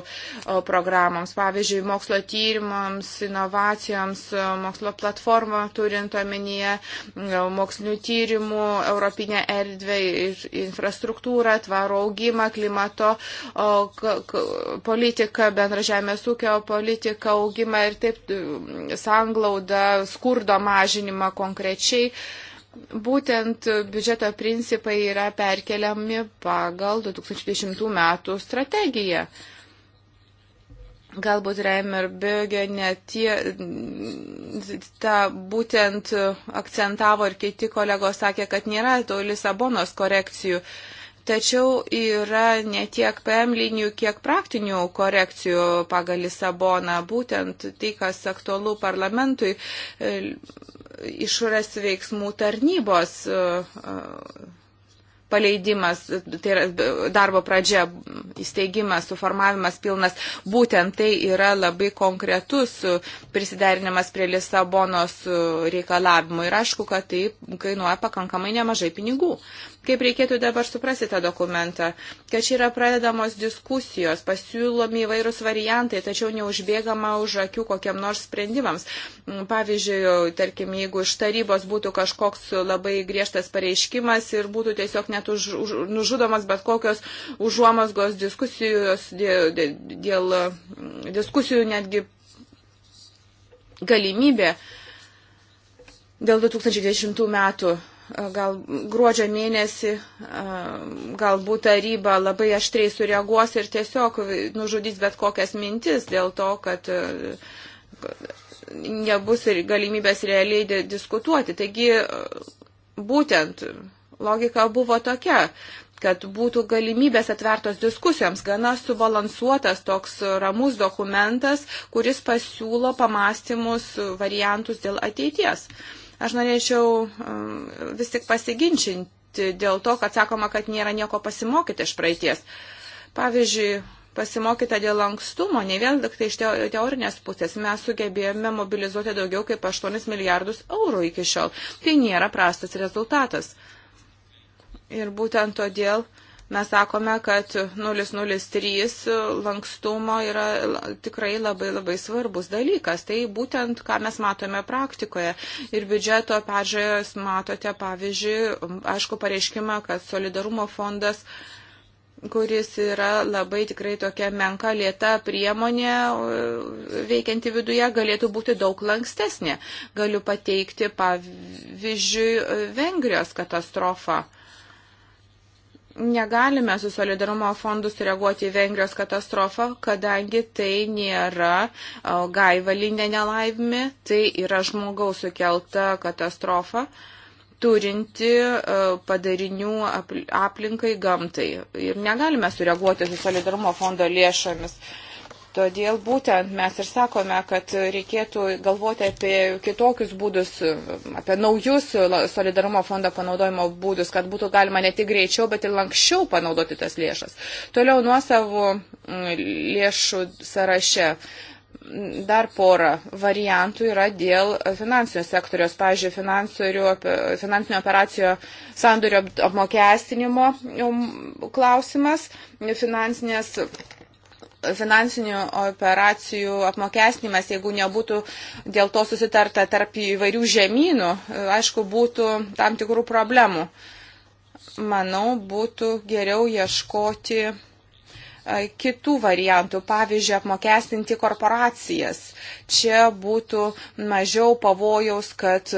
programoms, pavyzdžiui, mokslo tyrimams, inovacijoms, mokslo platformą, turint omenyje mm, mokslinių tyrimų, europinę erdvę ir infrastruktūrą, tvaro augimą, klimato politiką, bendražėmės ūkio politiką, augimą ir taip sanglaudą, skurdo mažinimą konkrečiai būtent biudžeto principai yra perkeliami pagal 2010 metų strategiją. Galbūt Reimerbergė netie, ta būtent akcentavo ir kiti kolegos sakė, kad nėra to Lisabonos korekcijų tačiau yra ne tiek PM linijų, kiek praktinių korekcijų pagal Lisaboną, būtent tai, kas aktualu parlamentui išorės veiksmų tarnybos e, e, paleidimas, tai yra darbo pradžia, įsteigimas, suformavimas pilnas, būtent tai yra labai konkretus prisiderinimas prie Lisabonos e, reikalavimų ir aišku, kad tai kainuoja pakankamai nemažai pinigų. Kaip reikėtų dabar suprasti tą dokumentą, kad čia yra pradedamos diskusijos, pasiūlomi įvairūs variantai, tačiau neužbėgama už akių kokiam nors sprendimams. Mm, pavyzdžiui, tarkim, jeigu iš tarybos būtų kažkoks labai griežtas pareiškimas ir būtų tiesiog net už, už, nužudomas bet kokios užuomasgos diskusijos dėl, dėl mm, diskusijų netgi galimybė dėl 2010 metų gal gruodžio mėnesį galbūt taryba labai aštriai sureaguos ir tiesiog nužudys bet kokias mintis dėl to, kad nebus ir galimybės realiai diskutuoti. Taigi būtent logika buvo tokia kad būtų galimybės atvertos diskusijoms, gana subalansuotas toks ramus dokumentas, kuris pasiūlo pamastymus variantus dėl ateities. Uh, Aš norėčiau um, vis tik pasiginčinti dėl to, kad sakoma, kad nėra nieko pasimokyti iš praeities. Pavyzdžiui, pasimokyta dėl lankstumo, ne vien tik tai iš teorinės pusės. Mes sugebėjome mobilizuoti daugiau kaip 8 milijardus eurų iki šiol. Tai nėra prastas rezultatas. Ir būtent todėl uh, Mes sakome, kad 003 lankstumo yra tikrai labai labai svarbus dalykas. Tai būtent, ką mes matome praktikoje. Ir biudžeto peržiūrėjus matote, pavyzdžiui, aišku, pareiškimą, kad solidarumo fondas kuris yra labai tikrai tokia menka lieta priemonė e, veikianti viduje, galėtų būti daug lankstesnė. Galiu pateikti pavyzdžiui Vengrijos katastrofą negalime su solidarumo fondu sureaguoti į Vengrijos katastrofą, kadangi tai nėra gaivalinė nelaimė, tai yra žmogaus sukelta katastrofa turinti padarinių aplinkai gamtai. Ir negalime sureaguoti su solidarumo fondo lėšomis. Uh, Todėl būtent mes ir sakome, kad reikėtų galvoti apie kitokius būdus, apie naujus solidarumo fondo panaudojimo būdus, kad būtų galima ne tik greičiau, bet ir lankščiau panaudoti tas lėšas. Toliau nuo savo mm, lėšų sąraše dar pora variantų yra dėl finansinio sektoriaus, pavyzdžiui, finansinio operacijo sandorio apmokestinimo mm, klausimas, finansinės finansinių operacijų apmokestinimas, jeigu nebūtų dėl to susitarta tarp įvairių žemynų, aišku, būtų tam tikrų problemų. Manau, būtų geriau ieškoti kitų variantų, pavyzdžiui, apmokestinti korporacijas. Čia būtų mažiau pavojaus, kad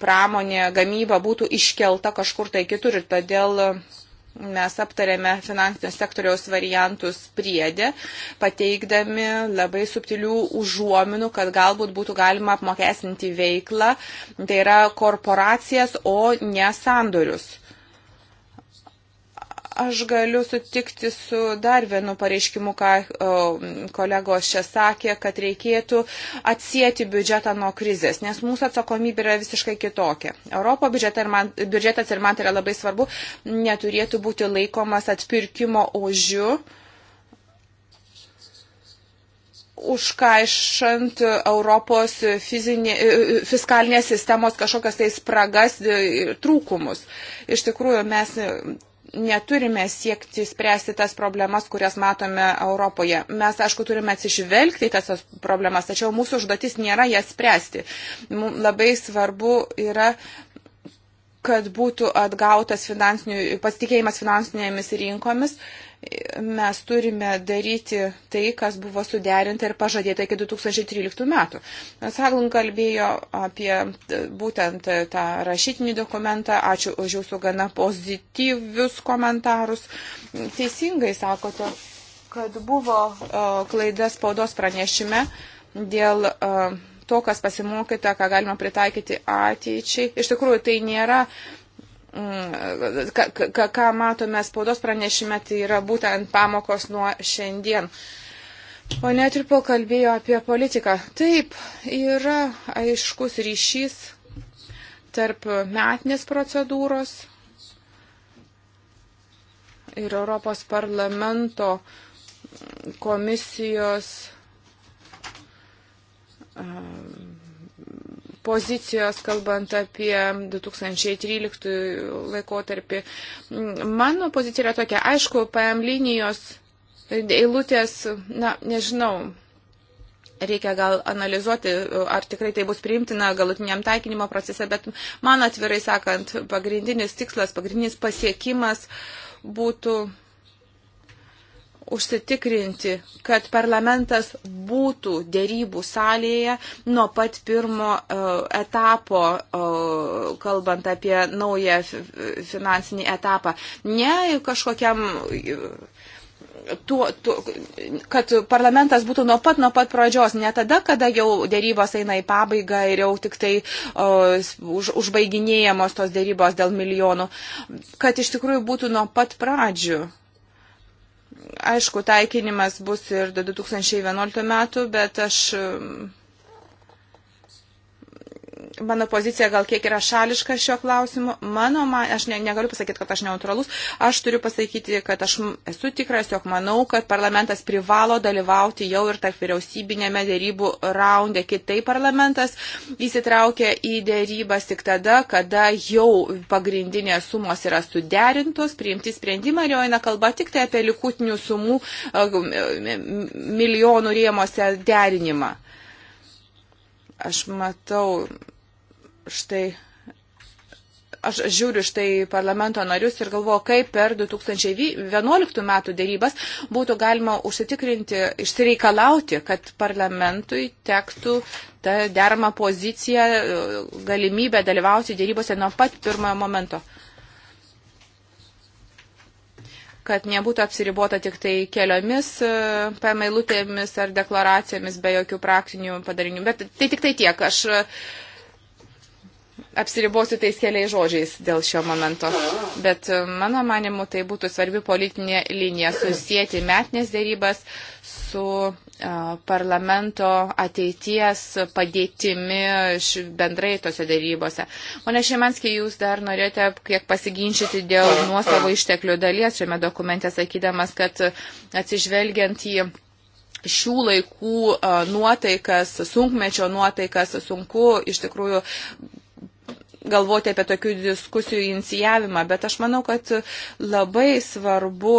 pramonė, gamyba būtų iškelta kažkur tai kitur ir todėl Mes aptarėme finansinio sektoriaus variantus priedė, pateikdami labai subtilių užuominų, kad galbūt būtų galima apmokestinti veiklą, tai yra korporacijas, o ne sandorius. Aš galiu sutikti su dar vienu pareiškimu, ką o, kolegos čia sakė, kad reikėtų atsijėti biudžetą nuo krizės, nes mūsų atsakomybė yra visiškai kitokia. Europo biudžeta ir man, biudžetas ir man tai yra labai svarbu, neturėtų būti laikomas atpirkimo ožiu užkaišant Europos fizinė, fiskalinės sistemos kažkokias tai spragas ir trūkumus. Iš tikrųjų, mes neturime siekti spręsti tas problemas, kurias matome Europoje. Mes, aišku, turime atsižvelgti į tas problemas, tačiau mūsų užduotis nėra jas spręsti. Mums labai svarbu yra kad būtų atgautas finansinių, pasitikėjimas finansinėmis rinkomis. Uh, mes turime daryti tai, kas buvo suderinta ir pažadėta iki 2013 metų. Saglun kalbėjo apie e, būtent e, tą rašytinį dokumentą. Ačiū už jūsų gana pozityvius komentarus. Teisingai sakote, kad buvo e, klaida spaudos pranešime dėl to, kas pasimokyta, ką galima pritaikyti ateičiai. Iš tikrųjų, tai nėra ką, ką, ką matome spaudos pranešime, tai yra būtent pamokos nuo šiandien. O net ir pokalbėjo apie politiką. Taip, yra aiškus ryšys tarp metinės procedūros ir Europos parlamento komisijos pozicijos, kalbant apie 2013 laikotarpį. Mano pozicija yra tokia, aišku, PM linijos eilutės, na, nežinau, reikia gal analizuoti, ar tikrai tai bus priimtina galutiniam taikinimo procese, bet man atvirai sakant, pagrindinis tikslas, pagrindinis pasiekimas būtų užsitikrinti, kad parlamentas būtų dėrybų salėje nuo pat pirmo e, etapo, e, kalbant apie naują finansinį etapą. Ne kažkokiam e, tuo, tuo, kad parlamentas būtų nuo pat, nuo pat pradžios, ne tada, kada jau dėrybos eina į pabaigą ir jau tik tai o, už, užbaiginėjamos tos dėrybos dėl milijonų, kad iš tikrųjų būtų nuo pat pradžių. Aišku, taikinimas bus ir 2011 metų, bet aš mano pozicija gal kiek yra šališka šio klausimu. Mano, man, aš ne, negaliu pasakyti, kad aš neutralus. Aš turiu pasakyti, kad aš esu tikras, jog manau, kad parlamentas privalo dalyvauti jau ir tarp vyriausybinėme dėrybų raunde. Kitaip parlamentas įsitraukia į dėrybas tik tada, kada jau pagrindinės sumos yra suderintos, priimti sprendimą ir jau eina kalba tik tai apie likutinių sumų e, milijonų rėmose derinimą. Aš matau štai aš žiūriu štai parlamento narius ir galvoju, kaip per 2011 metų dėrybas būtų galima užsitikrinti, išsireikalauti, kad parlamentui tektų ta derama pozicija, galimybė dalyvauti dėrybose nuo pat pirmojo momento. kad nebūtų apsiribota tik tai keliomis e, pamailutėmis ar deklaracijomis be jokių praktinių padarinių. Bet tai tik tai tiek. Aš e, apsiribosiu tais keliais žodžiais dėl šio momento. Bet e, mano manimu, tai būtų svarbi politinė linija susijęti metinės dėrybas su parlamento ateities padėtimi bendrai tose darybose. Pone Šimanskiai, jūs dar norėjote kiek pasiginčyti dėl nuosavo išteklių dalies šiame dokumente, sakydamas, kad atsižvelgiant į šių laikų nuotaikas, sunkmečio nuotaikas, sunku iš tikrųjų galvoti apie tokių diskusijų inicijavimą, bet aš manau, kad labai svarbu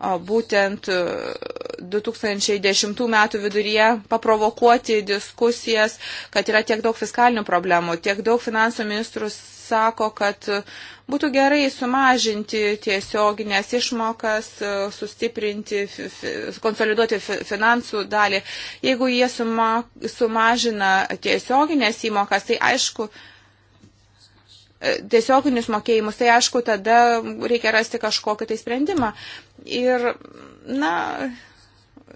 būtent 2010 e, metų viduryje paprovokuoti diskusijas, kad yra tiek daug fiskalinių problemų, tiek daug finansų ministrų sako, kad e, būtų gerai sumažinti tiesioginės išmokas, e, sustiprinti, konsoliduoti finansų dalį. Jeigu jie suma, sumažina tiesioginės įmokas, tai aišku, E, tiesioginius mokėjimus, tai aišku, tada reikia rasti kažkokį tai sprendimą. Ir, na,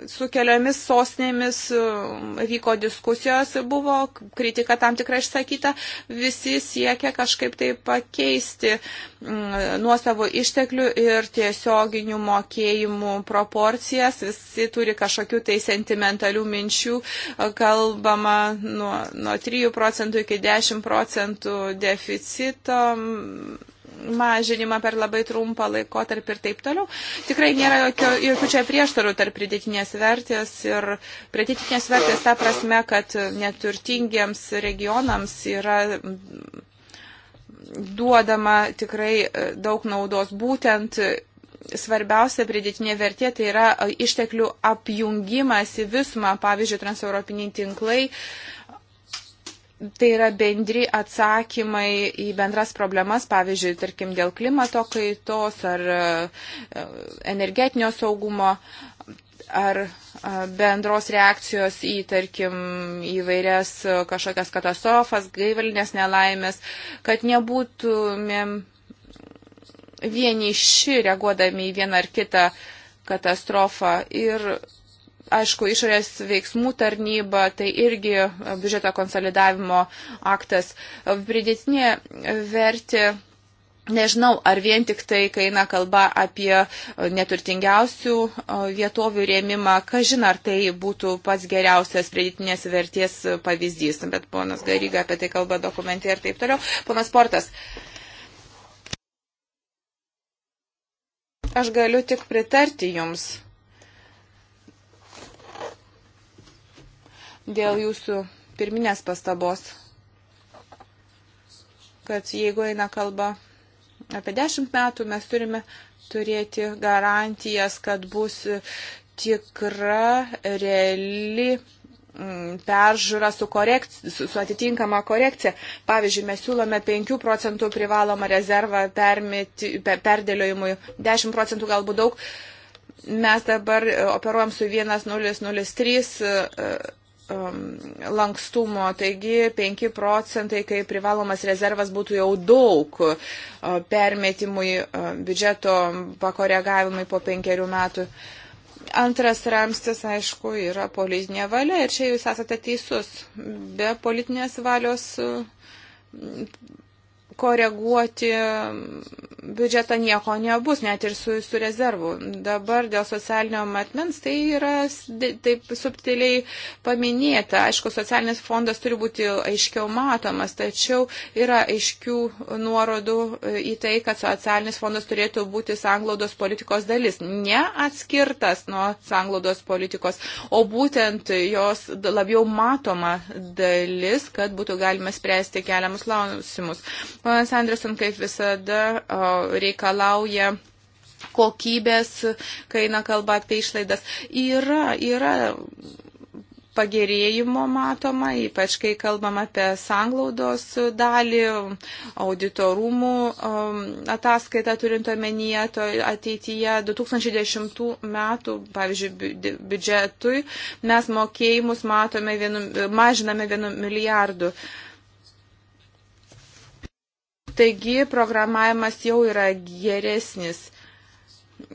su keliomis sosnėmis e, vyko diskusijos, buvo kritika tam tikra išsakyta, visi siekia kažkaip tai pakeisti mm, nuo savo išteklių ir tiesioginių mokėjimų proporcijas, visi turi kažkokių tai sentimentalių minčių, e, kalbama nuo, nuo 3 procentų iki 10 procentų deficito mažinimą per labai trumpą laikotarpį ir taip toliau. Tikrai nėra jokio, jokių čia prieštarų tarp pridėtinės vertės ir pridėtinės vertės ta prasme, kad neturtingiems regionams yra duodama tikrai daug naudos būtent svarbiausia pridėtinė vertė tai yra išteklių apjungimas į visumą, pavyzdžiui, transeuropiniai tinklai, tai yra bendri atsakymai į bendras problemas, pavyzdžiui, tarkim, dėl klimato kaitos ar e, e, energetinio saugumo ar e, bendros reakcijos į, tarkim, įvairias kažkokias katastrofas, gaivalinės nelaimės, kad nebūtumėm vieniši reaguodami į vieną ar kitą katastrofą ir aišku, išorės veiksmų tarnyba, tai irgi e, biudžeto konsolidavimo aktas. E, pridėtinė vertė. Nežinau, ar vien tik tai, kai eina kalba apie e, neturtingiausių vietovių rėmimą, kažin ar tai būtų pats geriausias pridėtinės vertės pavyzdys, bet ponas Garyga apie tai kalba dokumente ir taip toliau. Ponas Portas. Aš galiu tik pritarti jums dėl jūsų pirminės pastabos, kad jeigu eina kalba apie dešimt metų, mes turime turėti garantijas, kad bus tikra, reali mm, peržiūra su, korekci, su, su atitinkama korekcija. Pavyzdžiui, mes siūlome 5 procentų privalomą rezervą permeti, per, perdėliojimui, 10 procentų galbūt daug. Mes dabar operuojam su 1003 um, lankstumo, taigi 5 procentai, kai privalomas rezervas būtų jau daug uh, permetimui, uh, biudžeto pakoregavimui po penkerių metų. Antras ramstis, aišku, yra politinė valia ir čia jūs esate teisus. Be politinės valios. Uh, koreguoti biudžetą nieko nebus, net ir su, su rezervu. Dabar dėl socialinio matmens tai yra taip subtiliai paminėta. Aišku, socialinis fondas turi būti aiškiau matomas, tačiau yra aiškių nuorodų e, į tai, kad socialinis fondas turėtų būti sanglaudos politikos dalis. Ne atskirtas nuo sanglaudos politikos, o būtent jos labiau matoma dalis, kad būtų galima spręsti keliamus klausimus. Panas Andreson, kaip visada, reikalauja kokybės, kai eina kalba apie išlaidas. Yra, yra pagerėjimo matoma, ypač kai kalbam apie sanglaudos dalį, auditorumų ataskaitą turint omenyje to ateityje 2010 metų, pavyzdžiui, biudžetui, mes mokėjimus matome vienu, mažiname vienu milijardu. Uh, Taigi programavimas jau yra geresnis.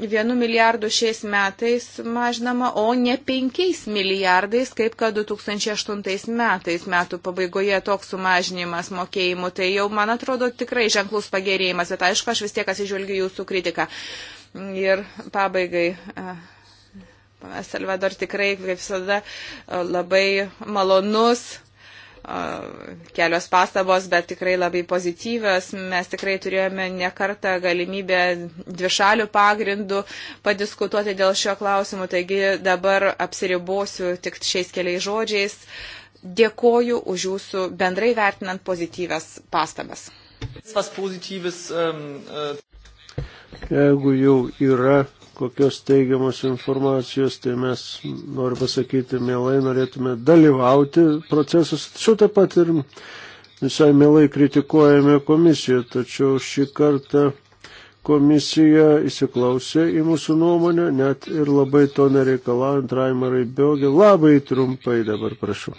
Vienu milijardu šiais metais mažinama, o ne penkiais milijardais, kaip kad 2008 metais metų pabaigoje toks sumažinimas mokėjimų. Tai jau, man atrodo, tikrai ženklus pagerėjimas, bet aišku, aš vis tiek atsižvelgiu jūsų kritiką. Ir pabaigai. E, Salvador tikrai, kaip visada, e, labai malonus kelios pastabos, bet tikrai labai pozityvios. Mes tikrai turėjome nekartą galimybę dvišalių pagrindų padiskutuoti dėl šio klausimų, taigi dabar apsiribosiu tik šiais keliais žodžiais. Dėkoju už jūsų bendrai vertinant pozityves pastabas. E, Jeigu jau yra kokios teigiamos informacijos, tai mes, noriu pasakyti, mielai norėtume dalyvauti procesus, tačiau taip pat ir visai mielai kritikuojame komisiją, tačiau šį kartą komisija įsiklausė į mūsų nuomonę, net ir labai to nereikalaujant, Raimarai Biogė, labai trumpai dabar prašau.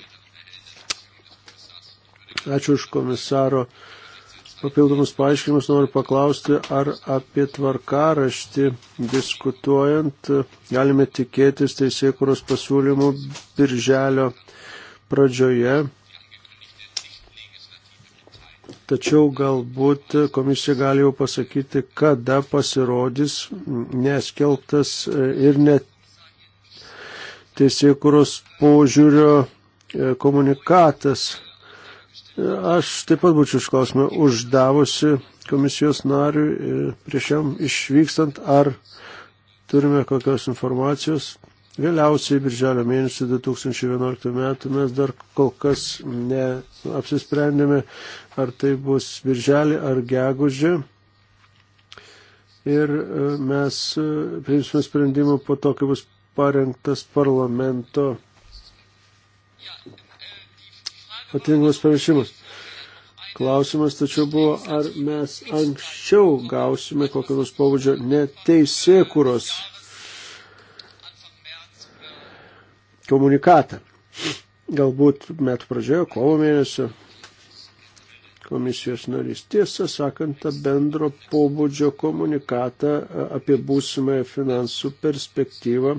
Ačiū už komisaro papildomus paaiškinimus, noriu paklausti, ar apie tvarkaraštį diskutuojant galime tikėtis teisėkuros pasiūlymų birželio pradžioje. Tačiau galbūt komisija gali jau pasakyti, kada pasirodys neskelbtas ir net teisėkuros požiūrio e, komunikatas Aš taip pat būčiau iš klausimą uždavusi komisijos nariui e, prieš jam išvykstant, ar turime kokios informacijos. Vėliausiai, birželio mėnesį 2011 metų, mes dar kol kas neapsisprendėme, ar tai bus birželį ar gegužė. Ir e, mes e, priimsime sprendimą po to, kai bus parengtas parlamento atitinkamus pranešimus. Klausimas tačiau buvo, ar mes anksčiau gausime kokio nors pobūdžio neteisėkuros komunikatą. Galbūt metų pradžioje, kovo mėnesio, komisijos narys. Tiesą sakant, tą bendro pobūdžio komunikatą apie būsimąją finansų perspektyvą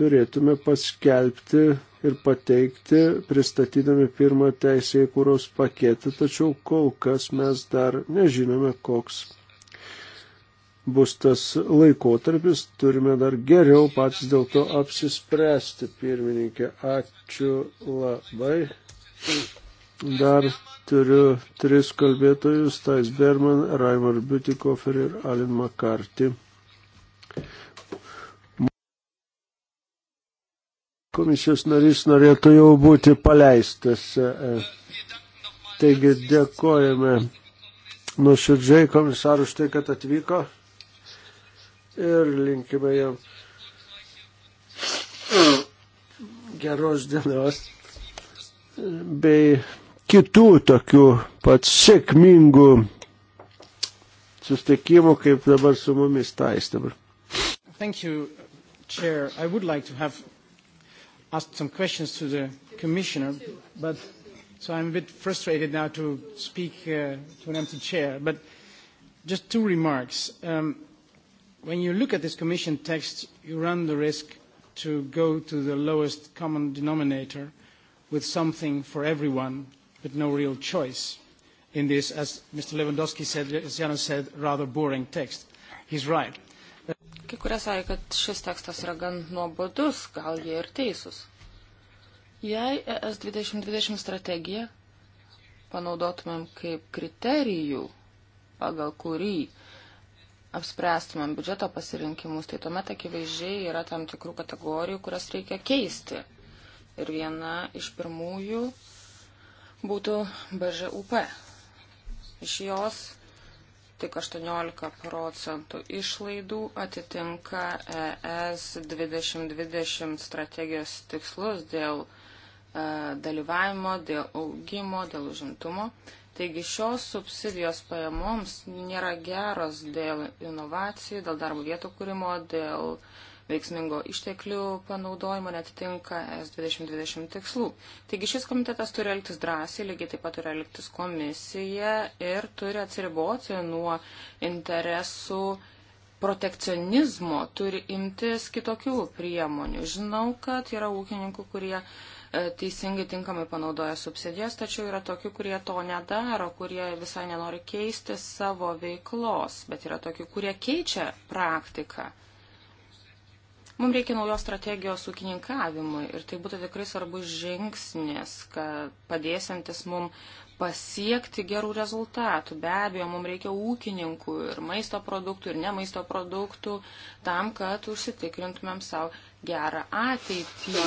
turėtume paskelbti ir pateikti, pristatydami pirmą teisėjų kūros paketą, tačiau kol kas mes dar nežinome, koks bus tas laikotarpis, turime dar geriau patys dėl to apsispręsti, pirmininkė. Ačiū labai. Dar turiu tris kalbėtojus, Tais Berman, Raimar Butikofer ir Alin Makarti. komisijos narys norėtų jau būti paleistas. E, e. Taigi dėkojame nuoširdžiai komisarų už tai, kad atvyko ir linkime jam geros dienos bei kitų tokių pat sėkmingų sustikimų, kaip dabar su mumis tais dabar. Thank you, Chair. I would like to have asked some questions to the commissioner, but so I'm a bit frustrated now to speak uh, to an empty chair. But just two remarks. Um, when you look at this commission text, you run the risk to go to the lowest common denominator with something for everyone, but no real choice in this, as Mr. Lewandowski said, as Jana said, rather boring text. He's right. Kai kurie sakė, kad šis tekstas yra gan nuobodus, gal jie ir teisūs. Jei ES 2020 strategiją panaudotumėm kaip kriterijų, pagal kurį apspręstumėm biudžeto pasirinkimus, tai tuomet akivaizdžiai yra tam tikrų kategorijų, kurias reikia keisti. Ir viena iš pirmųjų būtų BŽUP. Iš jos tik 18 procentų išlaidų atitinka ES 2020 strategijos tikslus dėl e, dalyvavimo, dėl augimo, dėl užimtumo. Taigi šios subsidijos pajamoms nėra geros dėl inovacijų, dėl darbo vietų kūrimo, dėl uh, veiksmingo išteklių panaudojimo netitinka S2020 tikslų. Taigi šis komitetas turi elgtis drąsiai, lygiai taip pat turi elgtis komisija ir turi atsiriboti nuo interesų protekcionizmo, turi imtis kitokių priemonių. Žinau, kad yra ūkininkų, kurie e, teisingai tinkamai panaudoja subsidijas, tačiau yra tokių, kurie to nedaro, kurie visai nenori keisti savo veiklos, bet yra tokių, kurie keičia praktiką. Mums reikia naujos strategijos ūkininkavimui ir tai būtų tikrai svarbus žingsnis, kad padėsantis mums pasiekti gerų rezultatų. Be abejo, mums reikia ūkininkų ir maisto produktų, ir ne maisto produktų, tam, kad užsitikrintumėm savo gerą ateitį.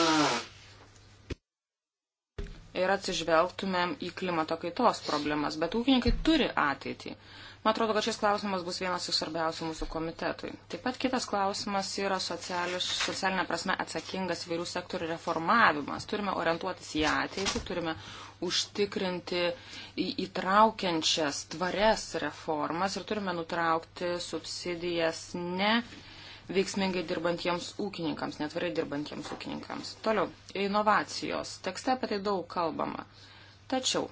Ir atsižvelgtumėm į klimato kaitos problemas. Bet ūkininkai turi ateitį. Uh, Man atrodo, kad šis klausimas bus vienas iš svarbiausių mūsų komitetui. Taip pat kitas klausimas yra socialinė prasme atsakingas vairių sektorių reformavimas. Turime orientuotis į ateitį, turime užtikrinti įtraukiančias tvarias reformas ir turime nutraukti subsidijas ne veiksmingai dirbantiems ūkininkams, netvarai dirbantiems ūkininkams. Toliau, inovacijos. Tekste apie tai daug kalbama. Tačiau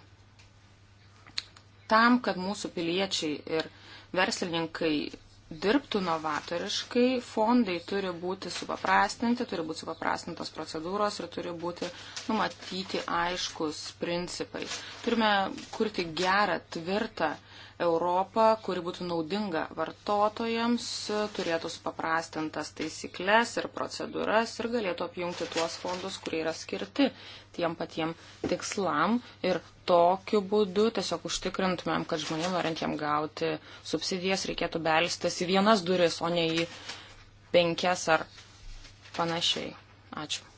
tam, kad mūsų piliečiai ir verslininkai dirbtų novatoriškai, fondai turi būti supaprastinti, turi būti supaprastintos procedūros ir turi būti numatyti aiškus principai. Turime kurti gerą, tvirtą Europą, kuri būtų naudinga vartotojams, turėtų supaprastintas taisyklės ir procedūras ir galėtų apjungti tuos fondus, kurie yra skirti tiem patiem tikslam ir tokiu būdu tiesiog užtikrintumėm, kad žmonėm norintiem gauti subsidijas reikėtų belstis į vienas duris, o ne į penkias ar panašiai. Ačiū.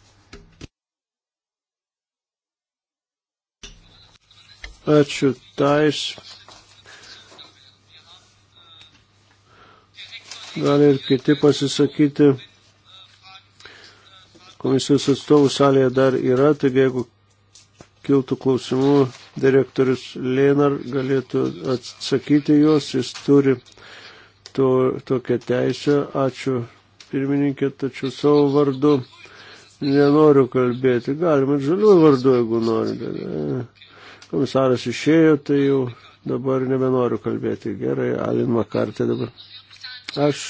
Ačiū Tais. gali ir kiti pasisakyti. Komisijos atstovų salėje dar yra, taigi jeigu kiltų klausimų, direktorius Lenar galėtų atsakyti juos, jis turi to, tokią teisę. Ačiū pirmininkė, tačiau savo vardu nenoriu kalbėti. Galima ir žaliųjų vardu, jeigu norite. Komisaras išėjo, tai jau dabar nebenoriu kalbėti. Gerai, Alin Makartė dabar. Aš.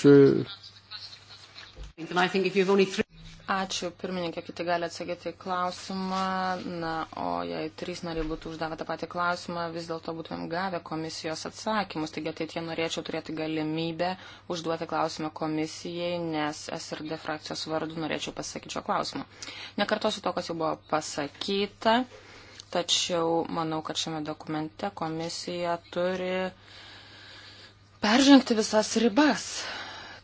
Ačiū, pirmininkė, kiti gali atsakyti klausimą. Na, o jei trys nariai būtų uždavę tą patį klausimą, vis dėlto būtumėm gavę komisijos atsakymus. Taigi ateitie norėčiau turėti galimybę užduoti klausimą komisijai, nes SRD frakcijos vardu norėčiau pasakyti šio klausimo. Nekartosiu to, kas jau buvo pasakyta, tačiau manau, kad šiame dokumente komisija turi peržengti visas ribas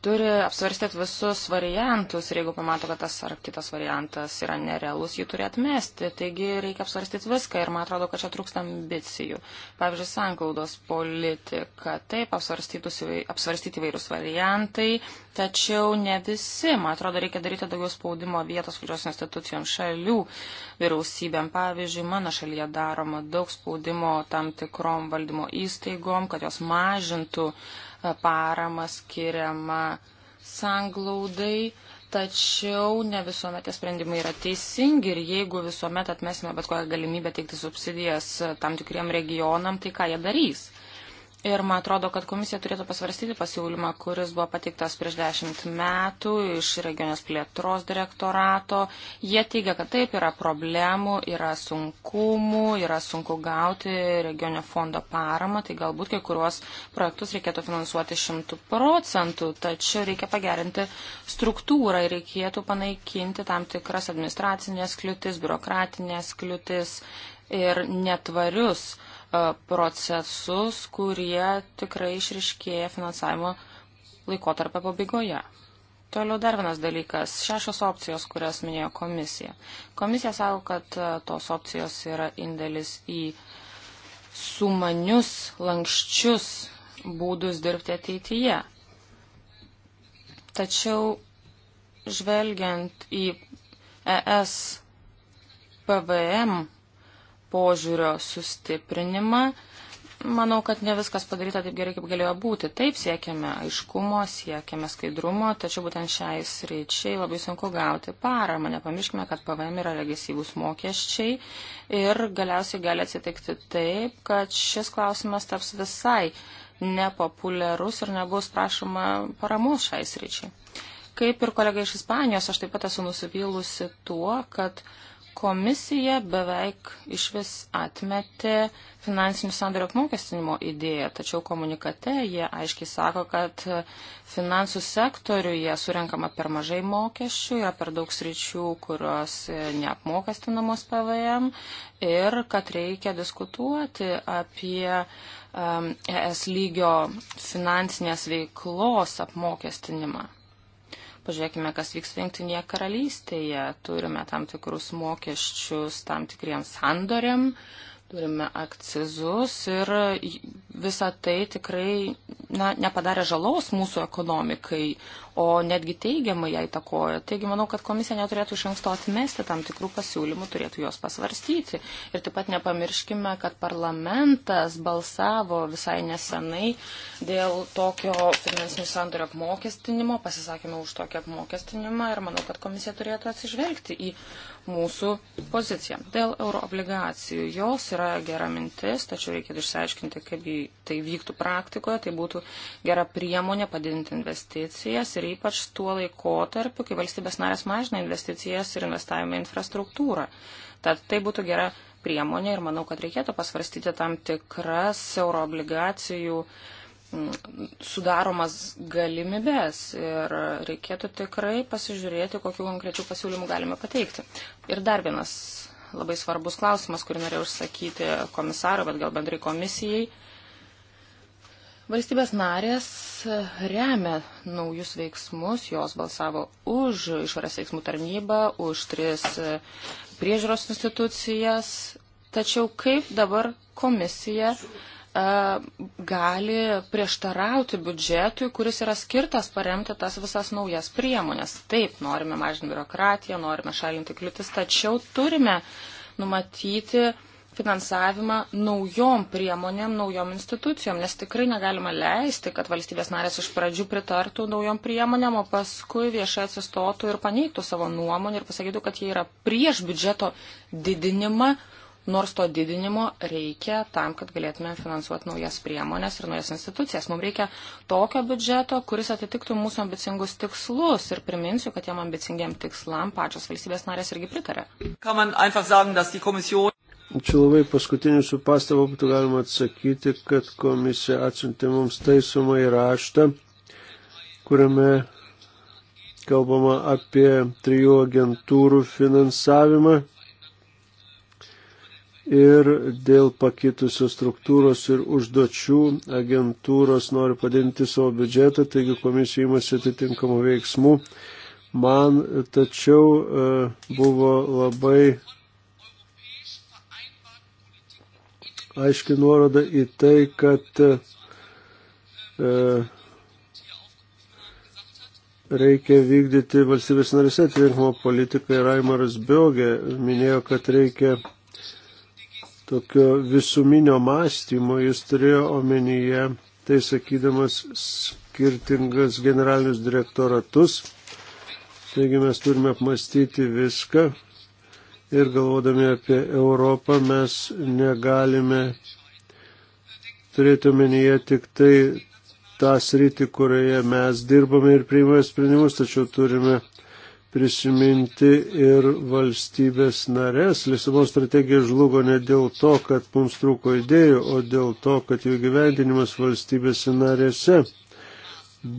turi apsvarstyti visus variantus ir jeigu pamato, kad tas ar kitas variantas yra nerealus, jį turi atmesti. Taigi reikia apsvarstyti viską ir man atrodo, kad čia trūksta ambicijų. Pavyzdžiui, sanklaudos politika. Taip, apsvarstyti vairūs variantai, tačiau ne visi. Man atrodo, reikia daryti daugiau spaudimo vietos valdžios institucijom šalių vyriausybėm. Pavyzdžiui, mano šalyje daroma daug spaudimo tam tikrom valdymo įstaigom, kad jos mažintų uh, parama skiriama sanglaudai, tačiau ne visuomet tie sprendimai yra teisingi ir jeigu visuomet atmesime bet kokią galimybę teikti subsidijas tam tikriem regionam, tai ką jie darys? Ir man atrodo, kad komisija turėtų pasvarstyti pasiūlymą, kuris buvo pateiktas prieš dešimt metų iš regionės plėtros direktorato. Jie teigia, kad taip yra problemų, yra sunkumų, yra sunku gauti regionio fondo paramą, tai galbūt kai kuriuos projektus reikėtų finansuoti šimtų procentų, tačiau reikia pagerinti struktūrą ir reikėtų panaikinti tam tikras administracinės kliūtis, biurokratinės kliūtis ir netvarius E, procesus, kurie tikrai išriškėja finansavimo laikotarpio pabaigoje. Toliau dar vienas dalykas - šešios opcijos, kurias minėjo komisija. Komisija sako, kad e, tos opcijos yra indėlis į sumanius, lankščius būdus dirbti ateityje. Tačiau žvelgiant į ES PVM požiūrio sustiprinimą. Manau, kad ne viskas padaryta taip gerai, kaip galėjo būti. Taip siekiame aiškumo, siekiame skaidrumo, tačiau būtent šiai sreičiai labai sunku gauti paramą. Nepamirškime, kad PVM yra regresyvūs mokesčiai ir galiausiai gali atsitikti taip, kad šis klausimas taps visai nepopuliarus ir nebus prašoma paramos šiai sreičiai. Kaip ir kolega iš Ispanijos, aš taip pat esu nusivylusi tuo, kad uh, Komisija beveik iš vis atmetė finansinių sandorio apmokestinimo idėją, tačiau komunikate jie aiškiai sako, kad finansų sektoriuje surenkama per mažai mokesčių, yra per daug sričių, kurios neapmokestinamos PVM ir kad reikia diskutuoti apie um, ES lygio finansinės veiklos apmokestinimą. Pažiūrėkime, kas vyksta Junktinėje karalystėje. Turime tam tikrus mokesčius tam tikriems sandoriam, uh, turime akcizus ir visa tai tikrai na, nepadarė žalos mūsų ekonomikai, o netgi teigiamai ją įtakojo. Taigi manau, kad komisija neturėtų iš anksto atmesti tam tikrų pasiūlymų, turėtų juos pasvarstyti. Ir taip pat nepamirškime, kad parlamentas balsavo visai nesenai dėl tokio finansinių sandorio apmokestinimo, pasisakėme už tokį apmokestinimą ir manau, kad komisija turėtų atsižvelgti į mūsų poziciją. Dėl euroobligacijų jos yra gera mintis, tačiau reikėtų išsiaiškinti, kaip tai vyktų praktikoje, tai būtų gera priemonė padidinti investicijas ir ypač tuo laikotarpiu, kai valstybės narės mažina investicijas ir investavimą į infrastruktūrą. Tad tai būtų gera priemonė ir manau, kad reikėtų pasvarstyti tam tikras euroobligacijų obligacijų sudaromas galimybės ir reikėtų tikrai pasižiūrėti, kokiu konkrečiu pasiūlymu galime pateikti. Ir dar vienas labai svarbus klausimas, kurį norėjau užsakyti komisarui, bet gal bendrai komisijai. Valstybės narės remia naujus veiksmus, jos balsavo už išorės veiksmų tarnybą, už tris priežiūros institucijas. Tačiau kaip dabar komisija uh, E, gali prieštarauti biudžetui, kuris yra skirtas paremti tas visas naujas priemonės. Taip, norime mažinti biurokratiją, norime šalinti kliūtis, tačiau turime numatyti finansavimą naujom priemonėm, naujom institucijom, nes tikrai negalima leisti, kad valstybės narės iš pradžių pritartų naujom priemonėm, o paskui viešai atsistotų ir paneigtų savo nuomonę ir pasakytų, kad jie yra prieš biudžeto didinimą, uh, nors to didinimo reikia tam, kad galėtume finansuoti naujas priemonės ir naujas institucijas. Mums reikia tokio biudžeto, kuris atitiktų mūsų ambicingus tikslus ir priminsiu, kad tiem ambicingiam tikslam pačios valstybės narės irgi pritarė. Čia labai paskutinį su pastabą būtų galima atsakyti, kad komisija atsiuntė mums taisomą įraštą, kuriame kalbama apie trijų agentūrų finansavimą ir dėl pakitusios struktūros ir užduočių agentūros nori padinti savo biudžetą, taigi komisija įmasi atitinkamų veiksmų. Man tačiau e, buvo labai aiški nuoroda į tai, kad e, reikia vykdyti valstybės narise atvinkimo politiką ir Aimaras Biogė minėjo, kad reikia tokio visuminio mąstymo, jis turėjo omenyje, tai sakydamas, skirtingas generalinius direktoratus. Taigi mes turime apmastyti viską ir galvodami apie Europą mes negalime turėti omenyje tik tai tą sritį, kurioje mes dirbame ir priimame sprendimus, tačiau turime prisiminti ir valstybės narės. Lisabos strategija žlugo ne dėl to, kad mums trūko idėjų, o dėl to, kad jų gyvendinimas valstybėse narėse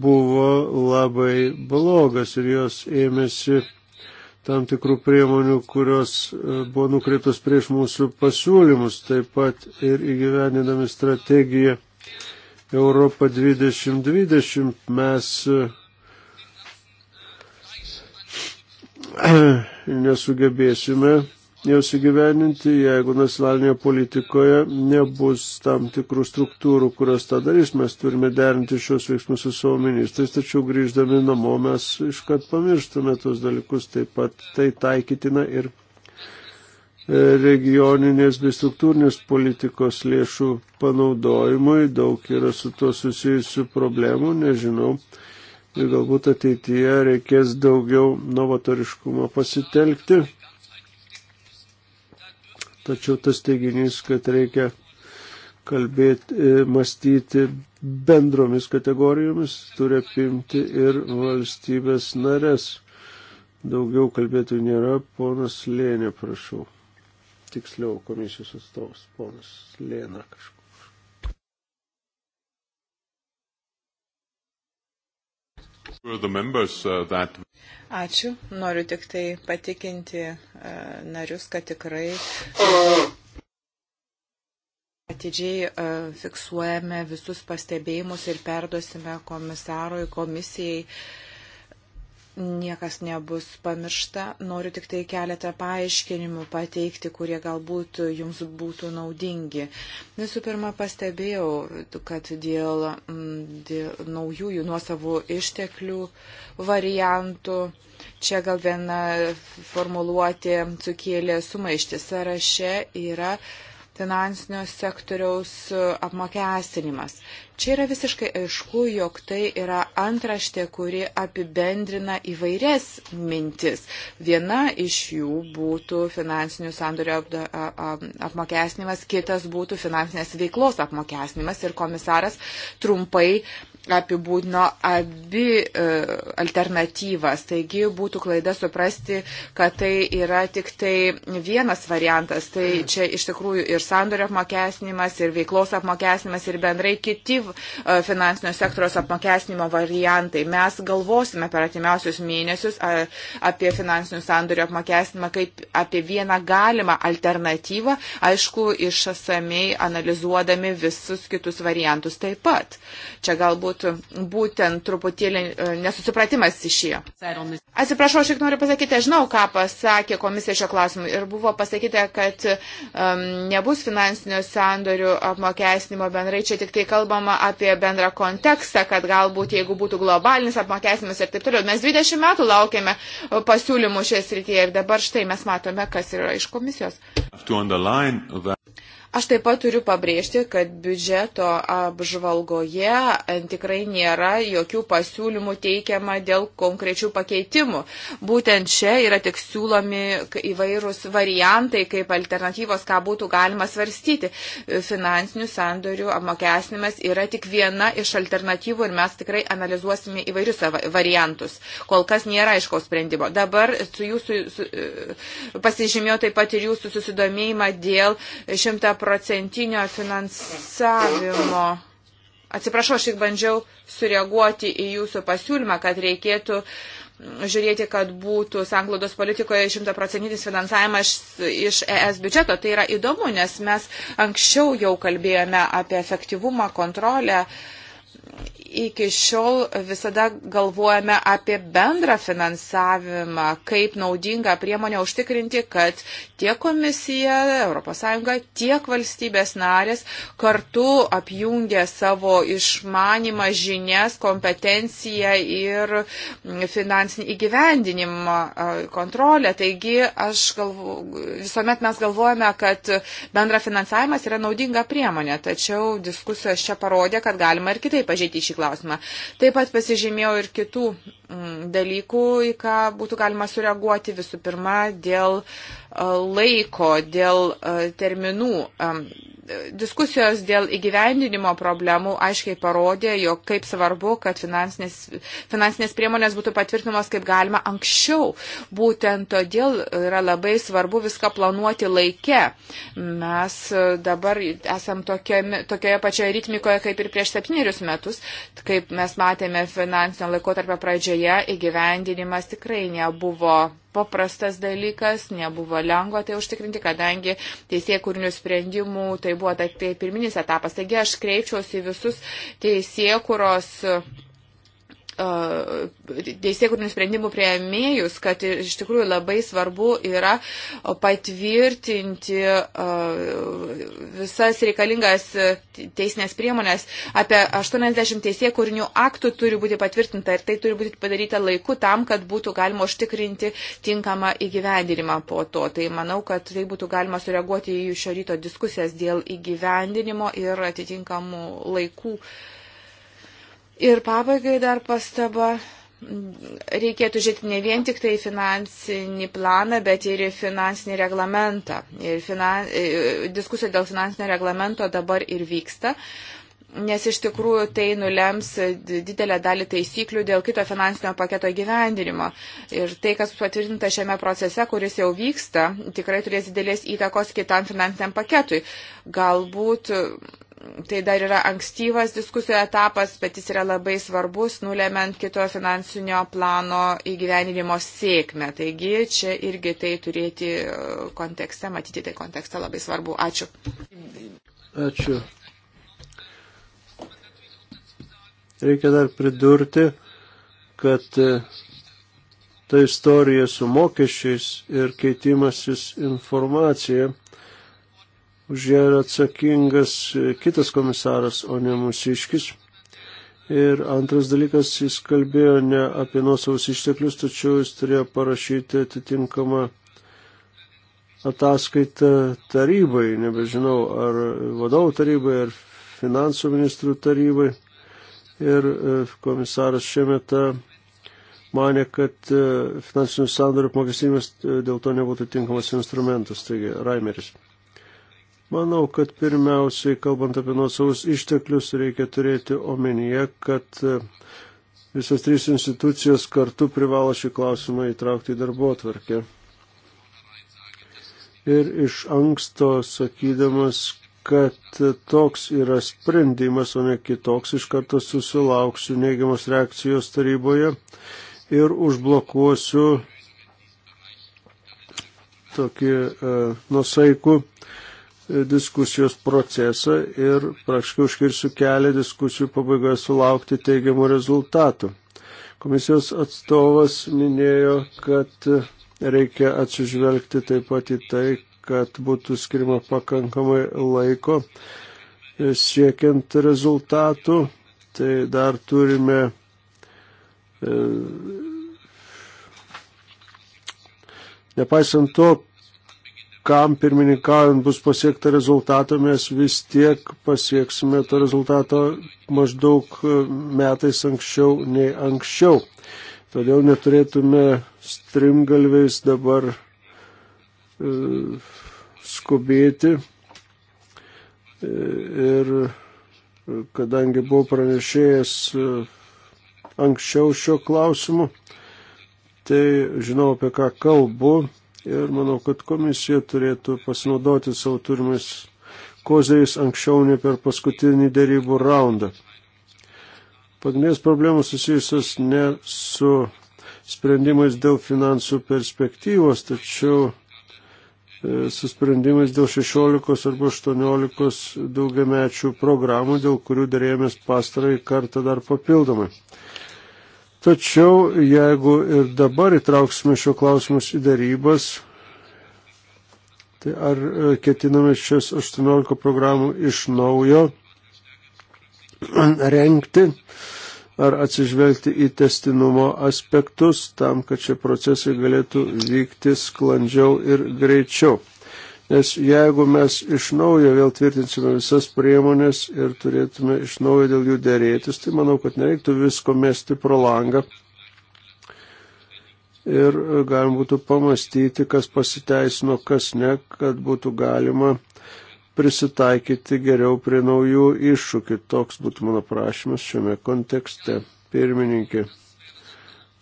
buvo labai blogas ir jos ėmėsi tam tikrų priemonių, kurios e, buvo nukreiptos prieš mūsų pasiūlymus, taip pat ir įgyvendinami strategiją Europą 2020 mes e, nesugebėsime jos įgyveninti, jeigu nacionalinėje politikoje nebus tam tikrų struktūrų, kurios tą darys. Mes turime derinti šios veiksmus su savo ministrais, tačiau grįždami namo mes iškart pamirštume tos dalykus, taip pat tai taikytina ir e, regioninės bei struktūrinės politikos lėšų panaudojimui. Daug yra su to susijusių problemų, nežinau ir galbūt ateityje reikės daugiau novatoriškumo pasitelkti. Tačiau tas teiginys, kad reikia kalbėti, e, mąstyti bendromis kategorijomis, turi apimti ir valstybės narės. Daugiau kalbėtų nėra, ponas Lėnė, prašau. Tiksliau, komisijos atstovas, ponas Lėna kažkur. Uh, Ačiū. Noriu tik tai patikinti uh, narius, kad tikrai atidžiai uh, fiksuojame visus pastebėjimus ir perduosime komisarui, komisijai niekas nebus pamiršta. Noriu tik tai keletą paaiškinimų pateikti, kurie galbūt jums būtų naudingi. Visų pirma, pastebėjau, kad dėl, mm, dėl naujųjų nuosavų išteklių variantų čia gal viena formuluotė sukėlė sumaišti sąraše yra finansinio sektoriaus e, apmokestinimas. Čia yra visiškai aišku, jog tai yra antraštė, kuri apibendrina įvairias mintis. Viena iš jų būtų finansinių sandorio apmokestinimas, kitas būtų finansinės veiklos apmokestinimas ir komisaras trumpai apibūdino abi e, alternatyvas. Taigi būtų klaida suprasti, kad tai yra tik tai vienas variantas. Tai čia iš tikrųjų ir sandorio apmokesnimas, ir veiklos apmokesnimas, ir bendrai kiti e, finansinio sektoriaus apmokesnimo variantai. Mes galvosime per atimiausius mėnesius apie finansinių sandorio apmokesnimą kaip apie vieną galimą alternatyvą, aišku, išsamei analizuodami visus kitus variantus taip pat. Čia galbūt galbūt būtent truputėlį e, nesusipratimas išėjo. Atsiprašau, aš tik noriu pasakyti, aš žinau, ką pasakė komisija šio klausimu ir buvo pasakyta, kad um, nebus finansinio sandorių apmokesnimo bendrai, čia tik tai kalbama apie bendrą kontekstą, kad galbūt jeigu būtų globalinis apmokesnimas ir taip toliau. Mes 20 metų laukėme pasiūlymų šią srityje ir dabar štai mes matome, kas yra iš komisijos. Aš taip pat turiu pabrėžti, kad biudžeto apžvalgoje e, tikrai nėra jokių pasiūlymų teikiama dėl konkrečių pakeitimų. Būtent čia yra tik siūlomi įvairūs variantai, kaip alternatyvos, ką būtų galima svarstyti. E, finansinių sandorių apmokesnimas yra tik viena iš alternatyvų ir mes tikrai analizuosime įvairius variantus. Kol kas nėra aiškaus sprendimo. Dabar su jūsų su, e, pasižymėjau taip pat ir jūsų susidomėjimą dėl 100 procentinio finansavimo. Atsiprašau, aš tik bandžiau sureaguoti į jūsų pasiūlymą, kad reikėtų žiūrėti, kad būtų sanglaudos politikoje šimtaprocentinis finansavimas iš ES biudžeto. Tai yra įdomu, nes mes anksčiau jau kalbėjome apie efektyvumą, kontrolę iki šiol visada galvojame apie bendrą finansavimą, kaip naudinga priemonė užtikrinti, kad tiek komisija, ES, tiek valstybės narės kartu apjungia savo išmanimą, žinias, kompetenciją ir finansinį įgyvendinimą, kontrolę. Taigi aš galvo, visuomet mes galvojame, kad bendra finansavimas yra naudinga priemonė, tačiau diskusijos čia parodė, kad galima ir kitaip pažiūrėti šį klausimą klausimą. Taip pat pasižymėjau ir kitų mm, dalykų, į ką būtų galima sureaguoti. Visų pirma, dėl uh, laiko, dėl e, terminų. E, diskusijos dėl įgyvendinimo problemų aiškiai parodė, jog kaip svarbu, kad finansinės, finansinės priemonės būtų patvirtinamos kaip galima anksčiau. Būtent todėl yra labai svarbu viską planuoti laike. Mes e, dabar esam tokioje, tokioje pačioje ritmikoje kaip ir prieš septynerius metus. Kaip mes matėme finansinio laikotarpio pradžioje, įgyvendinimas tikrai nebuvo paprastas dalykas, nebuvo lengva tai užtikrinti, kadangi teisėjų kūrinių sprendimų tai buvo tai pirminis etapas. Taigi aš kreipčiausi visus teisėjų, kurios teisėkūrinių sprendimų prieėmėjus, kad iš tikrųjų labai svarbu yra patvirtinti visas reikalingas teisinės priemonės. Apie 80 teisėkūrinių aktų turi būti patvirtinta ir tai turi būti padaryta laiku tam, kad būtų galima užtikrinti tinkamą įgyvendinimą po to. Tai manau, kad tai būtų galima sureaguoti į šio ryto diskusijas dėl įgyvendinimo ir atitinkamų laikų. Uh, Ir pabaigai dar pastaba reikėtų žiūrėti ne vien tik tai finansinį planą, bet ir finansinį reglamentą. Ir finan... E, diskusija dėl finansinio reglamento dabar ir vyksta. Nes iš tikrųjų tai nulems didelę dalį taisyklių dėl kito finansinio paketo gyvendinimo. Ir tai, kas patvirtinta šiame procese, kuris jau vyksta, tikrai turės didelės įtakos kitam finansiniam paketui. Galbūt Tai dar yra ankstyvas diskusijų etapas, bet jis yra labai svarbus, nulemiant kito finansinio plano įgyvenimo sėkmę. Taigi čia irgi tai turėti e, kontekste, matyti tai kontekste labai svarbu. Ačiū. Ačiū. Reikia dar pridurti, kad e, ta istorija su mokesčiais ir keitimasis informacija už ją yra atsakingas kitas komisaras, o ne mūsiškis. Ir antras dalykas, jis kalbėjo ne apie nuosavus išteklius, tačiau jis turėjo parašyti atitinkamą ataskaitą tarybai, nebežinau, ar vadovų tarybai, ar finansų ministrų tarybai. Ir e, komisaras Šemeta mane, kad e, finansinių sandorių apmokestinimas e, dėl to nebūtų tinkamas instrumentas, taigi Raimeris. Manau, kad pirmiausiai, kalbant apie nuosavus išteklius, reikia turėti omenyje, kad e, visas trys institucijos kartu privalo šį klausimą įtraukti į darbo atvarkę. Ir iš anksto sakydamas, kad toks yra sprendimas, o ne kitoks, iš karto susilauksiu neigiamos reakcijos taryboje ir užblokuosiu tokį e, nusaikų diskusijos procesą ir praktiškai užkirsiu kelią diskusijų pabaigoje sulaukti teigiamų rezultatų. Komisijos atstovas minėjo, kad reikia atsižvelgti taip pat į tai, kad būtų skirima pakankamai laiko siekiant rezultatų. Tai dar turime e, Nepaisant to, kam pirmininkaujant bus pasiekta rezultato, mes vis tiek pasieksime to rezultato maždaug e, metais anksčiau nei anksčiau. Todėl neturėtume strimgalviais dabar e, skubėti. E, ir e, kadangi buvau pranešėjęs anksčiau šio klausimu, tai žinau apie ką kalbu ir manau, kad komisija turėtų pasinaudoti savo turimais kozeriais anksčiau nei per paskutinį dėrybų raundą. Pagrindinės problemos susijusios ne su sprendimais dėl finansų perspektyvos, tačiau e, su sprendimais dėl 16 arba 18 daugiamečių programų, dėl kurių dėrėjomės pastarąjį kartą dar papildomai. Tačiau jeigu ir dabar įtrauksime šio klausimus į darybas, tai ar e, ketiname šias 18 programų iš naujo renkti, ar atsižvelgti į testinumo aspektus tam, kad šie procesai galėtų vykti sklandžiau ir greičiau. Nes jeigu mes iš naujo vėl tvirtinsime visas priemonės ir turėtume iš naujo dėl jų dėrėtis, tai manau, kad nereiktų visko mesti pro langą. Ir galima būtų pamastyti, kas pasiteisino, kas ne, kad būtų galima prisitaikyti geriau prie naujų iššūkių. Toks būtų mano prašymas šiame kontekste. Pirmininkė.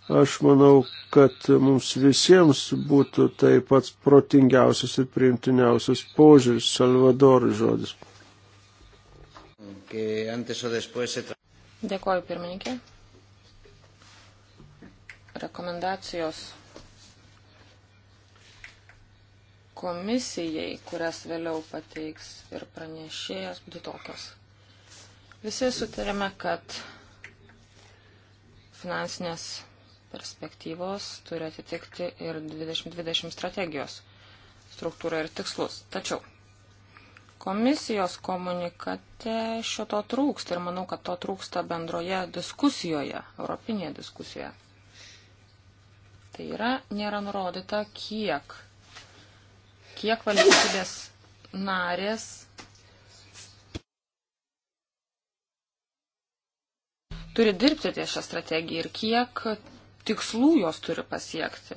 Aš manau, kad mums visiems būtų tai pats protingiausias ir priimtiniausias požiūris, Salvadorų žodis. Dėkoju, pirmininkė. Rekomendacijos komisijai, kurias vėliau pateiks ir pranešėjas, būtų tokios. Visi sutarėme, kad finansinės perspektyvos turi atitikti ir 2020 strategijos struktūrą ir tikslus. Tačiau komisijos komunikate šio to trūksta ir manau, kad to trūksta bendroje diskusijoje, europinėje diskusijoje. Tai yra, nėra nurodyta, kiek, kiek valstybės narės turi dirbti ties šią strategiją ir kiek tikslų jos turi pasiekti.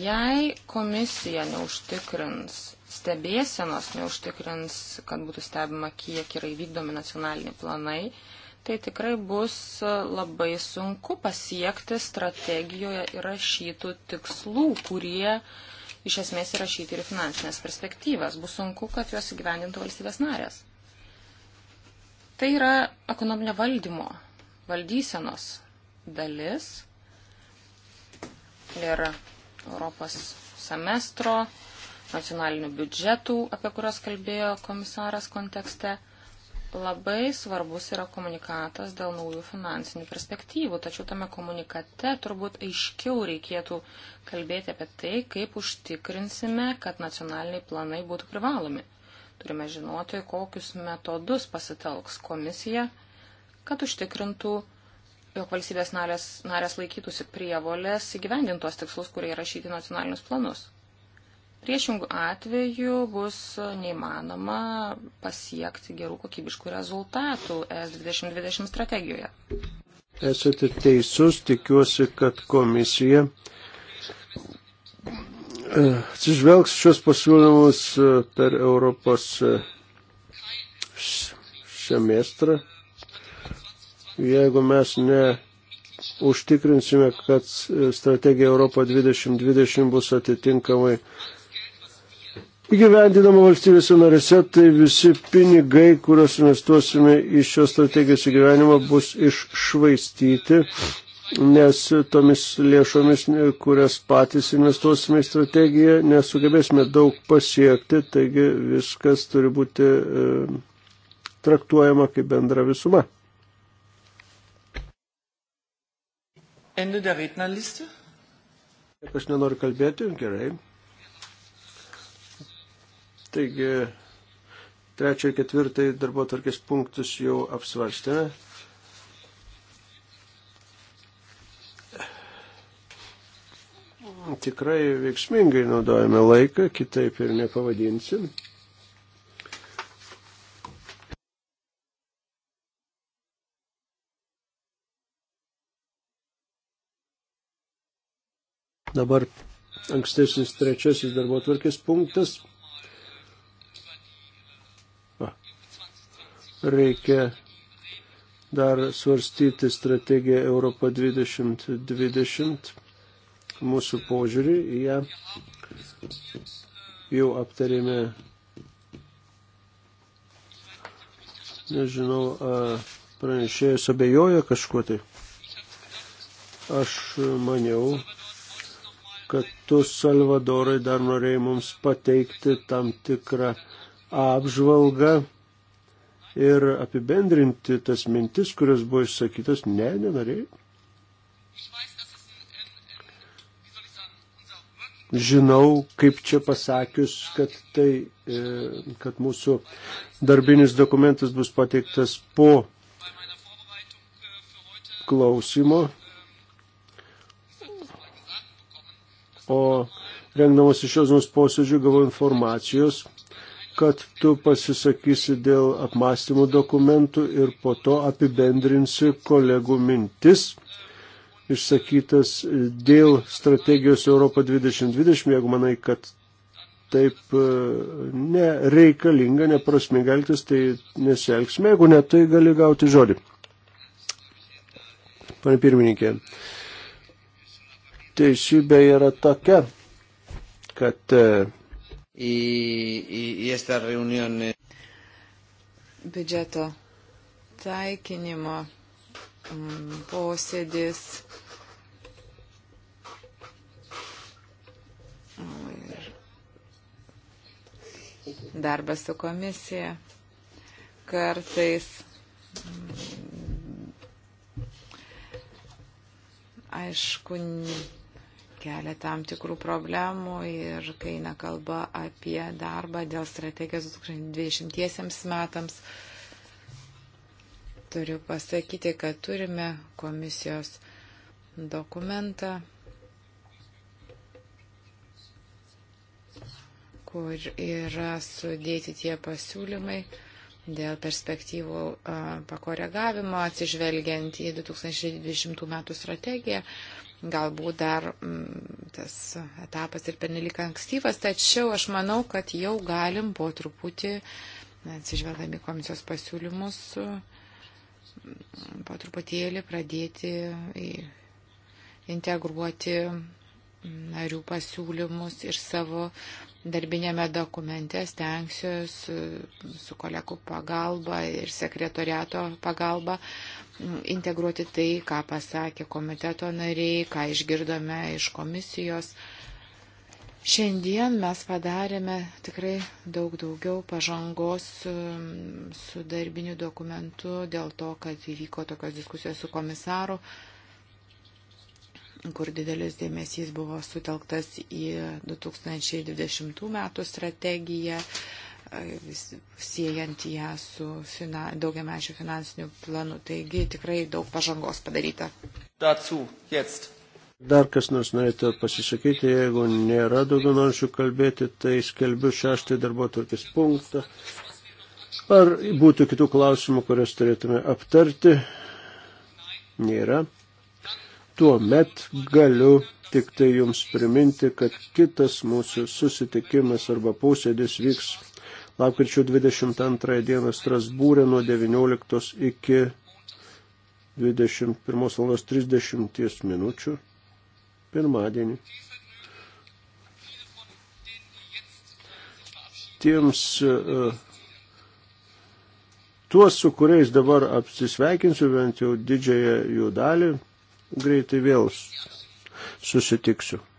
Jei komisija neužtikrins stebėsenos, neužtikrins, kad būtų stebima, kiek yra įvykdomi nacionaliniai planai, tai tikrai bus labai sunku pasiekti strategijoje įrašytų tikslų, kurie iš esmės įrašyti ir finansinės perspektyvas. Bus sunku, kad juos įgyvendintų valstybės narės. Tai yra ekonominio valdymo, valdysenos dalis ir Europos semestro, nacionalinių biudžetų, apie kurios kalbėjo komisaras kontekste, labai svarbus yra komunikatas dėl naujų finansinių perspektyvų, tačiau tame komunikate turbūt aiškiau reikėtų kalbėti apie tai, kaip užtikrinsime, kad nacionaliniai planai būtų privalomi. Turime žinoti, kokius metodus pasitelks komisija, kad užtikrintų jog valstybės narės, narės laikytųsi prievolės įgyvendintos tikslus, kurie įrašyti nacionalinius planus. Priešingų atveju bus neįmanoma pasiekti gerų kokybiškų rezultatų ES 2020 strategijoje. Esate teisus, tikiuosi, kad komisija e, atsižvelgs šios pasiūlymus e, per Europos e, semestrą Jeigu mes ne užtikrinsime, kad strategija Europa 2020 bus atitinkamai įgyvendinama valstybėse narėse, tai visi pinigai, kuriuos investuosime į šios strategijos įgyvenimą, bus iššvaistyti, nes tomis lėšomis, kurias patys investuosime į strategiją, nesugebėsime daug pasiekti, taigi viskas turi būti e, traktuojama kaip bendra visuma. Ende der Rednerliste? Aš nenoriu kalbėti, gerai. Taigi, trečią ir ketvirtąjį darbo tvarkės punktus jau apsvarstėme. Tikrai veiksmingai naudojame laiką, kitaip ir nepavadinsim. Dabar ankstesnis trečiasis darbo tvarkės punktas. Reikia dar svarstyti strategiją Europą 2020, mūsų požiūrį į ją. Jau aptarėme, nežinau, pranešėjas abejoja kažkuo tai. Aš maniau, kad tu, Salvadorai, dar norėjai mums pateikti tam tikrą apžvalgą ir apibendrinti tas mintis, kurios buvo išsakytas. Ne, nenorėjai. Žinau, kaip čia pasakius, kad, tai, e, kad mūsų darbinis dokumentas bus pateiktas po klausimo o rengdamas iš šios dienos posėdžių gavau informacijos, kad tu pasisakysi dėl apmąstymų dokumentų ir po to apibendrinsi kolegų mintis išsakytas dėl strategijos Europo 2020, jeigu manai, kad taip e, nereikalinga, neprasminga elgtis, tai nesielgsime, jeigu ne, tai gali gauti žodį. Pane pirmininkė, teisybė yra tokia, kad į, e, į, į šitą reunionį. Eh, Biudžeto taikinimo mm, posėdis. Darbas su komisija. Kartais mm, aišku, kelia tam tikrų problemų ir kai eina kalba apie darbą dėl strategijos 2020 metams, turiu pasakyti, kad turime komisijos dokumentą, kur yra sudėti tie pasiūlymai dėl perspektyvų pakoregavimo atsižvelgiant į 2020 metų strategiją. Galbūt dar mm, tas etapas ir pernelik ankstyvas, tačiau aš manau, kad jau galim po truputį, atsižvelgdami komisijos pasiūlymus, mm, po truputėlį pradėti integruoti narių pasiūlymus ir savo darbinėme dokumente stengsiuosi su, su kolegų pagalba ir sekretoriato pagalba integruoti tai, ką pasakė komiteto nariai, ką išgirdome iš komisijos. Šiandien mes padarėme tikrai daug daugiau pažangos um, su darbiniu dokumentu dėl to, kad įvyko tokios diskusijos su komisaru, kur didelis dėmesys buvo sutelktas į 2020 metų strategiją siejant ją su finan, daugiamečiu finansiniu planu. Taigi tikrai daug pažangos padaryta. Dazu, jetzt. Dar kas nors norėtų pasisakyti, jeigu nėra daugiau norinčių kalbėti, tai skelbiu šeštąjį darbo tokis punktą. Ar būtų kitų klausimų, kurias turėtume aptarti? Nėra. Tuomet galiu tik tai jums priminti, kad kitas mūsų susitikimas arba posėdis vyks lapkričio 22 dieną Strasbūrė nuo 19 iki 21.30 minučių pirmadienį. Tiems e, tuos, su kuriais dabar apsisveikinsiu, bent jau didžiąją jų dalį, greitai vėl susitiksiu.